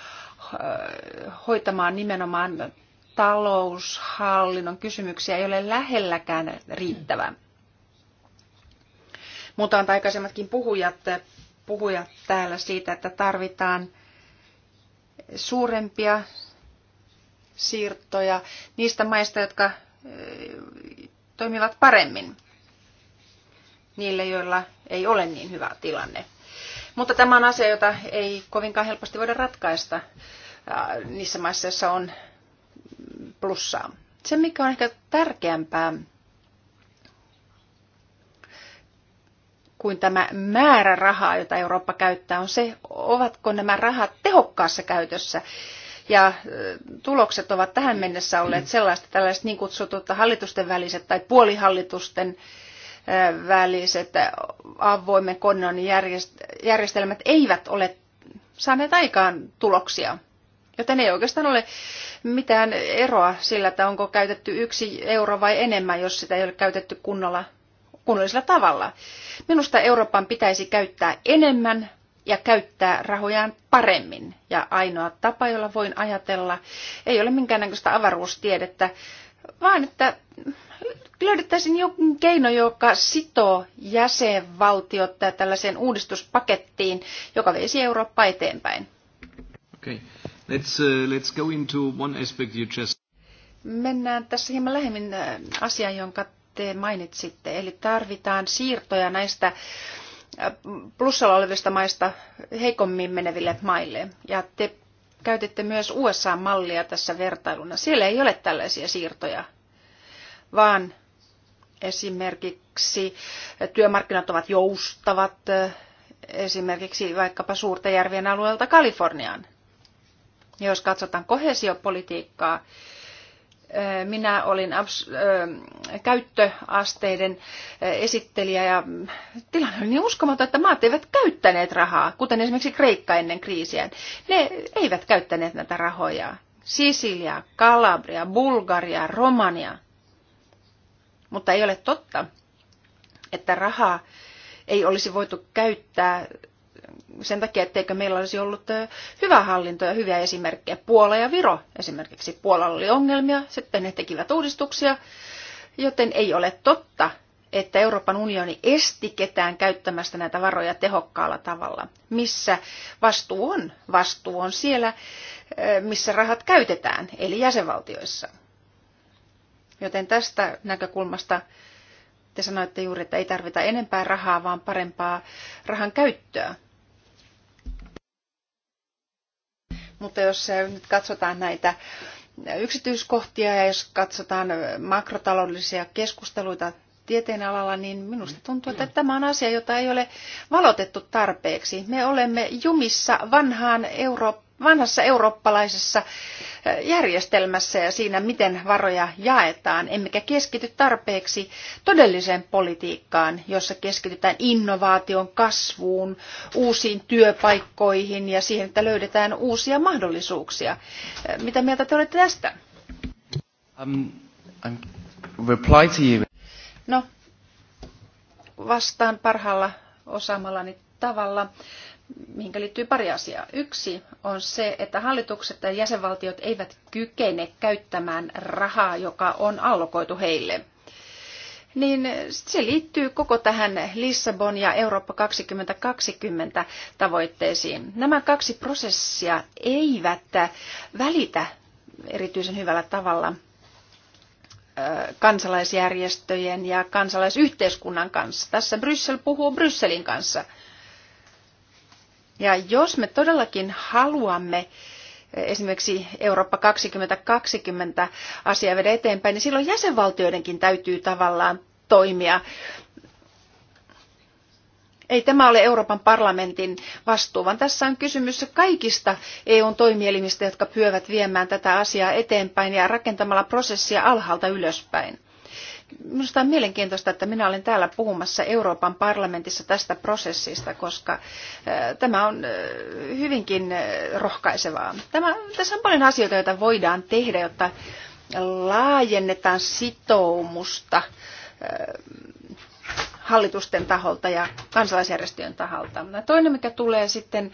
hoitamaan nimenomaan taloushallinnon kysymyksiä ei ole lähelläkään riittävä. Mutta aikaisemmatkin puhujat, puhujat täällä siitä, että tarvitaan suurempia siirtoja niistä maista, jotka eh, toimivat paremmin niille, joilla ei ole niin hyvä tilanne. Mutta tämä on asia, jota ei kovinkaan helposti voida ratkaista niissä maissa, joissa on plussaa. Se, mikä on ehkä tärkeämpää kuin tämä määrä rahaa, jota Eurooppa käyttää, on se, ovatko nämä rahat tehokkaassa käytössä. Ja tulokset ovat tähän mennessä olleet sellaista, tällaiset niin kutsutut hallitusten väliset tai puolihallitusten äh, väliset avoimen konnon järjestelmät eivät ole saaneet aikaan tuloksia. Joten ei oikeastaan ole mitään eroa sillä, että onko käytetty yksi euro vai enemmän, jos sitä ei ole käytetty kunnolla, kunnollisella tavalla. Minusta Euroopan pitäisi käyttää enemmän ja käyttää rahojaan paremmin. Ja ainoa tapa, jolla voin ajatella, ei ole minkäännäköistä avaruustiedettä, vaan että löydettäisiin jokin keino, joka sitoo jäsenvaltiot tällaiseen uudistuspakettiin, joka veisi Eurooppaa eteenpäin. Okay. Let's, uh, let's go into one aspect you just... Mennään tässä hieman lähemmin äh, asiaan, jonka te mainitsitte. Eli tarvitaan siirtoja näistä äh, plussalla olevista maista heikommin meneville maille. Ja te käytitte myös USA-mallia tässä vertailuna. Siellä ei ole tällaisia siirtoja, vaan esimerkiksi työmarkkinat ovat joustavat esimerkiksi vaikkapa Suurten järvien alueelta Kaliforniaan. Jos katsotaan kohesiopolitiikkaa, minä olin abs- käyttöasteiden esittelijä ja tilanne oli niin uskomaton, että maat eivät käyttäneet rahaa, kuten esimerkiksi Kreikka ennen kriisiä. Ne eivät käyttäneet näitä rahoja. Sisilia, Kalabria, Bulgaria, Romania. Mutta ei ole totta, että rahaa ei olisi voitu käyttää sen takia, etteikö meillä olisi ollut hyvää hallintoa ja hyviä esimerkkejä. Puola ja Viro esimerkiksi. Puolalla oli ongelmia, sitten ne tekivät uudistuksia, joten ei ole totta, että Euroopan unioni esti ketään käyttämästä näitä varoja tehokkaalla tavalla. Missä vastuu on? Vastuu on siellä, missä rahat käytetään, eli jäsenvaltioissa. Joten tästä näkökulmasta te sanoitte juuri, että ei tarvita enempää rahaa, vaan parempaa rahan käyttöä. Mutta jos nyt katsotaan näitä yksityiskohtia ja jos katsotaan makrotaloudellisia keskusteluita tieteenalalla, niin minusta tuntuu, että tämä on asia, jota ei ole valotettu tarpeeksi. Me olemme jumissa vanhaan Euroopan vanhassa eurooppalaisessa eh, järjestelmässä ja siinä, miten varoja jaetaan, emmekä keskity tarpeeksi todelliseen politiikkaan, jossa keskitytään innovaation kasvuun, uusiin työpaikkoihin ja siihen, että löydetään uusia mahdollisuuksia. Eh, mitä mieltä te olette tästä? Um, I'm reply to you. No, vastaan parhaalla osaamallani tavalla mihinkä liittyy pari asiaa. Yksi on se, että hallitukset ja jäsenvaltiot eivät kykene käyttämään rahaa, joka on allokoitu heille. Niin se liittyy koko tähän Lissabon ja Eurooppa 2020 tavoitteisiin. Nämä kaksi prosessia eivät välitä erityisen hyvällä tavalla kansalaisjärjestöjen ja kansalaisyhteiskunnan kanssa. Tässä Bryssel puhuu Brysselin kanssa – ja jos me todellakin haluamme eh, esimerkiksi Eurooppa 2020 asiaa viedä eteenpäin, niin silloin jäsenvaltioidenkin täytyy tavallaan toimia. Ei tämä ole Euroopan parlamentin vastuu, vaan tässä on kysymys kaikista EUn toimielimistä, jotka pyövät viemään tätä asiaa eteenpäin ja rakentamalla prosessia alhaalta ylöspäin. Minusta on mielenkiintoista, että minä olen täällä puhumassa Euroopan parlamentissa tästä prosessista, koska äh, tämä on äh, hyvinkin äh, rohkaisevaa. Tämä, tässä on paljon asioita, joita voidaan tehdä, jotta laajennetaan sitoumusta hallitusten taholta ja kansalaisjärjestöjen taholta. Toinen, mikä tulee sitten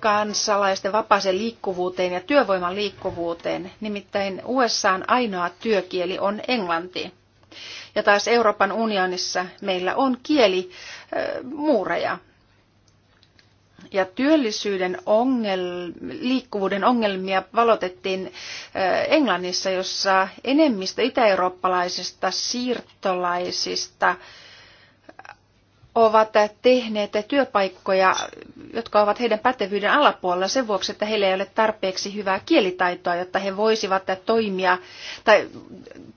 kansalaisten vapaaseen liikkuvuuteen ja työvoiman liikkuvuuteen. Nimittäin USAn ainoa työkieli on englanti. Ja taas Euroopan unionissa meillä on kielimuureja. Ja työllisyyden ongel, liikkuvuuden ongelmia valotettiin Englannissa, jossa enemmistö itäeurooppalaisista siirtolaisista – ovat tehneet työpaikkoja, jotka ovat heidän pätevyyden alapuolella sen vuoksi, että heillä ei ole tarpeeksi hyvää kielitaitoa, jotta he voisivat toimia tai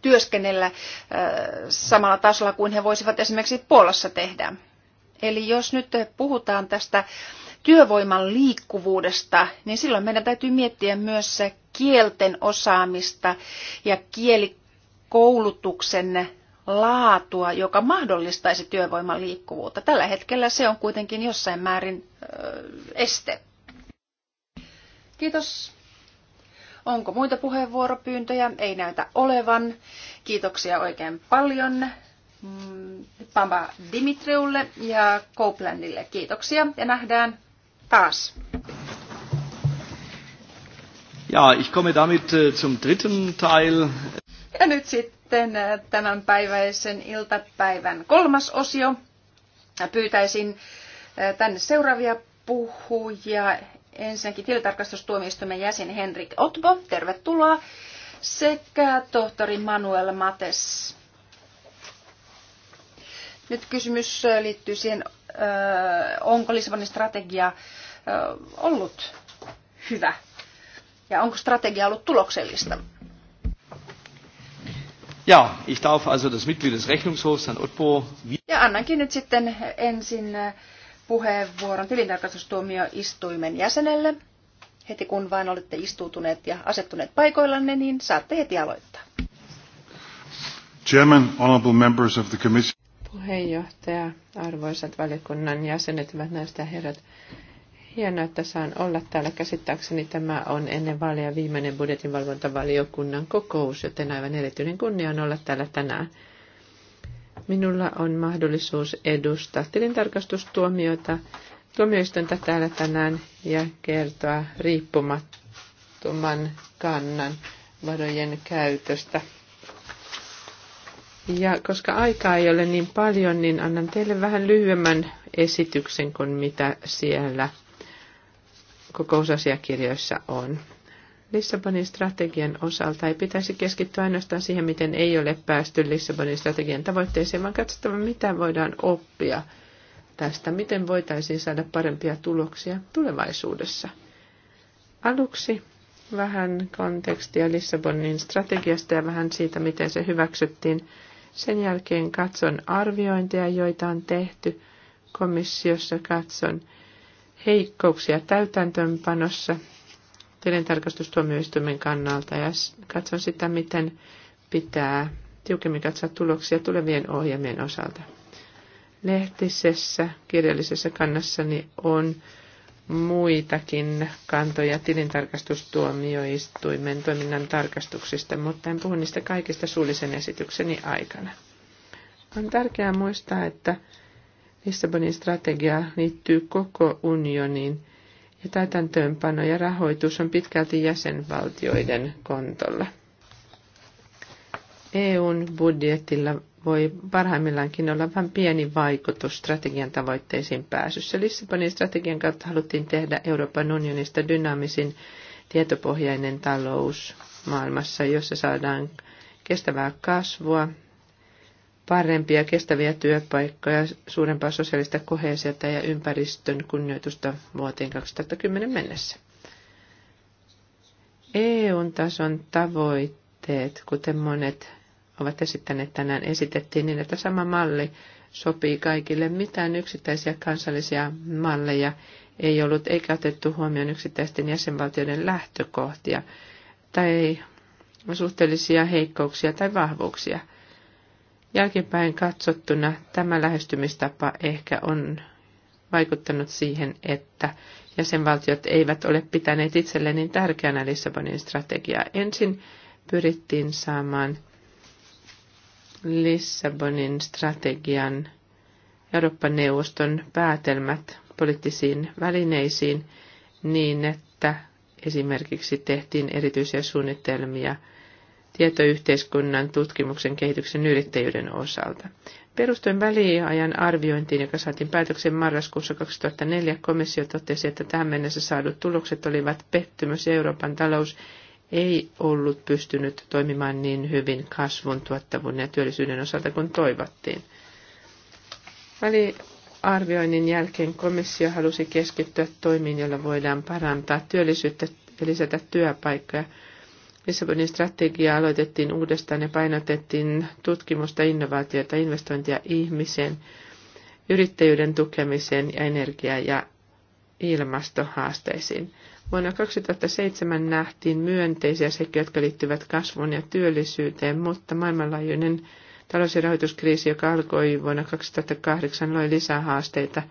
työskennellä samalla tasolla kuin he voisivat esimerkiksi Puolassa tehdä. Eli jos nyt puhutaan tästä työvoiman liikkuvuudesta, niin silloin meidän täytyy miettiä myös kielten osaamista ja kielikoulutuksen laatua, joka mahdollistaisi työvoiman liikkuvuutta. Tällä hetkellä se on kuitenkin jossain määrin este. Kiitos. Onko muita puheenvuoropyyntöjä? Ei näytä olevan. Kiitoksia oikein paljon mm, Pamba Dimitriulle ja Copelandille. Kiitoksia ja nähdään taas. Ja, ich komme damit äh, zum dritten Teil. Ja nyt sitten äh, tämän päiväisen iltapäivän kolmas osio. Pyytäisin äh, tänne seuraavia puhujia. Ensinnäkin tilintarkastustuomioistuimen jäsen Henrik Otbo, tervetuloa, sekä tohtori Manuel Mates. Nyt kysymys äh, liittyy siihen, onko Lisbonin strategia ollut hyvä ja onko strategia ollut tuloksellista? Ja, ich darf also das Mitglied des Rechnungshofs, Herrn Otpo. Ja annankin nyt sitten ensin äh, puheenvuoron tilintarkastustuomioistuimen jäsenelle. Heti kun vain olette istuutuneet ja asettuneet paikoillanne, niin saatte heti aloittaa. Chairman, honorable members of the commission. Puheenjohtaja, arvoisat valiokunnan jäsenet, hyvät näistä herrat. Hienoa, että saan olla täällä. Käsittääkseni tämä on ennen vaaleja viimeinen budjetinvalvontavaliokunnan kokous, joten aivan erityinen kunnia on olla täällä tänään. Minulla on mahdollisuus edustaa tilintarkastustuomioita, tuomioistuinta täällä tänään ja kertoa riippumattoman kannan varojen käytöstä. Ja koska aikaa ei ole niin paljon, niin annan teille vähän lyhyemmän esityksen kuin mitä siellä – kokousasiakirjoissa on. Lissabonin strategian osalta ei pitäisi keskittyä ainoastaan siihen, miten ei ole päästy Lissabonin strategian tavoitteeseen, vaan katsottava, mitä voidaan oppia tästä, miten voitaisiin saada parempia tuloksia tulevaisuudessa. Aluksi vähän kontekstia Lissabonin strategiasta ja vähän siitä, miten se hyväksyttiin. Sen jälkeen katson arviointeja, joita on tehty komissiossa, katson heikkouksia täytäntöönpanossa tilintarkastustuomioistuimen kannalta ja katson sitä, miten pitää tiukemmin katsoa tuloksia tulevien ohjelmien osalta. Lehtisessä kirjallisessa kannassani on muitakin kantoja tilintarkastustuomioistuimen toiminnan tarkastuksista, mutta en puhu niistä kaikista suullisen esitykseni aikana. On tärkeää muistaa, että Lissabonin strategia liittyy koko unioniin ja täytäntöönpano ja rahoitus on pitkälti jäsenvaltioiden kontolla. EUn budjetilla voi parhaimmillaankin olla vain pieni vaikutus strategian tavoitteisiin pääsyssä. Lissabonin strategian kautta haluttiin tehdä Euroopan unionista dynaamisin tietopohjainen talous maailmassa, jossa saadaan kestävää kasvua, parempia kestäviä työpaikkoja, suurempaa sosiaalista koheesiota ja ympäristön kunnioitusta vuoteen 2010 mennessä. EU-tason tavoitteet, kuten monet ovat esittäneet tänään, esitettiin niin, että sama malli sopii kaikille. Mitään yksittäisiä kansallisia malleja ei ollut eikä otettu huomioon yksittäisten jäsenvaltioiden lähtökohtia tai suhteellisia heikkouksia tai vahvuuksia – Jälkeenpäin katsottuna tämä lähestymistapa ehkä on vaikuttanut siihen, että jäsenvaltiot eivät ole pitäneet itselleen niin tärkeänä Lissabonin strategiaa. Ensin pyrittiin saamaan Lissabonin strategian Euroopan neuvoston päätelmät poliittisiin välineisiin niin, että esimerkiksi tehtiin erityisiä suunnitelmia – tietoyhteiskunnan tutkimuksen kehityksen yrittäjyyden osalta. Perustuen väliajan arviointiin, joka saatiin päätöksen marraskuussa 2004, komissio totesi, että tähän mennessä saadut tulokset olivat pettymys ja Euroopan talous ei ollut pystynyt toimimaan niin hyvin kasvun, tuottavuuden ja työllisyyden osalta kuin toivottiin. Väliarvioinnin jälkeen komissio halusi keskittyä toimiin, joilla voidaan parantaa työllisyyttä ja lisätä työpaikkoja – Lissabonin strategia aloitettiin uudestaan ja painotettiin tutkimusta, innovaatiota, investointia ihmiseen, yrittäjyyden tukemiseen ja energia- ja ilmastohaasteisiin. Vuonna 2007 nähtiin myönteisiä sekä, jotka liittyvät kasvuun ja työllisyyteen, mutta maailmanlaajuinen talous- ja rahoituskriisi, joka alkoi vuonna 2008, loi lisää haasteita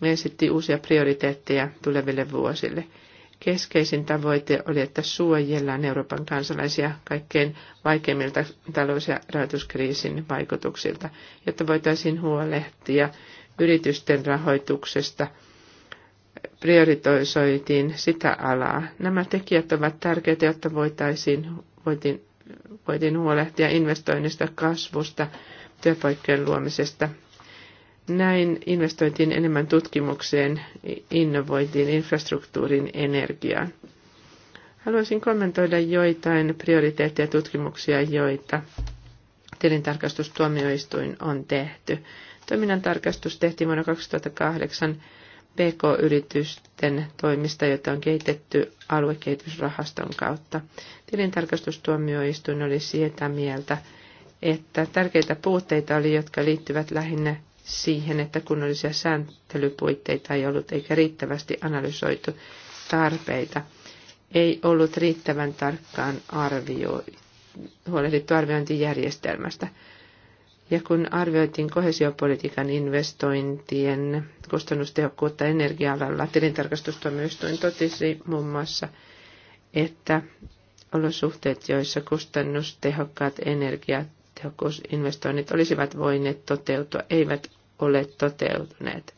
ja esitti uusia prioriteetteja tuleville vuosille – Keskeisin tavoite oli, että suojellaan Euroopan kansalaisia kaikkein vaikeimmilta talous- ja rahoituskriisin vaikutuksilta, jotta voitaisiin huolehtia yritysten rahoituksesta. Prioritoisoitiin sitä alaa. Nämä tekijät ovat tärkeitä, jotta voitaisiin, voitin voitin huolehtia investoinnista, kasvusta, työpaikkojen luomisesta näin investointiin enemmän tutkimukseen, innovointiin, infrastruktuurin, energiaan. Haluaisin kommentoida joitain prioriteetteja tutkimuksia, joita tilintarkastustuomioistuin on tehty. Toiminnan tarkastus tehtiin vuonna 2008 PK-yritysten toimista, jota on kehitetty aluekehitysrahaston kautta. Tilintarkastustuomioistuin oli sitä mieltä, että tärkeitä puutteita oli, jotka liittyvät lähinnä siihen, että kunnollisia sääntelypuitteita ei ollut eikä riittävästi analysoitu tarpeita. Ei ollut riittävän tarkkaan arvio, huolehdittu arviointijärjestelmästä. Ja kun arvioitiin kohesiopolitiikan investointien kustannustehokkuutta energia-alalla, tilintarkastustuomioistuin totesi muun muassa, että olosuhteet, joissa kustannustehokkaat energiatehokkuusinvestoinnit olisivat voineet toteutua, eivät ole toteutuneet.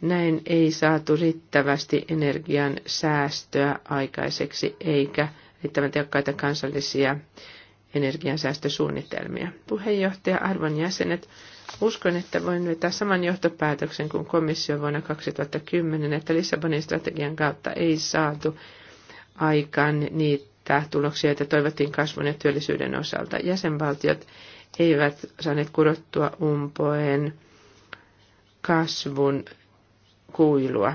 Näin ei saatu riittävästi energian säästöä aikaiseksi eikä riittävän tehokkaita kansallisia energiansäästösuunnitelmia. Puheenjohtaja, arvon jäsenet, uskon, että voin vetää saman johtopäätöksen kuin komissio vuonna 2010, että Lissabonin strategian kautta ei saatu aikaan niitä tuloksia, joita toivottiin kasvun ja työllisyyden osalta. Jäsenvaltiot he eivät saaneet kurottua umpoen kasvun kuilua.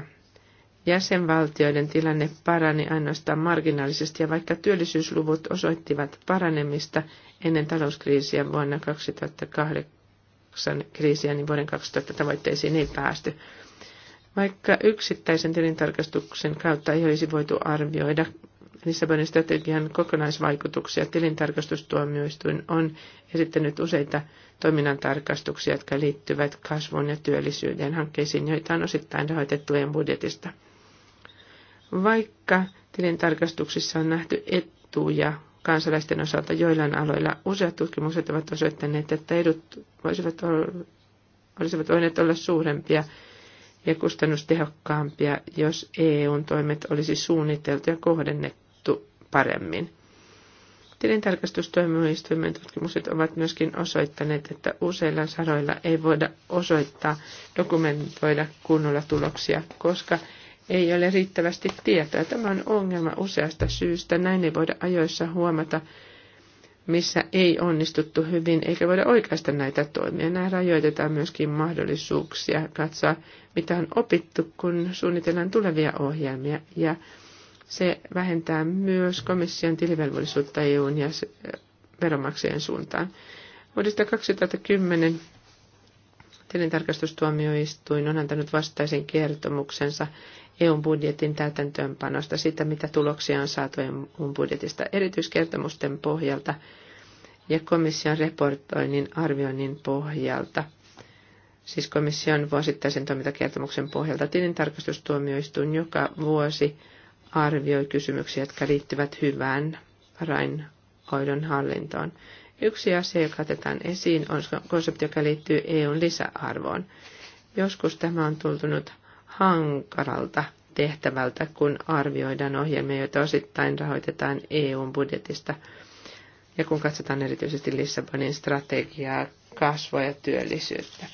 Jäsenvaltioiden tilanne parani ainoastaan marginaalisesti ja vaikka työllisyysluvut osoittivat paranemista ennen talouskriisiä vuonna 2008 kriisiä, niin vuoden 2000 tavoitteisiin ei päästy. Vaikka yksittäisen tilintarkastuksen kautta ei olisi voitu arvioida Lissabonin strategian kokonaisvaikutuksia tilintarkastustuomioistuin on esittänyt useita toiminnan tarkastuksia, jotka liittyvät kasvuun ja työllisyyden hankkeisiin, joita on osittain rahoitettu budjetista. Vaikka tilintarkastuksissa on nähty etuja kansalaisten osalta joillain aloilla, useat tutkimukset ovat osoittaneet, että edut voisivat olla, olisivat voineet olla suurempia ja kustannustehokkaampia, jos EUn toimet olisi suunniteltu ja kohdennettu paremmin. Tilintarkastustoimistoimen tutkimukset ovat myöskin osoittaneet, että useilla saroilla ei voida osoittaa, dokumentoida kunnolla tuloksia, koska ei ole riittävästi tietoa. Tämä on ongelma useasta syystä. Näin ei voida ajoissa huomata, missä ei onnistuttu hyvin, eikä voida oikeasta näitä toimia. Nämä rajoitetaan myöskin mahdollisuuksia katsoa, mitä on opittu, kun suunnitellaan tulevia ohjelmia ja se vähentää myös komission tilivelvollisuutta EUn ja veronmaksajien suuntaan. Vuodesta 2010 tilintarkastustuomioistuin on antanut vastaisen kertomuksensa EUn budjetin täytäntöönpanosta sitä, mitä tuloksia on saatu EUn budjetista erityiskertomusten pohjalta ja komission raportoinnin arvioinnin pohjalta. Siis komission vuosittaisen toimintakertomuksen pohjalta tilintarkastustuomioistuin joka vuosi arvioi kysymyksiä, jotka liittyvät hyvään rainhoidon hallintoon. Yksi asia, joka otetaan esiin, on konsepti, joka liittyy EUn lisäarvoon. Joskus tämä on tuntunut hankalalta tehtävältä, kun arvioidaan ohjelmia, joita osittain rahoitetaan EUn budjetista. Ja kun katsotaan erityisesti Lissabonin strategiaa, kasvua ja työllisyyttä.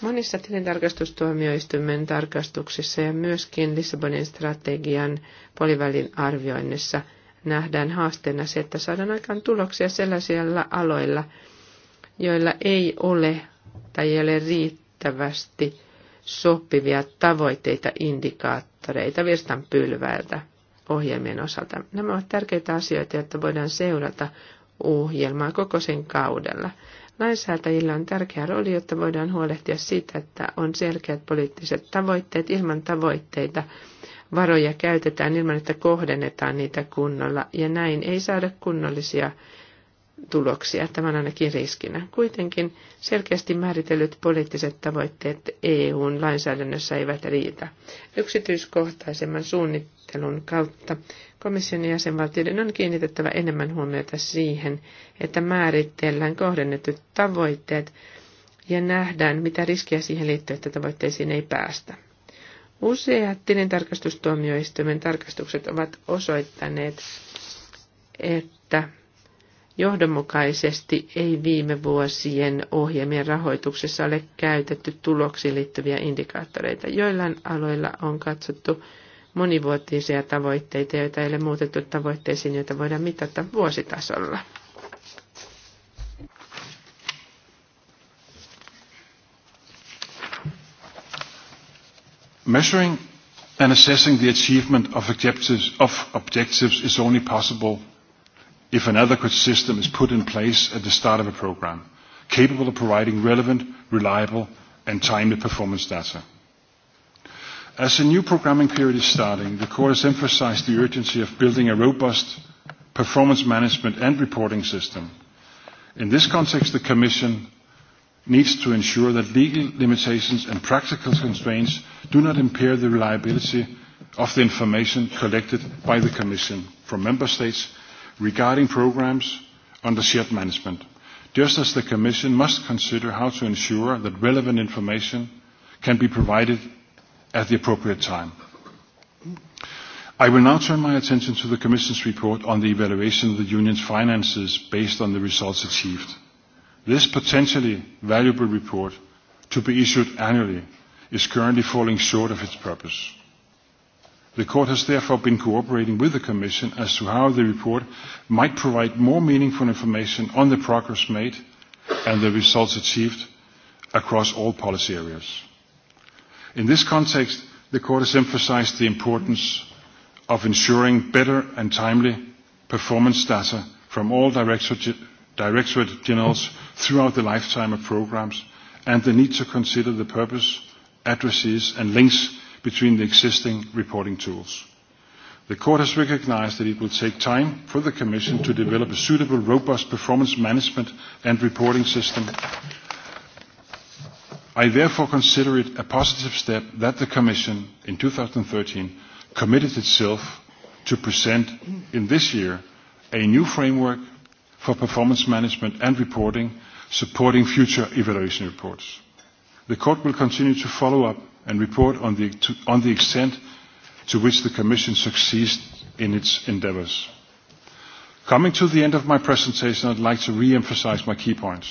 Monissa tilintarkastustuomioistuimen tarkastuksissa ja myöskin Lissabonin strategian puolivälin arvioinnissa nähdään haasteena se, että saadaan aikaan tuloksia sellaisilla aloilla, joilla ei ole tai ei ole riittävästi sopivia tavoitteita, indikaattoreita pylväiltä ohjelmien osalta. Nämä ovat tärkeitä asioita, jotta voidaan seurata ohjelmaa koko sen kaudella. Lainsäätäjillä on tärkeä rooli, jotta voidaan huolehtia siitä, että on selkeät poliittiset tavoitteet. Ilman tavoitteita varoja käytetään ilman, että kohdennetaan niitä kunnolla, ja näin ei saada kunnollisia tuloksia. Tämä on ainakin riskinä. Kuitenkin selkeästi määritellyt poliittiset tavoitteet EUn lainsäädännössä eivät riitä. Yksityiskohtaisemman suunnittelun keskustelun kautta komission jäsenvaltioiden on kiinnitettävä enemmän huomiota siihen, että määritellään kohdennetut tavoitteet ja nähdään, mitä riskejä siihen liittyy, että tavoitteisiin ei päästä. Useat tilintarkastustuomioistuimen tarkastukset ovat osoittaneet, että johdonmukaisesti ei viime vuosien ohjelmien rahoituksessa ole käytetty tuloksiin liittyviä indikaattoreita. Joillain aloilla on katsottu monivuotisia tavoitteita, joita ei ole muutettu tavoitteisiin, joita voidaan mitata vuositasolla. Measuring and assessing the achievement of objectives, of objectives is only possible if an adequate system is put in place at the start of a program, capable of providing relevant, reliable and timely performance data. As a new programming period is starting, the Court has emphasized the urgency of building a robust performance management and reporting system. In this context, the Commission needs to ensure that legal limitations and practical constraints do not impair the reliability of the information collected by the Commission from Member States regarding programs under shared management, just as the Commission must consider how to ensure that relevant information can be provided at the appropriate time. I will now turn my attention to the Commission's report on the evaluation of the Union's finances based on the results achieved. This potentially valuable report, to be issued annually, is currently falling short of its purpose. The Court has therefore been cooperating with the Commission as to how the report might provide more meaningful information on the progress made and the results achieved across all policy areas. In this context, the Court has emphasized the importance of ensuring better and timely performance data from all directorate, generals throughout the lifetime of programs and the need to consider the purpose, addresses and links between the existing reporting tools. The Court has recognized that it will take time for the Commission to develop a suitable, robust performance management and reporting system I therefore consider it a positive step that the Commission in 2013 committed itself to present in this year a new framework for performance management and reporting supporting future evaluation reports. The court will continue to follow up and report on the, to, on the extent to which the Commission succeeds in its endeavours. Coming to the end of my presentation, I'd like to re-emphasize my key points.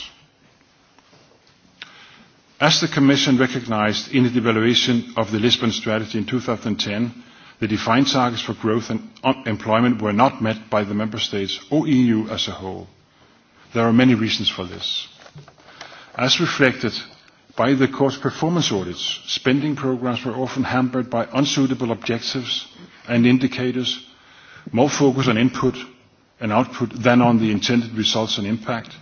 As the Commission recognized in the evaluation of the Lisbon strategy in 2010, the defined targets for growth and employment were not met by the Member States or EU as a whole. There are many reasons for this. As reflected by the court's performance audits, spending programs were often hampered by unsuitable objectives and indicators, more focus on input and output than on the intended results and impact,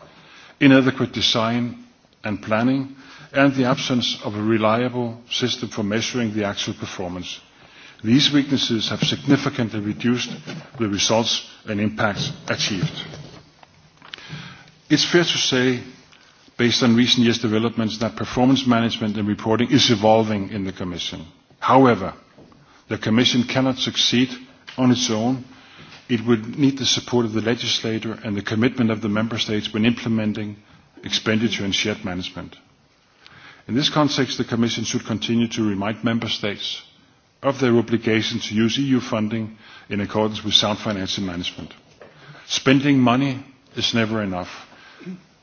inadequate design and planning, and the absence of a reliable system for measuring the actual performance. These weaknesses have significantly reduced the results and impacts achieved. It's fair to say, based on recent years' developments, that performance management and reporting is evolving in the Commission. However, the Commission cannot succeed on its own. It would need the support of the legislator and the commitment of the Member States when implementing expenditure and shared management. In this context, the Commission should continue to remind Member States of their obligation to use EU funding in accordance with sound financial management. Spending money is never enough.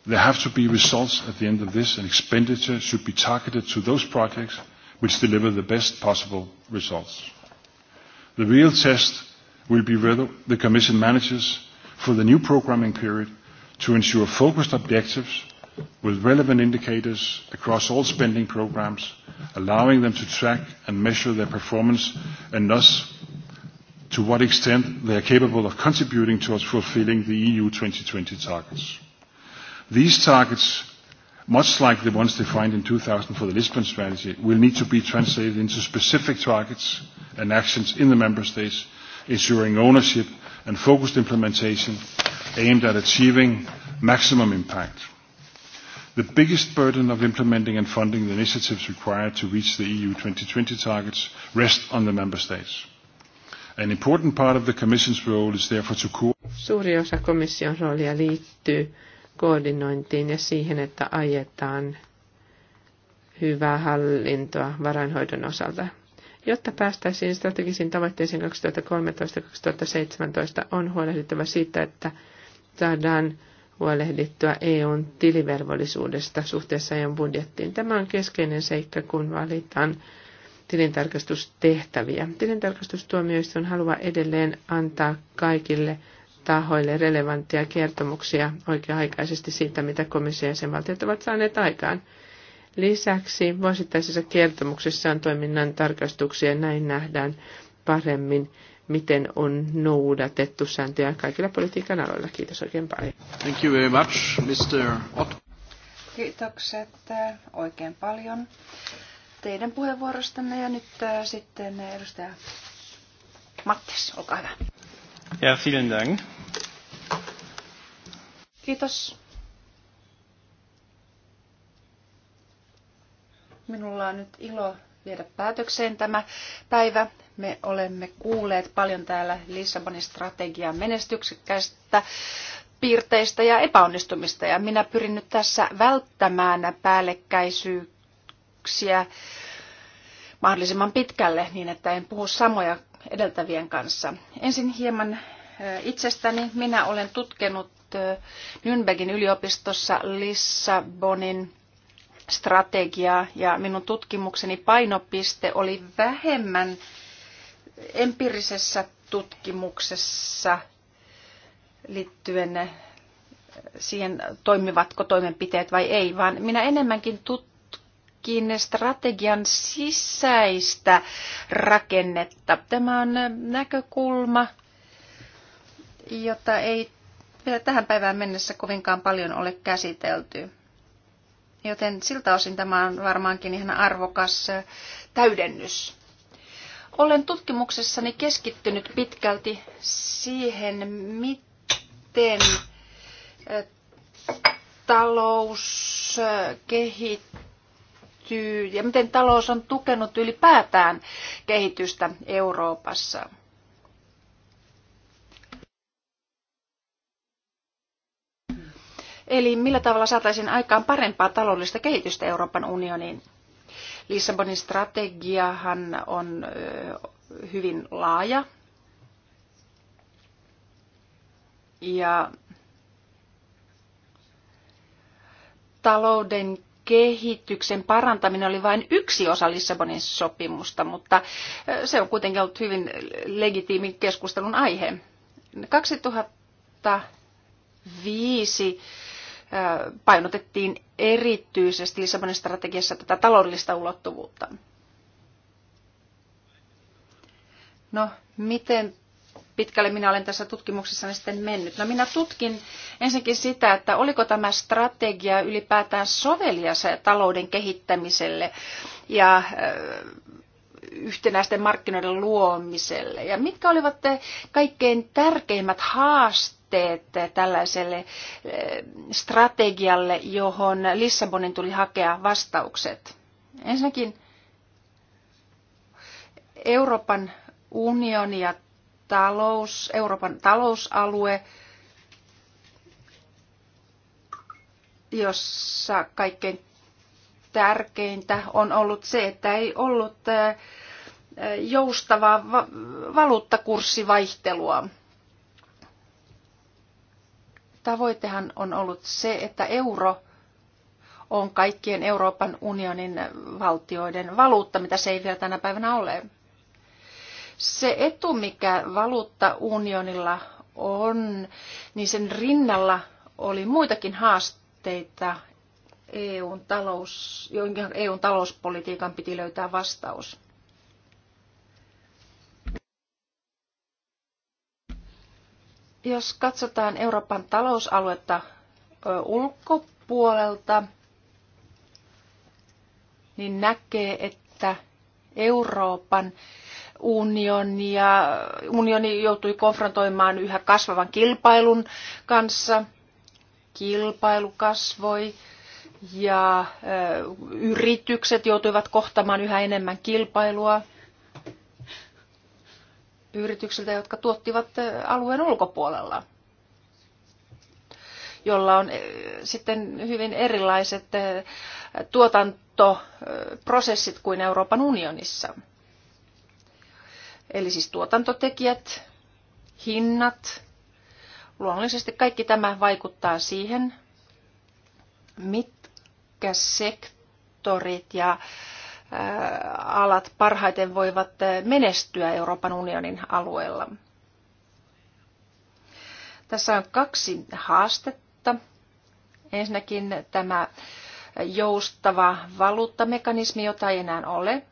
There have to be results at the end of this, and expenditure should be targeted to those projects which deliver the best possible results. The real test will be whether the Commission manages for the new programming period to ensure focused objectives with relevant indicators across all spending programs, allowing them to track and measure their performance, and thus to what extent they are capable of contributing towards fulfilling the EU 2020 targets. These targets, much like the ones defined in 2000 for the Lisbon strategy, will need to be translated into specific targets and actions in the member states, ensuring ownership and focused implementation aimed at achieving maximum impact the biggest burden of implementing and funding the initiatives required to reach the EU 2020 targets rests on the member states. An important part of the Commission's role is therefore to co- Suuri osa komission roolia liittyy koordinointiin ja siihen, että ajetaan hyvää hallintoa varainhoidon osalta. Jotta päästäisiin strategisiin tavoitteisiin 2013-2017, on huolehdittava siitä, että saadaan huolehdittua EUn tilivelvollisuudesta suhteessa EUn budjettiin. Tämä on keskeinen seikka, kun valitaan tilintarkastustehtäviä. Tilintarkastustuomioistuin haluaa edelleen antaa kaikille tahoille relevanttia kertomuksia oikea-aikaisesti siitä, mitä komissio sen valtiot ovat saaneet aikaan. Lisäksi vuosittaisessa kertomuksessa on toiminnan tarkastuksia näin nähdään paremmin miten on noudatettu sääntöjä kaikilla politiikan aloilla. Kiitos oikein paljon. Thank you very much, Mr. Ott. Kiitokset äh, oikein paljon teidän puheenvuorostanne ja nyt äh, sitten edustaja Mattis, olkaa hyvä. Ja, vielen dank. Kiitos. Minulla on nyt ilo viedä päätökseen tämä päivä. Me olemme kuulleet paljon täällä Lissabonin strategian menestyksekkäistä piirteistä ja epäonnistumista. Ja minä pyrin nyt tässä välttämään päällekkäisyyksiä mahdollisimman pitkälle niin, että en puhu samoja edeltävien kanssa. Ensin hieman itsestäni. Minä olen tutkinut Nürnbergin yliopistossa Lissabonin strategiaa ja minun tutkimukseni painopiste oli vähemmän empiirisessä tutkimuksessa liittyen siihen, toimivatko toimenpiteet vai ei, vaan minä enemmänkin tutkin strategian sisäistä rakennetta. Tämä on näkökulma, jota ei vielä tähän päivään mennessä kovinkaan paljon ole käsitelty. Joten siltä osin tämä on varmaankin ihan arvokas täydennys. Olen tutkimuksessani keskittynyt pitkälti siihen, miten talous kehittyy ja miten talous on tukenut ylipäätään kehitystä Euroopassa. Eli millä tavalla saataisiin aikaan parempaa taloudellista kehitystä Euroopan unioniin? Lissabonin strategiahan on hyvin laaja. Ja talouden kehityksen parantaminen oli vain yksi osa Lissabonin sopimusta, mutta se on kuitenkin ollut hyvin legitiimi keskustelun aihe. 2005 painotettiin erityisesti Lissabonin strategiassa tätä taloudellista ulottuvuutta. No, miten pitkälle minä olen tässä tutkimuksessa sitten mennyt? No minä tutkin ensinnäkin sitä, että oliko tämä strategia ylipäätään sovelias talouden kehittämiselle ja yhtenäisten markkinoiden luomiselle. Ja mitkä olivat kaikkein tärkeimmät haasteet? puitteet tällaiselle eh, strategialle, johon Lissabonin tuli hakea vastaukset? Ensinnäkin Euroopan unioni ja talous, Euroopan talousalue, jossa kaikkein tärkeintä on ollut se, että ei ollut eh, joustavaa valuuttakurssivaihtelua tavoitehan on ollut se, että euro on kaikkien Euroopan unionin valtioiden valuutta, mitä se ei vielä tänä päivänä ole. Se etu, mikä valuuttaunionilla on, niin sen rinnalla oli muitakin haasteita, EUn, talous, EUn talouspolitiikan piti löytää vastaus. Jos katsotaan Euroopan talousaluetta ulkopuolelta, niin näkee, että Euroopan unioni, ja unioni joutui konfrontoimaan yhä kasvavan kilpailun kanssa. Kilpailu kasvoi ja yritykset joutuivat kohtamaan yhä enemmän kilpailua yrityksiltä, jotka tuottivat alueen ulkopuolella, jolla on sitten hyvin erilaiset tuotantoprosessit kuin Euroopan unionissa. Eli siis tuotantotekijät, hinnat, luonnollisesti kaikki tämä vaikuttaa siihen, mitkä sektorit ja äh, alat parhaiten voivat menestyä Euroopan unionin alueella. Tässä on kaksi haastetta. Ensinnäkin tämä joustava valuuttamekanismi, jota ei enää ole.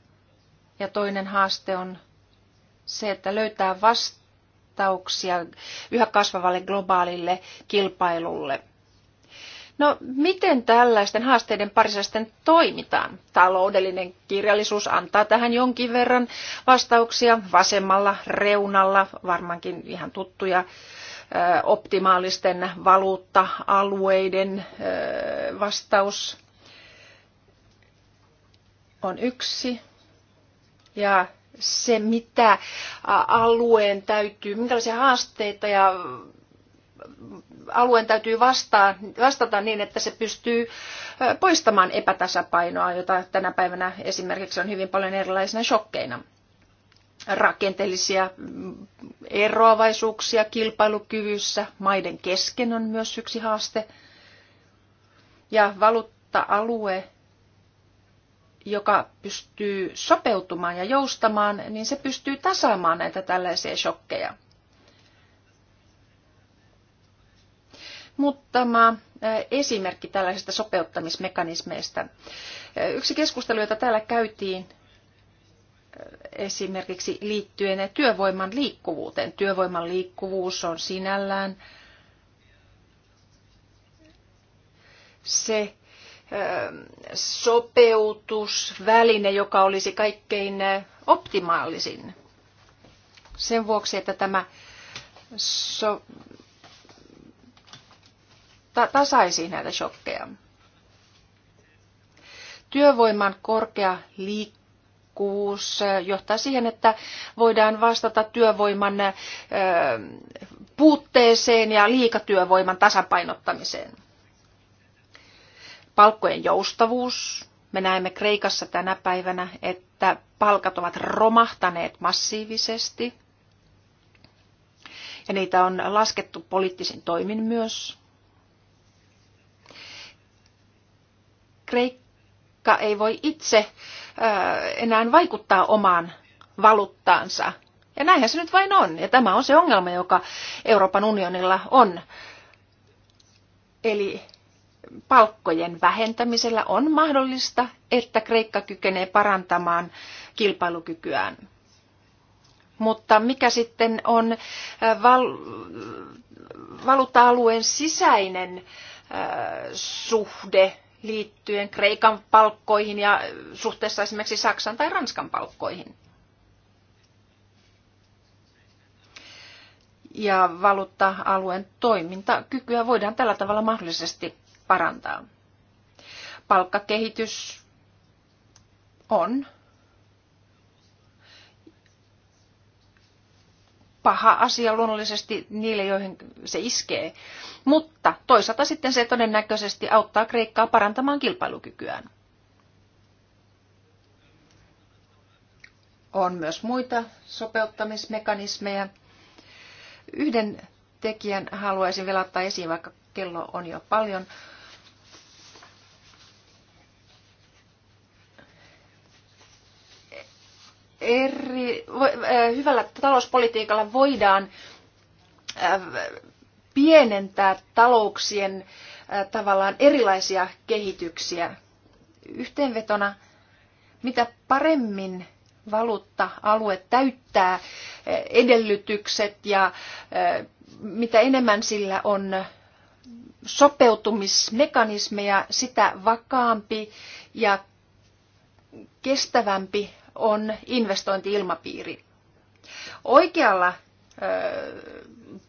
Ja toinen haaste on se, että löytää vastauksia yhä kasvavalle globaalille kilpailulle – No miten tällaisten haasteiden parissa sitten toimitaan? Taloudellinen kirjallisuus antaa tähän jonkin verran vastauksia vasemmalla reunalla, varmaankin ihan tuttuja optimaalisten valuutta-alueiden vastaus on yksi. Ja se, mitä alueen täytyy, minkälaisia haasteita ja alueen täytyy vastaa, vastata niin, että se pystyy poistamaan epätasapainoa, jota tänä päivänä esimerkiksi on hyvin paljon erilaisina shokkeina. Rakenteellisia mm, eroavaisuuksia kilpailukyvyssä maiden kesken on myös yksi haaste. Ja valuutta-alue, joka pystyy sopeutumaan ja joustamaan, niin se pystyy tasaamaan näitä tällaisia shokkeja. Muutama esimerkki tällaisista sopeuttamismekanismeista. Yksi keskustelu, jota täällä käytiin esimerkiksi liittyen työvoiman liikkuvuuteen. Työvoiman liikkuvuus on sinällään se sopeutusväline, joka olisi kaikkein optimaalisin. Sen vuoksi, että tämä so- ta- tasaisi näitä shokkeja. Työvoiman korkea liikkuvuus johtaa siihen, että voidaan vastata työvoiman ö, puutteeseen ja liikatyövoiman tasapainottamiseen. Palkkojen joustavuus. Me näemme Kreikassa tänä päivänä, että palkat ovat romahtaneet massiivisesti ja niitä on laskettu poliittisin toimin myös. Kreikka ei voi itse enää vaikuttaa omaan valuuttaansa. Ja näinhän se nyt vain on. Ja tämä on se ongelma, joka Euroopan unionilla on. Eli palkkojen vähentämisellä on mahdollista, että Kreikka kykenee parantamaan kilpailukykyään. Mutta mikä sitten on val- valuutta-alueen sisäinen suhde liittyen Kreikan palkkoihin ja suhteessa esimerkiksi Saksan tai Ranskan palkkoihin. Ja valuutta-alueen toimintakykyä voidaan tällä tavalla mahdollisesti parantaa. Palkkakehitys on paha asia luonnollisesti niille, joihin se iskee. Mutta toisaalta sitten se todennäköisesti auttaa Kreikkaa parantamaan kilpailukykyään. On myös muita sopeuttamismekanismeja. Yhden tekijän haluaisin vielä ottaa esiin, vaikka kello on jo paljon. eri, äh, hyvällä talouspolitiikalla voidaan äh, pienentää talouksien äh, tavallaan erilaisia kehityksiä. Yhteenvetona, mitä paremmin valuutta-alue täyttää edellytykset ja mitä enemmän sillä on sopeutumismekanismeja, sitä vakaampi ja kestävämpi on investointiilmapiiri. Oikealla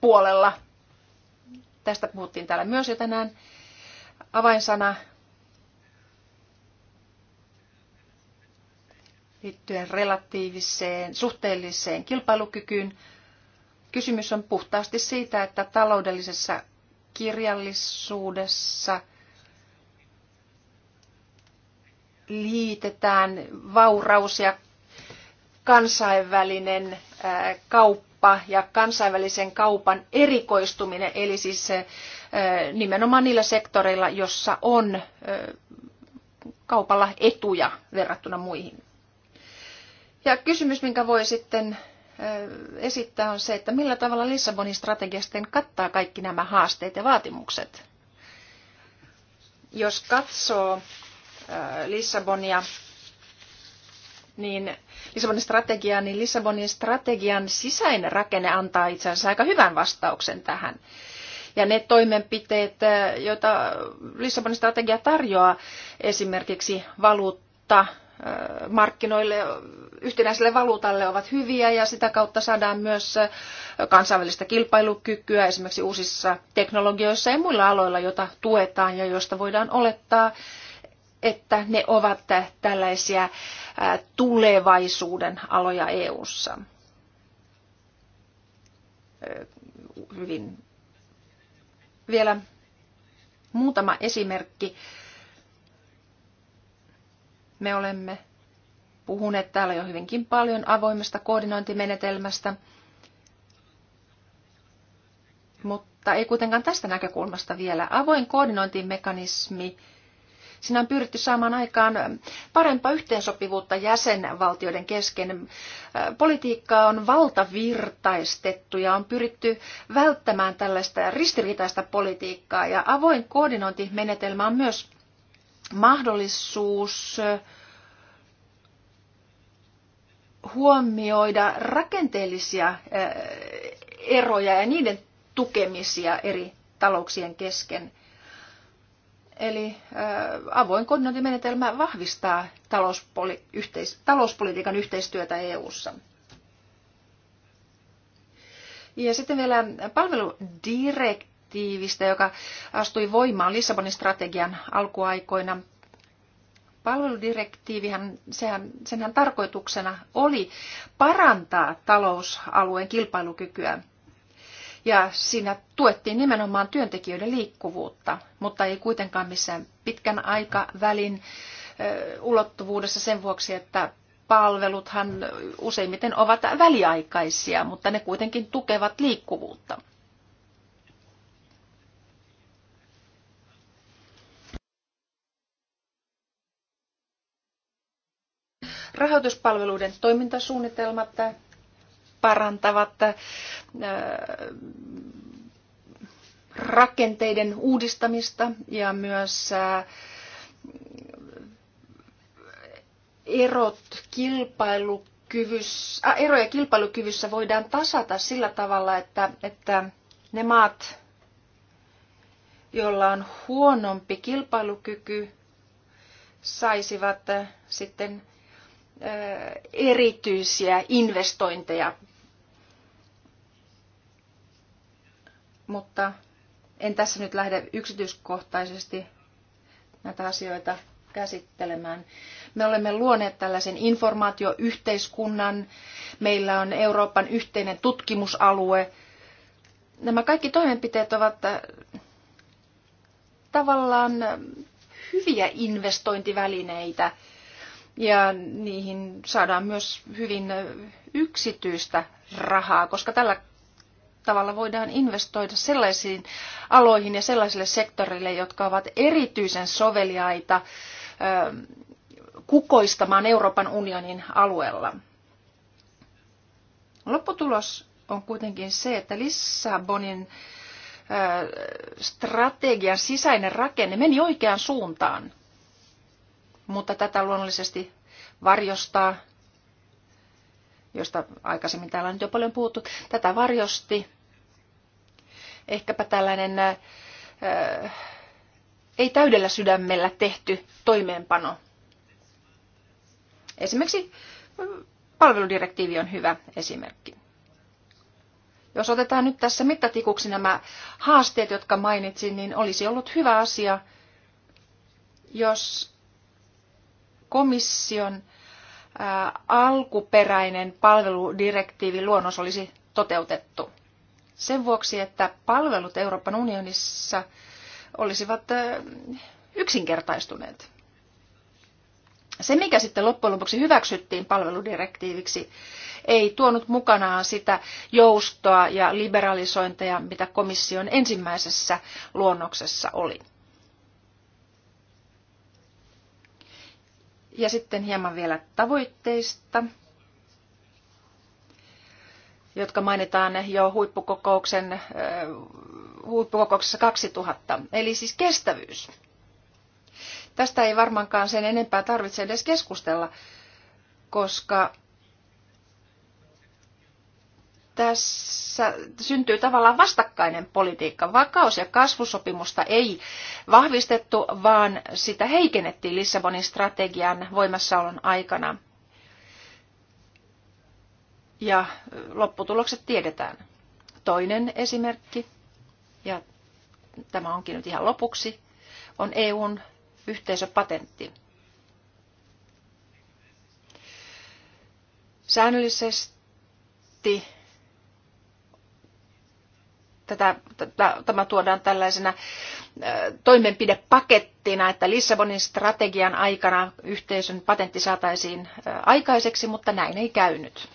puolella, tästä puhuttiin täällä myös jo tänään, avainsana liittyen relatiiviseen, suhteelliseen kilpailukykyyn. Kysymys on puhtaasti siitä, että taloudellisessa kirjallisuudessa – liitetään vauraus ja kansainvälinen kauppa ja kansainvälisen kaupan erikoistuminen, eli siis nimenomaan niillä sektoreilla, jossa on kaupalla etuja verrattuna muihin. Ja kysymys, minkä voi sitten esittää, on se, että millä tavalla Lissabonin strategia sitten kattaa kaikki nämä haasteet ja vaatimukset. Jos katsoo Lissabonia, niin Lissabonin strategia, niin Lissabonin strategian sisäinen rakenne antaa itse asiassa aika hyvän vastauksen tähän. Ja ne toimenpiteet, joita Lissabonin strategia tarjoaa esimerkiksi valuutta markkinoille, yhtenäiselle valuutalle ovat hyviä ja sitä kautta saadaan myös kansainvälistä kilpailukykyä esimerkiksi uusissa teknologioissa ja muilla aloilla, joita tuetaan ja joista voidaan olettaa, että ne ovat tällaisia tulevaisuuden aloja EU:ssa. Hyvin vielä muutama esimerkki. Me olemme puhuneet täällä jo hyvinkin paljon avoimesta koordinointimenetelmästä, mutta ei kuitenkaan tästä näkökulmasta vielä. Avoin koordinointimekanismi Siinä on pyritty saamaan aikaan parempaa yhteensopivuutta jäsenvaltioiden kesken. Politiikkaa on valtavirtaistettu ja on pyritty välttämään tällaista ristiriitaista politiikkaa ja avoin koordinointimenetelmä on myös mahdollisuus huomioida rakenteellisia eh, eroja ja niiden tukemisia eri talouksien kesken. Eli avoin koordinointimenetelmä vahvistaa talouspoli- yhteis- talouspolitiikan yhteistyötä EU:ssa. Ja sitten vielä palveludirektiivistä, joka astui voimaan Lissabonin strategian alkuaikoina. Palveludirektiivihän, sehän, senhän tarkoituksena oli parantaa talousalueen kilpailukykyä ja siinä tuettiin nimenomaan työntekijöiden liikkuvuutta, mutta ei kuitenkaan missään pitkän aikavälin ulottuvuudessa sen vuoksi, että palveluthan useimmiten ovat väliaikaisia, mutta ne kuitenkin tukevat liikkuvuutta. Rahoituspalveluiden toimintasuunnitelmat parantavat rakenteiden uudistamista ja myös erot kilpailukyvyssä, äh, eroja kilpailukyvyssä voidaan tasata sillä tavalla, että, että ne maat, joilla on huonompi kilpailukyky, saisivat sitten erityisiä investointeja Mutta en tässä nyt lähde yksityiskohtaisesti näitä asioita käsittelemään. Me olemme luoneet tällaisen informaatioyhteiskunnan, meillä on Euroopan yhteinen tutkimusalue. Nämä kaikki toimenpiteet ovat äh, tavallaan äh, hyviä investointivälineitä ja niihin saadaan myös hyvin äh, yksityistä rahaa, koska tällä tavalla voidaan investoida sellaisiin aloihin ja sellaisille sektoreille, jotka ovat erityisen soveliaita kukoistamaan Euroopan unionin alueella. Lopputulos on kuitenkin se, että Lissabonin strategian sisäinen rakenne meni oikeaan suuntaan, mutta tätä luonnollisesti varjostaa josta aikaisemmin täällä on nyt jo paljon puhuttu. Tätä varjosti ehkäpä tällainen ää, ei täydellä sydämellä tehty toimeenpano. Esimerkiksi palveludirektiivi on hyvä esimerkki. Jos otetaan nyt tässä mittatikuksi nämä haasteet, jotka mainitsin, niin olisi ollut hyvä asia, jos komission alkuperäinen palveludirektiivi luonnos olisi toteutettu. Sen vuoksi, että palvelut Euroopan unionissa olisivat yksinkertaistuneet. Se, mikä sitten loppujen lopuksi hyväksyttiin palveludirektiiviksi, ei tuonut mukanaan sitä joustoa ja liberalisointeja, mitä komission ensimmäisessä luonnoksessa oli. Ja sitten hieman vielä tavoitteista, jotka mainitaan jo huippukokouksen, huippukokouksessa 2000. Eli siis kestävyys. Tästä ei varmaankaan sen enempää tarvitse edes keskustella, koska tässä syntyy tavallaan vastakkainen politiikka. Vakaus- ja kasvusopimusta ei vahvistettu, vaan sitä heikennettiin Lissabonin strategian voimassaolon aikana. Ja lopputulokset tiedetään. Toinen esimerkki, ja tämä onkin nyt ihan lopuksi, on EUn yhteisöpatentti. Säännöllisesti tätä, tätä, tämä tuodaan tällaisena toimenpidepakettina, että Lissabonin strategian aikana yhteisön patentti saataisiin aikaiseksi, mutta näin ei käynyt.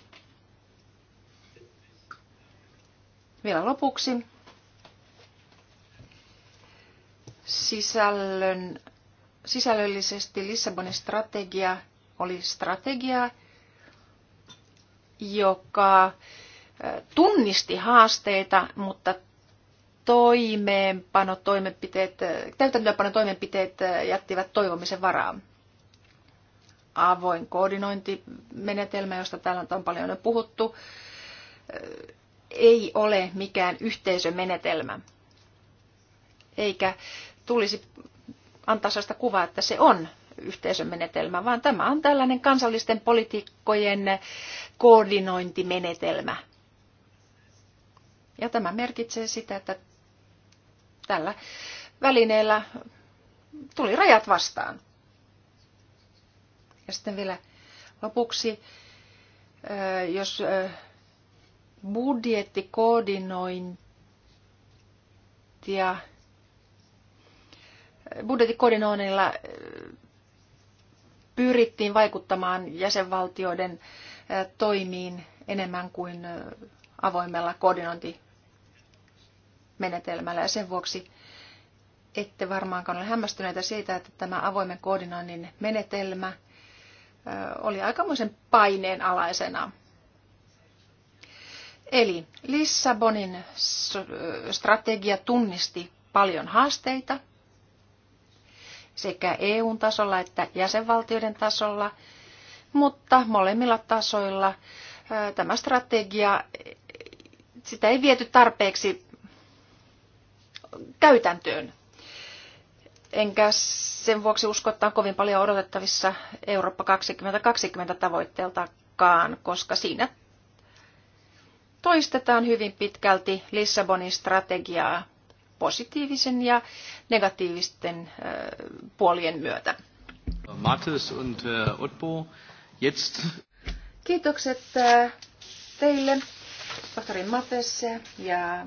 Vielä lopuksi sisällön, sisällöllisesti Lissabonin strategia oli strategia, joka tunnisti haasteita, mutta toimeenpanotoimenpiteet, täytäntöönpanotoimenpiteet jättivät toivomisen varaan. Avoin koordinointimenetelmä, josta täällä on paljon jo puhuttu, ei ole mikään yhteisömenetelmä. Eikä tulisi antaa sellaista kuvaa, että se on yhteisömenetelmä, vaan tämä on tällainen kansallisten poliitikkojen koordinointimenetelmä. Ja tämä merkitsee sitä, että tällä välineellä tuli rajat vastaan. Ja sitten vielä lopuksi, jos budjettikoordinointia, budjettikoordinoinnilla pyrittiin vaikuttamaan jäsenvaltioiden toimiin enemmän kuin avoimella koordinointi menetelmällä ja sen vuoksi ette varmaankaan ole hämmästyneitä siitä, että tämä avoimen koordinoinnin menetelmä oli aikamoisen paineen alaisena. Eli Lissabonin strategia tunnisti paljon haasteita sekä eu tasolla että jäsenvaltioiden tasolla, mutta molemmilla tasoilla tämä strategia sitä ei viety tarpeeksi käytäntöön. Enkä sen vuoksi usko, että on kovin paljon odotettavissa Eurooppa 2020 tavoitteeltakaan, koska siinä toistetaan hyvin pitkälti Lissabonin strategiaa positiivisen ja negatiivisten puolien myötä. Mattes und Otbo, jetzt. Kiitokset teille, tohtori Mattes ja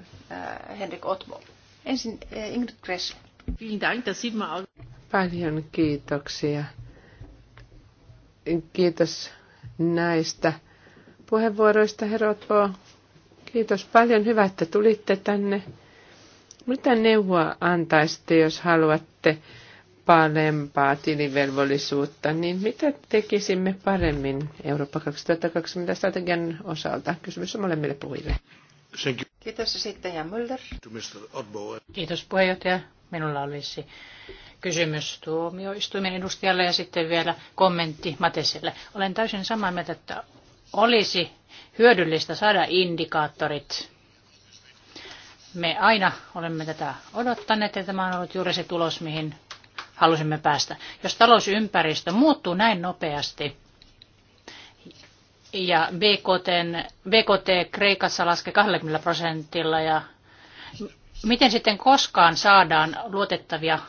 Henrik Otbo. Ensin eh, Ingrid Kressel. Paljon kiitoksia. Kiitos näistä puheenvuoroista, Herotvo. Kiitos paljon. Hyvä, että tulitte tänne. Mitä neuvoa antaisitte, jos haluatte parempaa tilivelvollisuutta, niin mitä tekisimme paremmin Eurooppa 2020 strategian osalta? Kysymys on molemmille puhujille. Kiitos sitten ja Müller. Kiitos puheenjohtaja. Minulla olisi kysymys tuomioistuimen edustajalle ja sitten vielä kommentti Matesille. Olen täysin samaa mieltä, että olisi hyödyllistä saada indikaattorit. Me aina olemme tätä odottaneet ja tämä on ollut juuri se tulos, mihin halusimme päästä. Jos talousympäristö muuttuu näin nopeasti, ja BKT, BKT Kreikassa laskee 20 prosentilla ja miten sitten koskaan saadaan luotettavia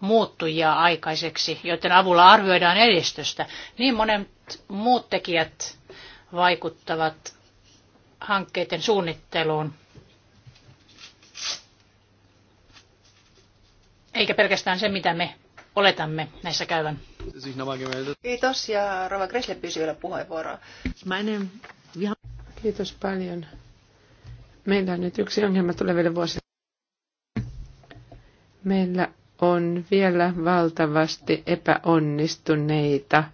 muuttujia aikaiseksi, joiden avulla arvioidaan edistystä. Niin monet muut tekijät vaikuttavat hankkeiden suunnitteluun. Eikä pelkästään se, mitä me oletamme näissä käyvän. Kiitos ja Rova Kresle pyysi vielä puheenvuoroa. Kiitos paljon. Meillä on nyt yksi ongelma tuleville vuosille. Meillä on vielä valtavasti epäonnistuneita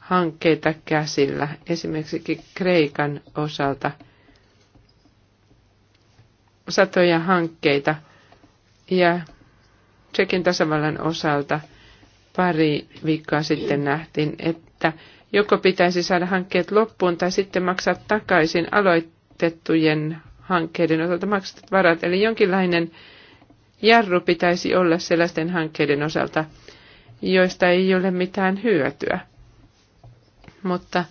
hankkeita käsillä, esimerkiksi Kreikan osalta satoja hankkeita ja Tsekin tasavallan osalta – pari viikkoa sitten nähtiin, että joko pitäisi saada hankkeet loppuun tai sitten maksaa takaisin aloitettujen hankkeiden osalta maksetut varat. Eli jonkinlainen jarru pitäisi olla sellaisten hankkeiden osalta, joista ei ole mitään hyötyä. Mutta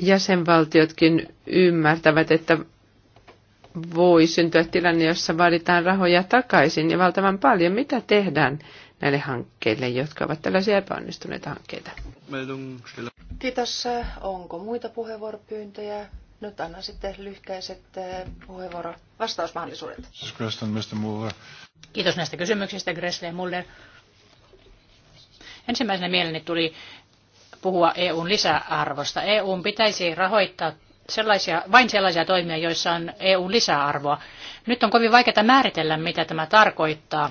jäsenvaltiotkin ymmärtävät, että voi syntyä tilanne, jossa vaaditaan rahoja takaisin ja valtavan paljon. Mitä tehdään näille hankkeille, jotka ovat tällaisia epäonnistuneita hankkeita. Kiitos. Onko muita puheenvuoropyyntöjä? Nyt annan sitten lyhkäiset eh, puheenvuoro vastausmahdollisuudet. Kiitos näistä kysymyksistä, Gressle Mulder. Muller. Ensimmäisenä mieleni tuli puhua EUn lisäarvosta. EUn pitäisi rahoittaa sellaisia, vain sellaisia toimia, joissa on EUn lisäarvoa. Nyt on kovin vaikeaa määritellä, mitä tämä tarkoittaa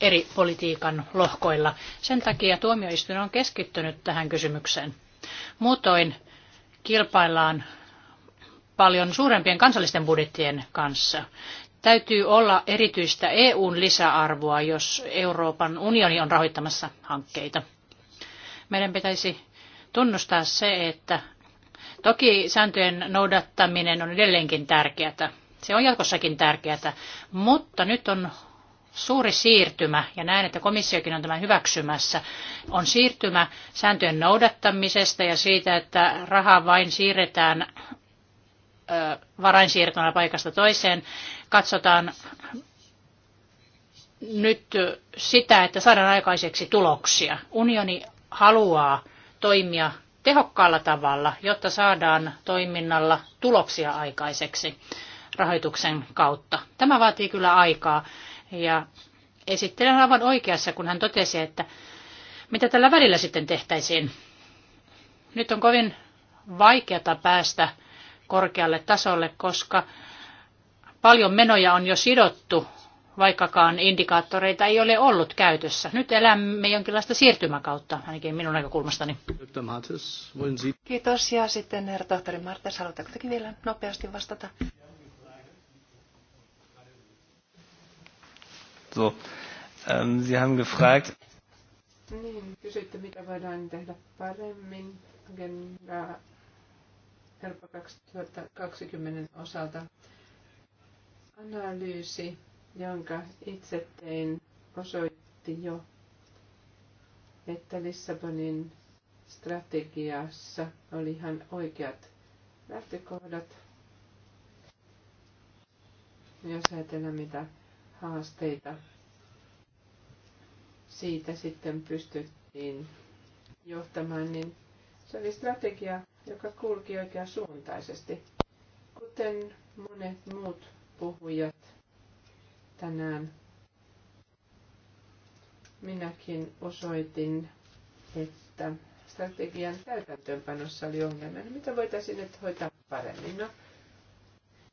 eri politiikan lohkoilla. Sen takia tuomioistuin on keskittynyt tähän kysymykseen. Muutoin kilpaillaan paljon suurempien kansallisten budjettien kanssa. Täytyy olla erityistä EUn lisäarvoa, jos Euroopan unioni on rahoittamassa hankkeita. Meidän pitäisi tunnustaa se, että toki sääntöjen noudattaminen on edelleenkin tärkeää. Se on jatkossakin tärkeää, mutta nyt on suuri siirtymä, ja näen, että komissiokin on tämän hyväksymässä, on siirtymä sääntöjen noudattamisesta ja siitä, että rahaa vain siirretään varainsiirtona paikasta toiseen. Katsotaan nyt sitä, että saadaan aikaiseksi tuloksia. Unioni haluaa toimia tehokkaalla tavalla, jotta saadaan toiminnalla tuloksia aikaiseksi rahoituksen kautta. Tämä vaatii kyllä aikaa. Ja esittelen aivan oikeassa, kun hän totesi, että mitä tällä välillä sitten tehtäisiin. Nyt on kovin vaikeata päästä korkealle tasolle, koska paljon menoja on jo sidottu, vaikkakaan indikaattoreita ei ole ollut käytössä. Nyt elämme jonkinlaista siirtymäkautta, ainakin minun näkökulmastani. Kiitos ja sitten herra tohtori Martes, haluatteko vielä nopeasti vastata? So, ähm, Sie haben gefragt. Niin, mitä Analyysi, jonka itse tein, osoitti jo, että Lissabonin strategiassa oli ihan oikeat lähtökohdat. Jos ajatellaan, mitä haasteita. Siitä sitten pystyttiin johtamaan, niin se oli strategia, joka kulki oikean suuntaisesti. Kuten monet muut puhujat tänään, minäkin osoitin, että strategian täytäntöönpanossa oli ongelma. No, mitä voitaisiin nyt hoitaa paremmin? No,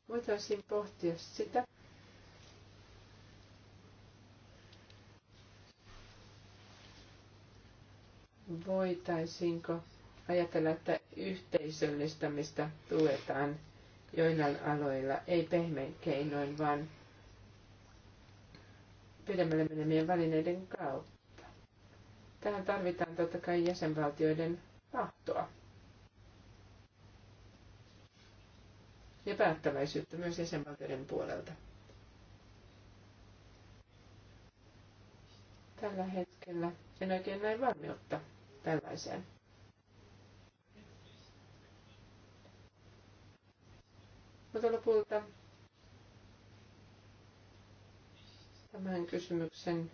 voitaisiin pohtia sitä, Voitaisiinko ajatella, että yhteisöllistämistä tuetaan joillain aloilla, ei pehmein keinoin, vaan pidemmälle menemien välineiden kautta. Tähän tarvitaan totta kai jäsenvaltioiden tahtoa. Ja päättäväisyyttä myös jäsenvaltioiden puolelta. Tällä hetkellä en oikein näe valmiutta tällaiseen. Mutta lopulta tämän kysymyksen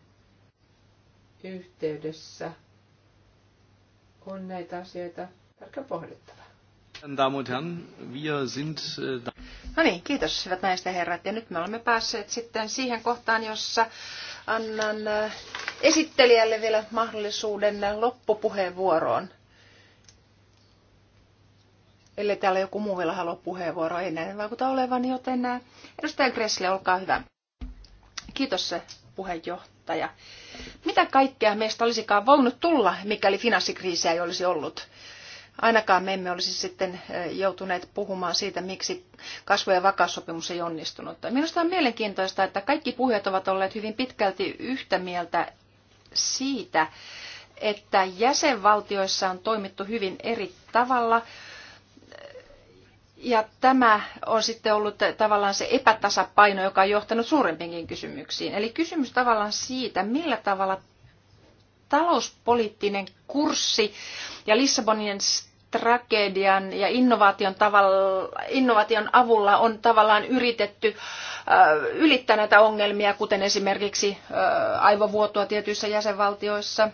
yhteydessä on näitä asioita tarkkaan pohdittava. Äh, no niin, kiitos hyvät naiset ja herrat. Ja nyt me olemme päässeet sitten siihen kohtaan, jossa annan äh, esittelijälle vielä mahdollisuuden loppupuheenvuoroon. Ellei täällä joku muu vielä halua puheenvuoroa, ei näin vaikuta olevan, joten äh, edustaja Gressle, olkaa hyvä. Kiitos se äh, puheenjohtaja. Mitä kaikkea meistä olisikaan voinut tulla, mikäli finanssikriisiä ei olisi ollut? Ainakaan me emme olisi sitten joutuneet puhumaan siitä, miksi kasvu- ja vakaussopimus ei onnistunut. Minusta on mielenkiintoista, että kaikki puhujat ovat olleet hyvin pitkälti yhtä mieltä siitä, että jäsenvaltioissa on toimittu hyvin eri tavalla. Ja tämä on sitten ollut tavallaan se epätasapaino, joka on johtanut suurempiinkin kysymyksiin. Eli kysymys tavallaan siitä, millä tavalla talouspoliittinen kurssi ja Lissabonin tragedian ja innovaation, tavalla, innovaation avulla on tavallaan yritetty äh, ylittää näitä ongelmia, kuten esimerkiksi äh, aivovuotoa tietyissä jäsenvaltioissa.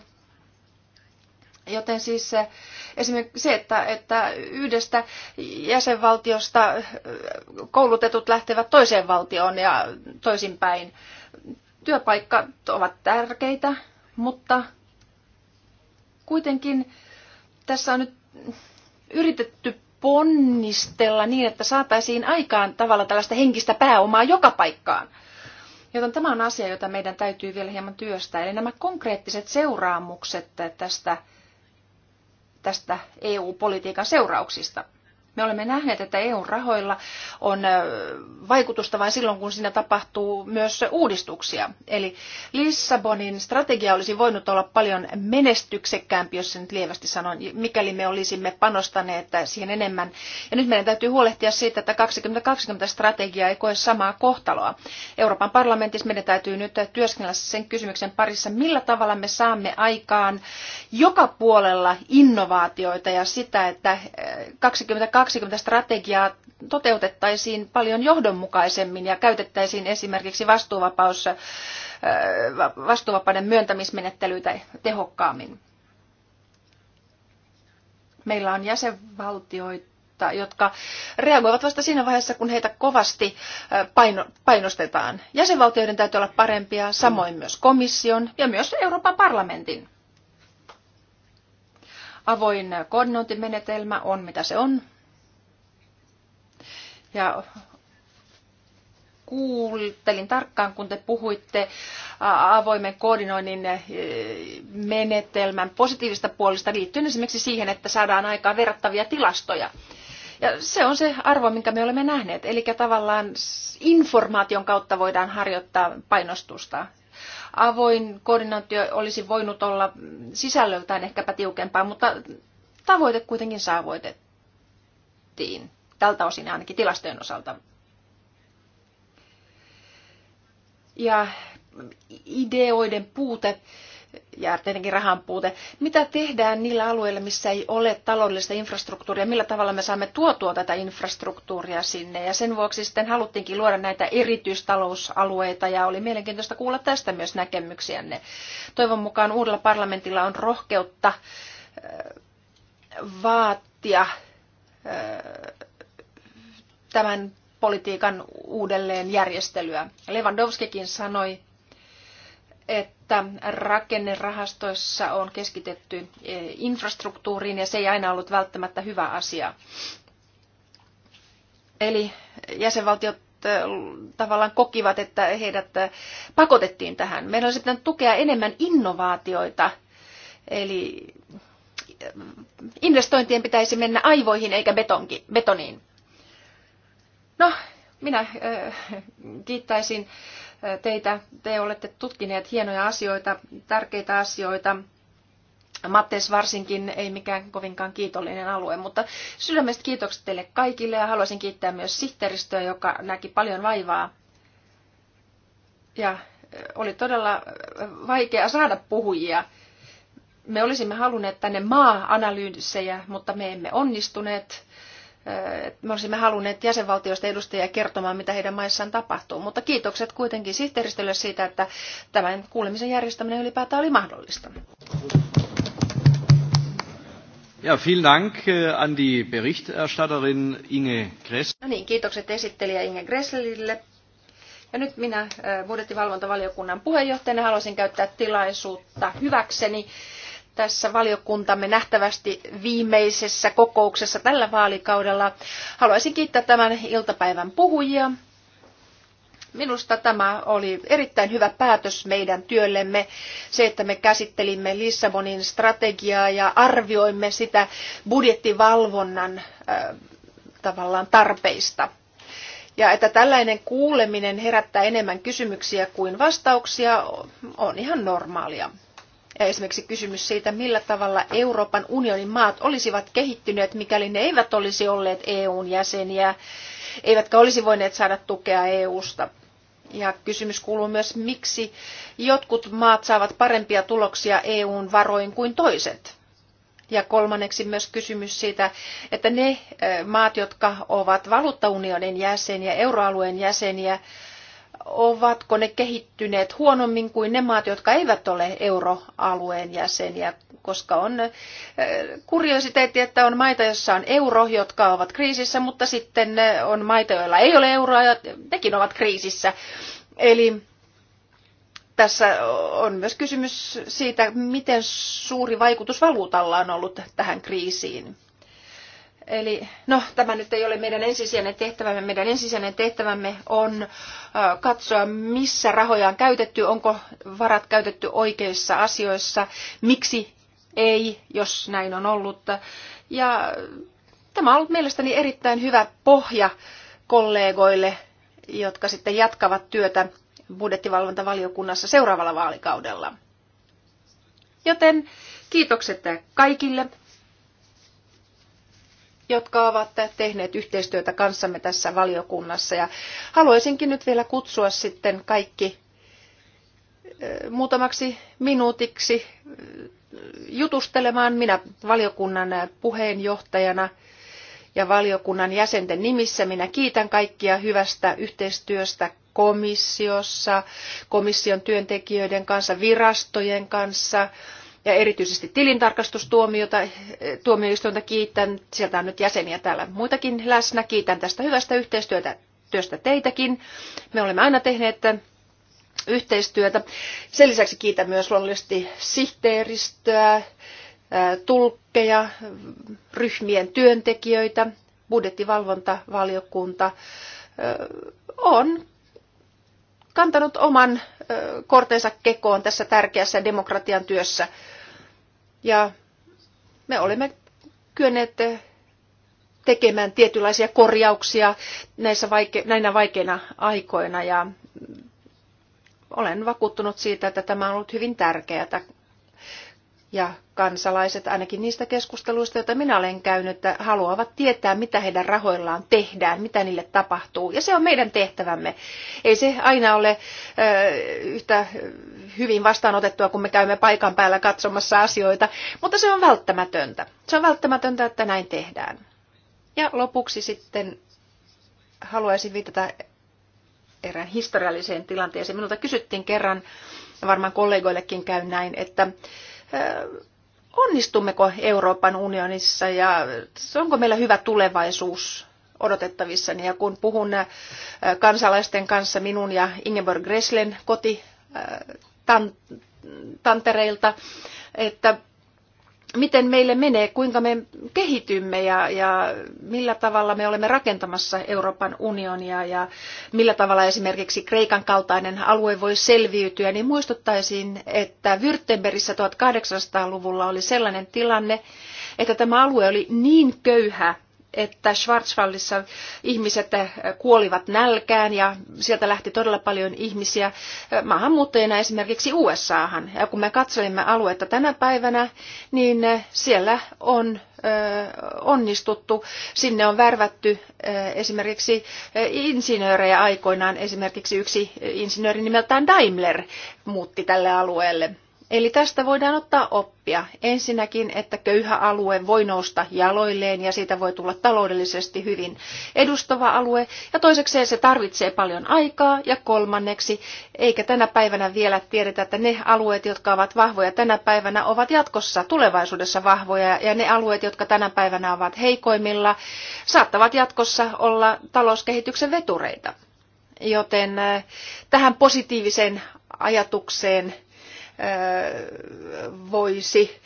Joten siis se, äh, esimerkiksi se, että, että yhdestä jäsenvaltiosta koulutetut lähtevät toiseen valtioon ja toisinpäin. Työpaikat ovat tärkeitä, mutta kuitenkin tässä on nyt yritetty ponnistella niin, että saataisiin aikaan tavalla tällaista henkistä pääomaa joka paikkaan. Joten tämä on asia, jota meidän täytyy vielä hieman työstää. Eli nämä konkreettiset seuraamukset tästä, tästä EU-politiikan seurauksista – me olemme nähneet, että EU-rahoilla on vaikutusta vain silloin, kun siinä tapahtuu myös uudistuksia. Eli Lissabonin strategia olisi voinut olla paljon menestyksekkäämpi, jos sen nyt lievästi sanon, mikäli me olisimme panostaneet siihen enemmän. Ja nyt meidän täytyy huolehtia siitä, että 2020-strategia ei koe samaa kohtaloa. Euroopan parlamentissa meidän täytyy nyt työskennellä sen kysymyksen parissa, millä tavalla me saamme aikaan joka puolella innovaatioita ja sitä, että 2020 2020 strategiaa toteutettaisiin paljon johdonmukaisemmin ja käytettäisiin esimerkiksi vastuuvapaus, vastuuvapauden myöntämismenettelyitä tehokkaammin. Meillä on jäsenvaltioita, jotka reagoivat vasta siinä vaiheessa, kun heitä kovasti paino, painostetaan. Jäsenvaltioiden täytyy olla parempia, samoin myös komission ja myös Euroopan parlamentin avoin koordinointimenetelmä on mitä se on ja kuultelin tarkkaan, kun te puhuitte avoimen koordinoinnin menetelmän positiivista puolista liittyen esimerkiksi siihen, että saadaan aikaa verrattavia tilastoja. Ja se on se arvo, minkä me olemme nähneet. Eli tavallaan informaation kautta voidaan harjoittaa painostusta. Avoin koordinaatio olisi voinut olla sisällöltään ehkäpä tiukempaa, mutta tavoite kuitenkin saavutettiin tältä osin ainakin tilastojen osalta. Ja ideoiden puute ja tietenkin rahan puute. Mitä tehdään niillä alueilla, missä ei ole taloudellista infrastruktuuria? Millä tavalla me saamme tuotua tätä infrastruktuuria sinne? Ja sen vuoksi sitten haluttiinkin luoda näitä erityistalousalueita ja oli mielenkiintoista kuulla tästä myös näkemyksiänne. Toivon mukaan uudella parlamentilla on rohkeutta äh, vaatia äh, tämän politiikan uudelleen järjestelyä. Lewandowskikin sanoi, että rakennerahastoissa on keskitetty eh, infrastruktuuriin ja se ei aina ollut välttämättä hyvä asia. Eli jäsenvaltiot eh, tavallaan kokivat, että heidät eh, pakotettiin tähän. Meidän olisi pitänyt tukea enemmän innovaatioita, eli investointien pitäisi mennä aivoihin eikä betonki, betoniin. No, minä äh, kiittäisin äh, teitä. Te olette tutkineet hienoja asioita, tärkeitä asioita. Mattes varsinkin ei mikään kovinkaan kiitollinen alue, mutta sydämestä kiitokset teille kaikille ja haluaisin kiittää myös sihteeristöä, joka näki paljon vaivaa. Ja äh, oli todella vaikea saada puhujia. Me olisimme halunneet tänne maa-analyysejä, mutta me emme onnistuneet me olisimme halunneet jäsenvaltioista edustajia kertomaan, mitä heidän maissaan tapahtuu. Mutta kiitokset kuitenkin sihteeristölle siitä, että tämän kuulemisen järjestäminen ylipäätään oli mahdollista. Ja, vielen Dank äh, an die Berichterstatterin Inge Gressel. No niin, kiitokset esittelijä Inge Gresselille. Ja nyt minä äh, budjettivalvontavaliokunnan puheenjohtajana haluaisin käyttää tilaisuutta hyväkseni tässä valiokuntamme nähtävästi viimeisessä kokouksessa tällä vaalikaudella. Haluaisin kiittää tämän iltapäivän puhujia. Minusta tämä oli erittäin hyvä päätös meidän työllemme, se, että me käsittelimme Lissabonin strategiaa ja arvioimme sitä budjettivalvonnan äh, tavallaan tarpeista. Ja että tällainen kuuleminen herättää enemmän kysymyksiä kuin vastauksia on ihan normaalia. Esimerkiksi kysymys siitä, millä tavalla Euroopan unionin maat olisivat kehittyneet, mikäli ne eivät olisi olleet EUn jäseniä, eivätkä olisi voineet saada tukea EUsta. Ja kysymys kuuluu myös, miksi jotkut maat saavat parempia tuloksia EUn varoin kuin toiset. Ja kolmanneksi myös kysymys siitä, että ne eh, maat, jotka ovat valuuttaunionin jäseniä, euroalueen jäseniä, ovatko ne kehittyneet huonommin kuin ne maat, jotka eivät ole euroalueen jäseniä, koska on eh, kuriositeetti, että on maita, joissa on euro, jotka ovat kriisissä, mutta sitten eh, on maita, joilla ei ole euroa ja nekin ovat kriisissä. Eli tässä on myös kysymys siitä, miten suuri vaikutus valuutalla on ollut tähän kriisiin. Eli no, tämä nyt ei ole meidän ensisijainen tehtävämme. Meidän ensisijainen tehtävämme on katsoa, missä rahoja on käytetty, onko varat käytetty oikeissa asioissa, miksi ei, jos näin on ollut. Ja tämä on ollut mielestäni erittäin hyvä pohja kollegoille, jotka sitten jatkavat työtä budjettivalvontavaliokunnassa seuraavalla vaalikaudella. Joten kiitokset kaikille jotka ovat tehneet yhteistyötä kanssamme tässä valiokunnassa. Ja haluaisinkin nyt vielä kutsua sitten kaikki muutamaksi minuutiksi jutustelemaan. Minä valiokunnan puheenjohtajana ja valiokunnan jäsenten nimissä minä kiitän kaikkia hyvästä yhteistyöstä komissiossa, komission työntekijöiden kanssa, virastojen kanssa, ja erityisesti tilintarkastustuomiota, eh, tuomioistuinta kiitän. Sieltä on nyt jäseniä täällä muitakin läsnä. Kiitän tästä hyvästä yhteistyötä työstä teitäkin. Me olemme aina tehneet yhteistyötä. Sen lisäksi kiitän myös luonnollisesti sihteeristöä, eh, tulkkeja, ryhmien työntekijöitä, budjettivalvontavaliokunta eh, on kantanut oman kortensa kekoon tässä tärkeässä demokratian työssä ja me olemme kyenneet tekemään tietynlaisia korjauksia näissä vaike- näinä vaikeina aikoina ja olen vakuuttunut siitä, että tämä on ollut hyvin tärkeää ja kansalaiset, ainakin niistä keskusteluista, joita minä olen käynyt, että haluavat tietää, mitä heidän rahoillaan tehdään, mitä niille tapahtuu. Ja se on meidän tehtävämme. Ei se aina ole ö, yhtä hyvin vastaanotettua, kun me käymme paikan päällä katsomassa asioita, mutta se on välttämätöntä. Se on välttämätöntä, että näin tehdään. Ja lopuksi sitten haluaisin viitata erään historialliseen tilanteeseen. Minulta kysyttiin kerran, ja varmaan kollegoillekin käy näin, että onnistummeko Euroopan unionissa ja onko meillä hyvä tulevaisuus odotettavissa. Ja kun puhun kansalaisten kanssa minun ja Ingeborg Greslen koti tantereilta, että miten meille menee, kuinka me kehitymme ja, ja millä tavalla me olemme rakentamassa Euroopan unionia ja millä tavalla esimerkiksi Kreikan kaltainen alue voi selviytyä, niin muistuttaisin, että Württembergissä 1800-luvulla oli sellainen tilanne, että tämä alue oli niin köyhä, että Schwarzwaldissa ihmiset kuolivat nälkään ja sieltä lähti todella paljon ihmisiä maahanmuuttajina esimerkiksi USAhan. Ja kun me katselemme aluetta tänä päivänä, niin siellä on onnistuttu. Sinne on värvätty esimerkiksi insinöörejä aikoinaan. Esimerkiksi yksi insinööri nimeltään Daimler muutti tälle alueelle. Eli tästä voidaan ottaa oppia. Ensinnäkin, että köyhä alue voi nousta jaloilleen ja siitä voi tulla taloudellisesti hyvin edustava alue. Ja toisekseen se tarvitsee paljon aikaa. Ja kolmanneksi, eikä tänä päivänä vielä tiedetä, että ne alueet, jotka ovat vahvoja tänä päivänä, ovat jatkossa tulevaisuudessa vahvoja. Ja ne alueet, jotka tänä päivänä ovat heikoimmilla, saattavat jatkossa olla talouskehityksen vetureita. Joten äh, tähän positiiviseen ajatukseen voisi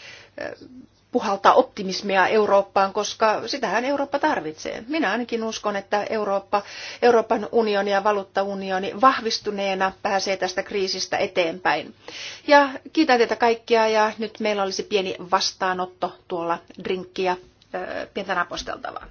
puhaltaa optimismia Eurooppaan, koska sitähän Eurooppa tarvitsee. Minä ainakin uskon, että Eurooppa, Euroopan unioni ja valuuttaunioni vahvistuneena pääsee tästä kriisistä eteenpäin. Ja kiitän teitä kaikkia ja nyt meillä olisi pieni vastaanotto tuolla drinkkiä pientä naposteltavaa.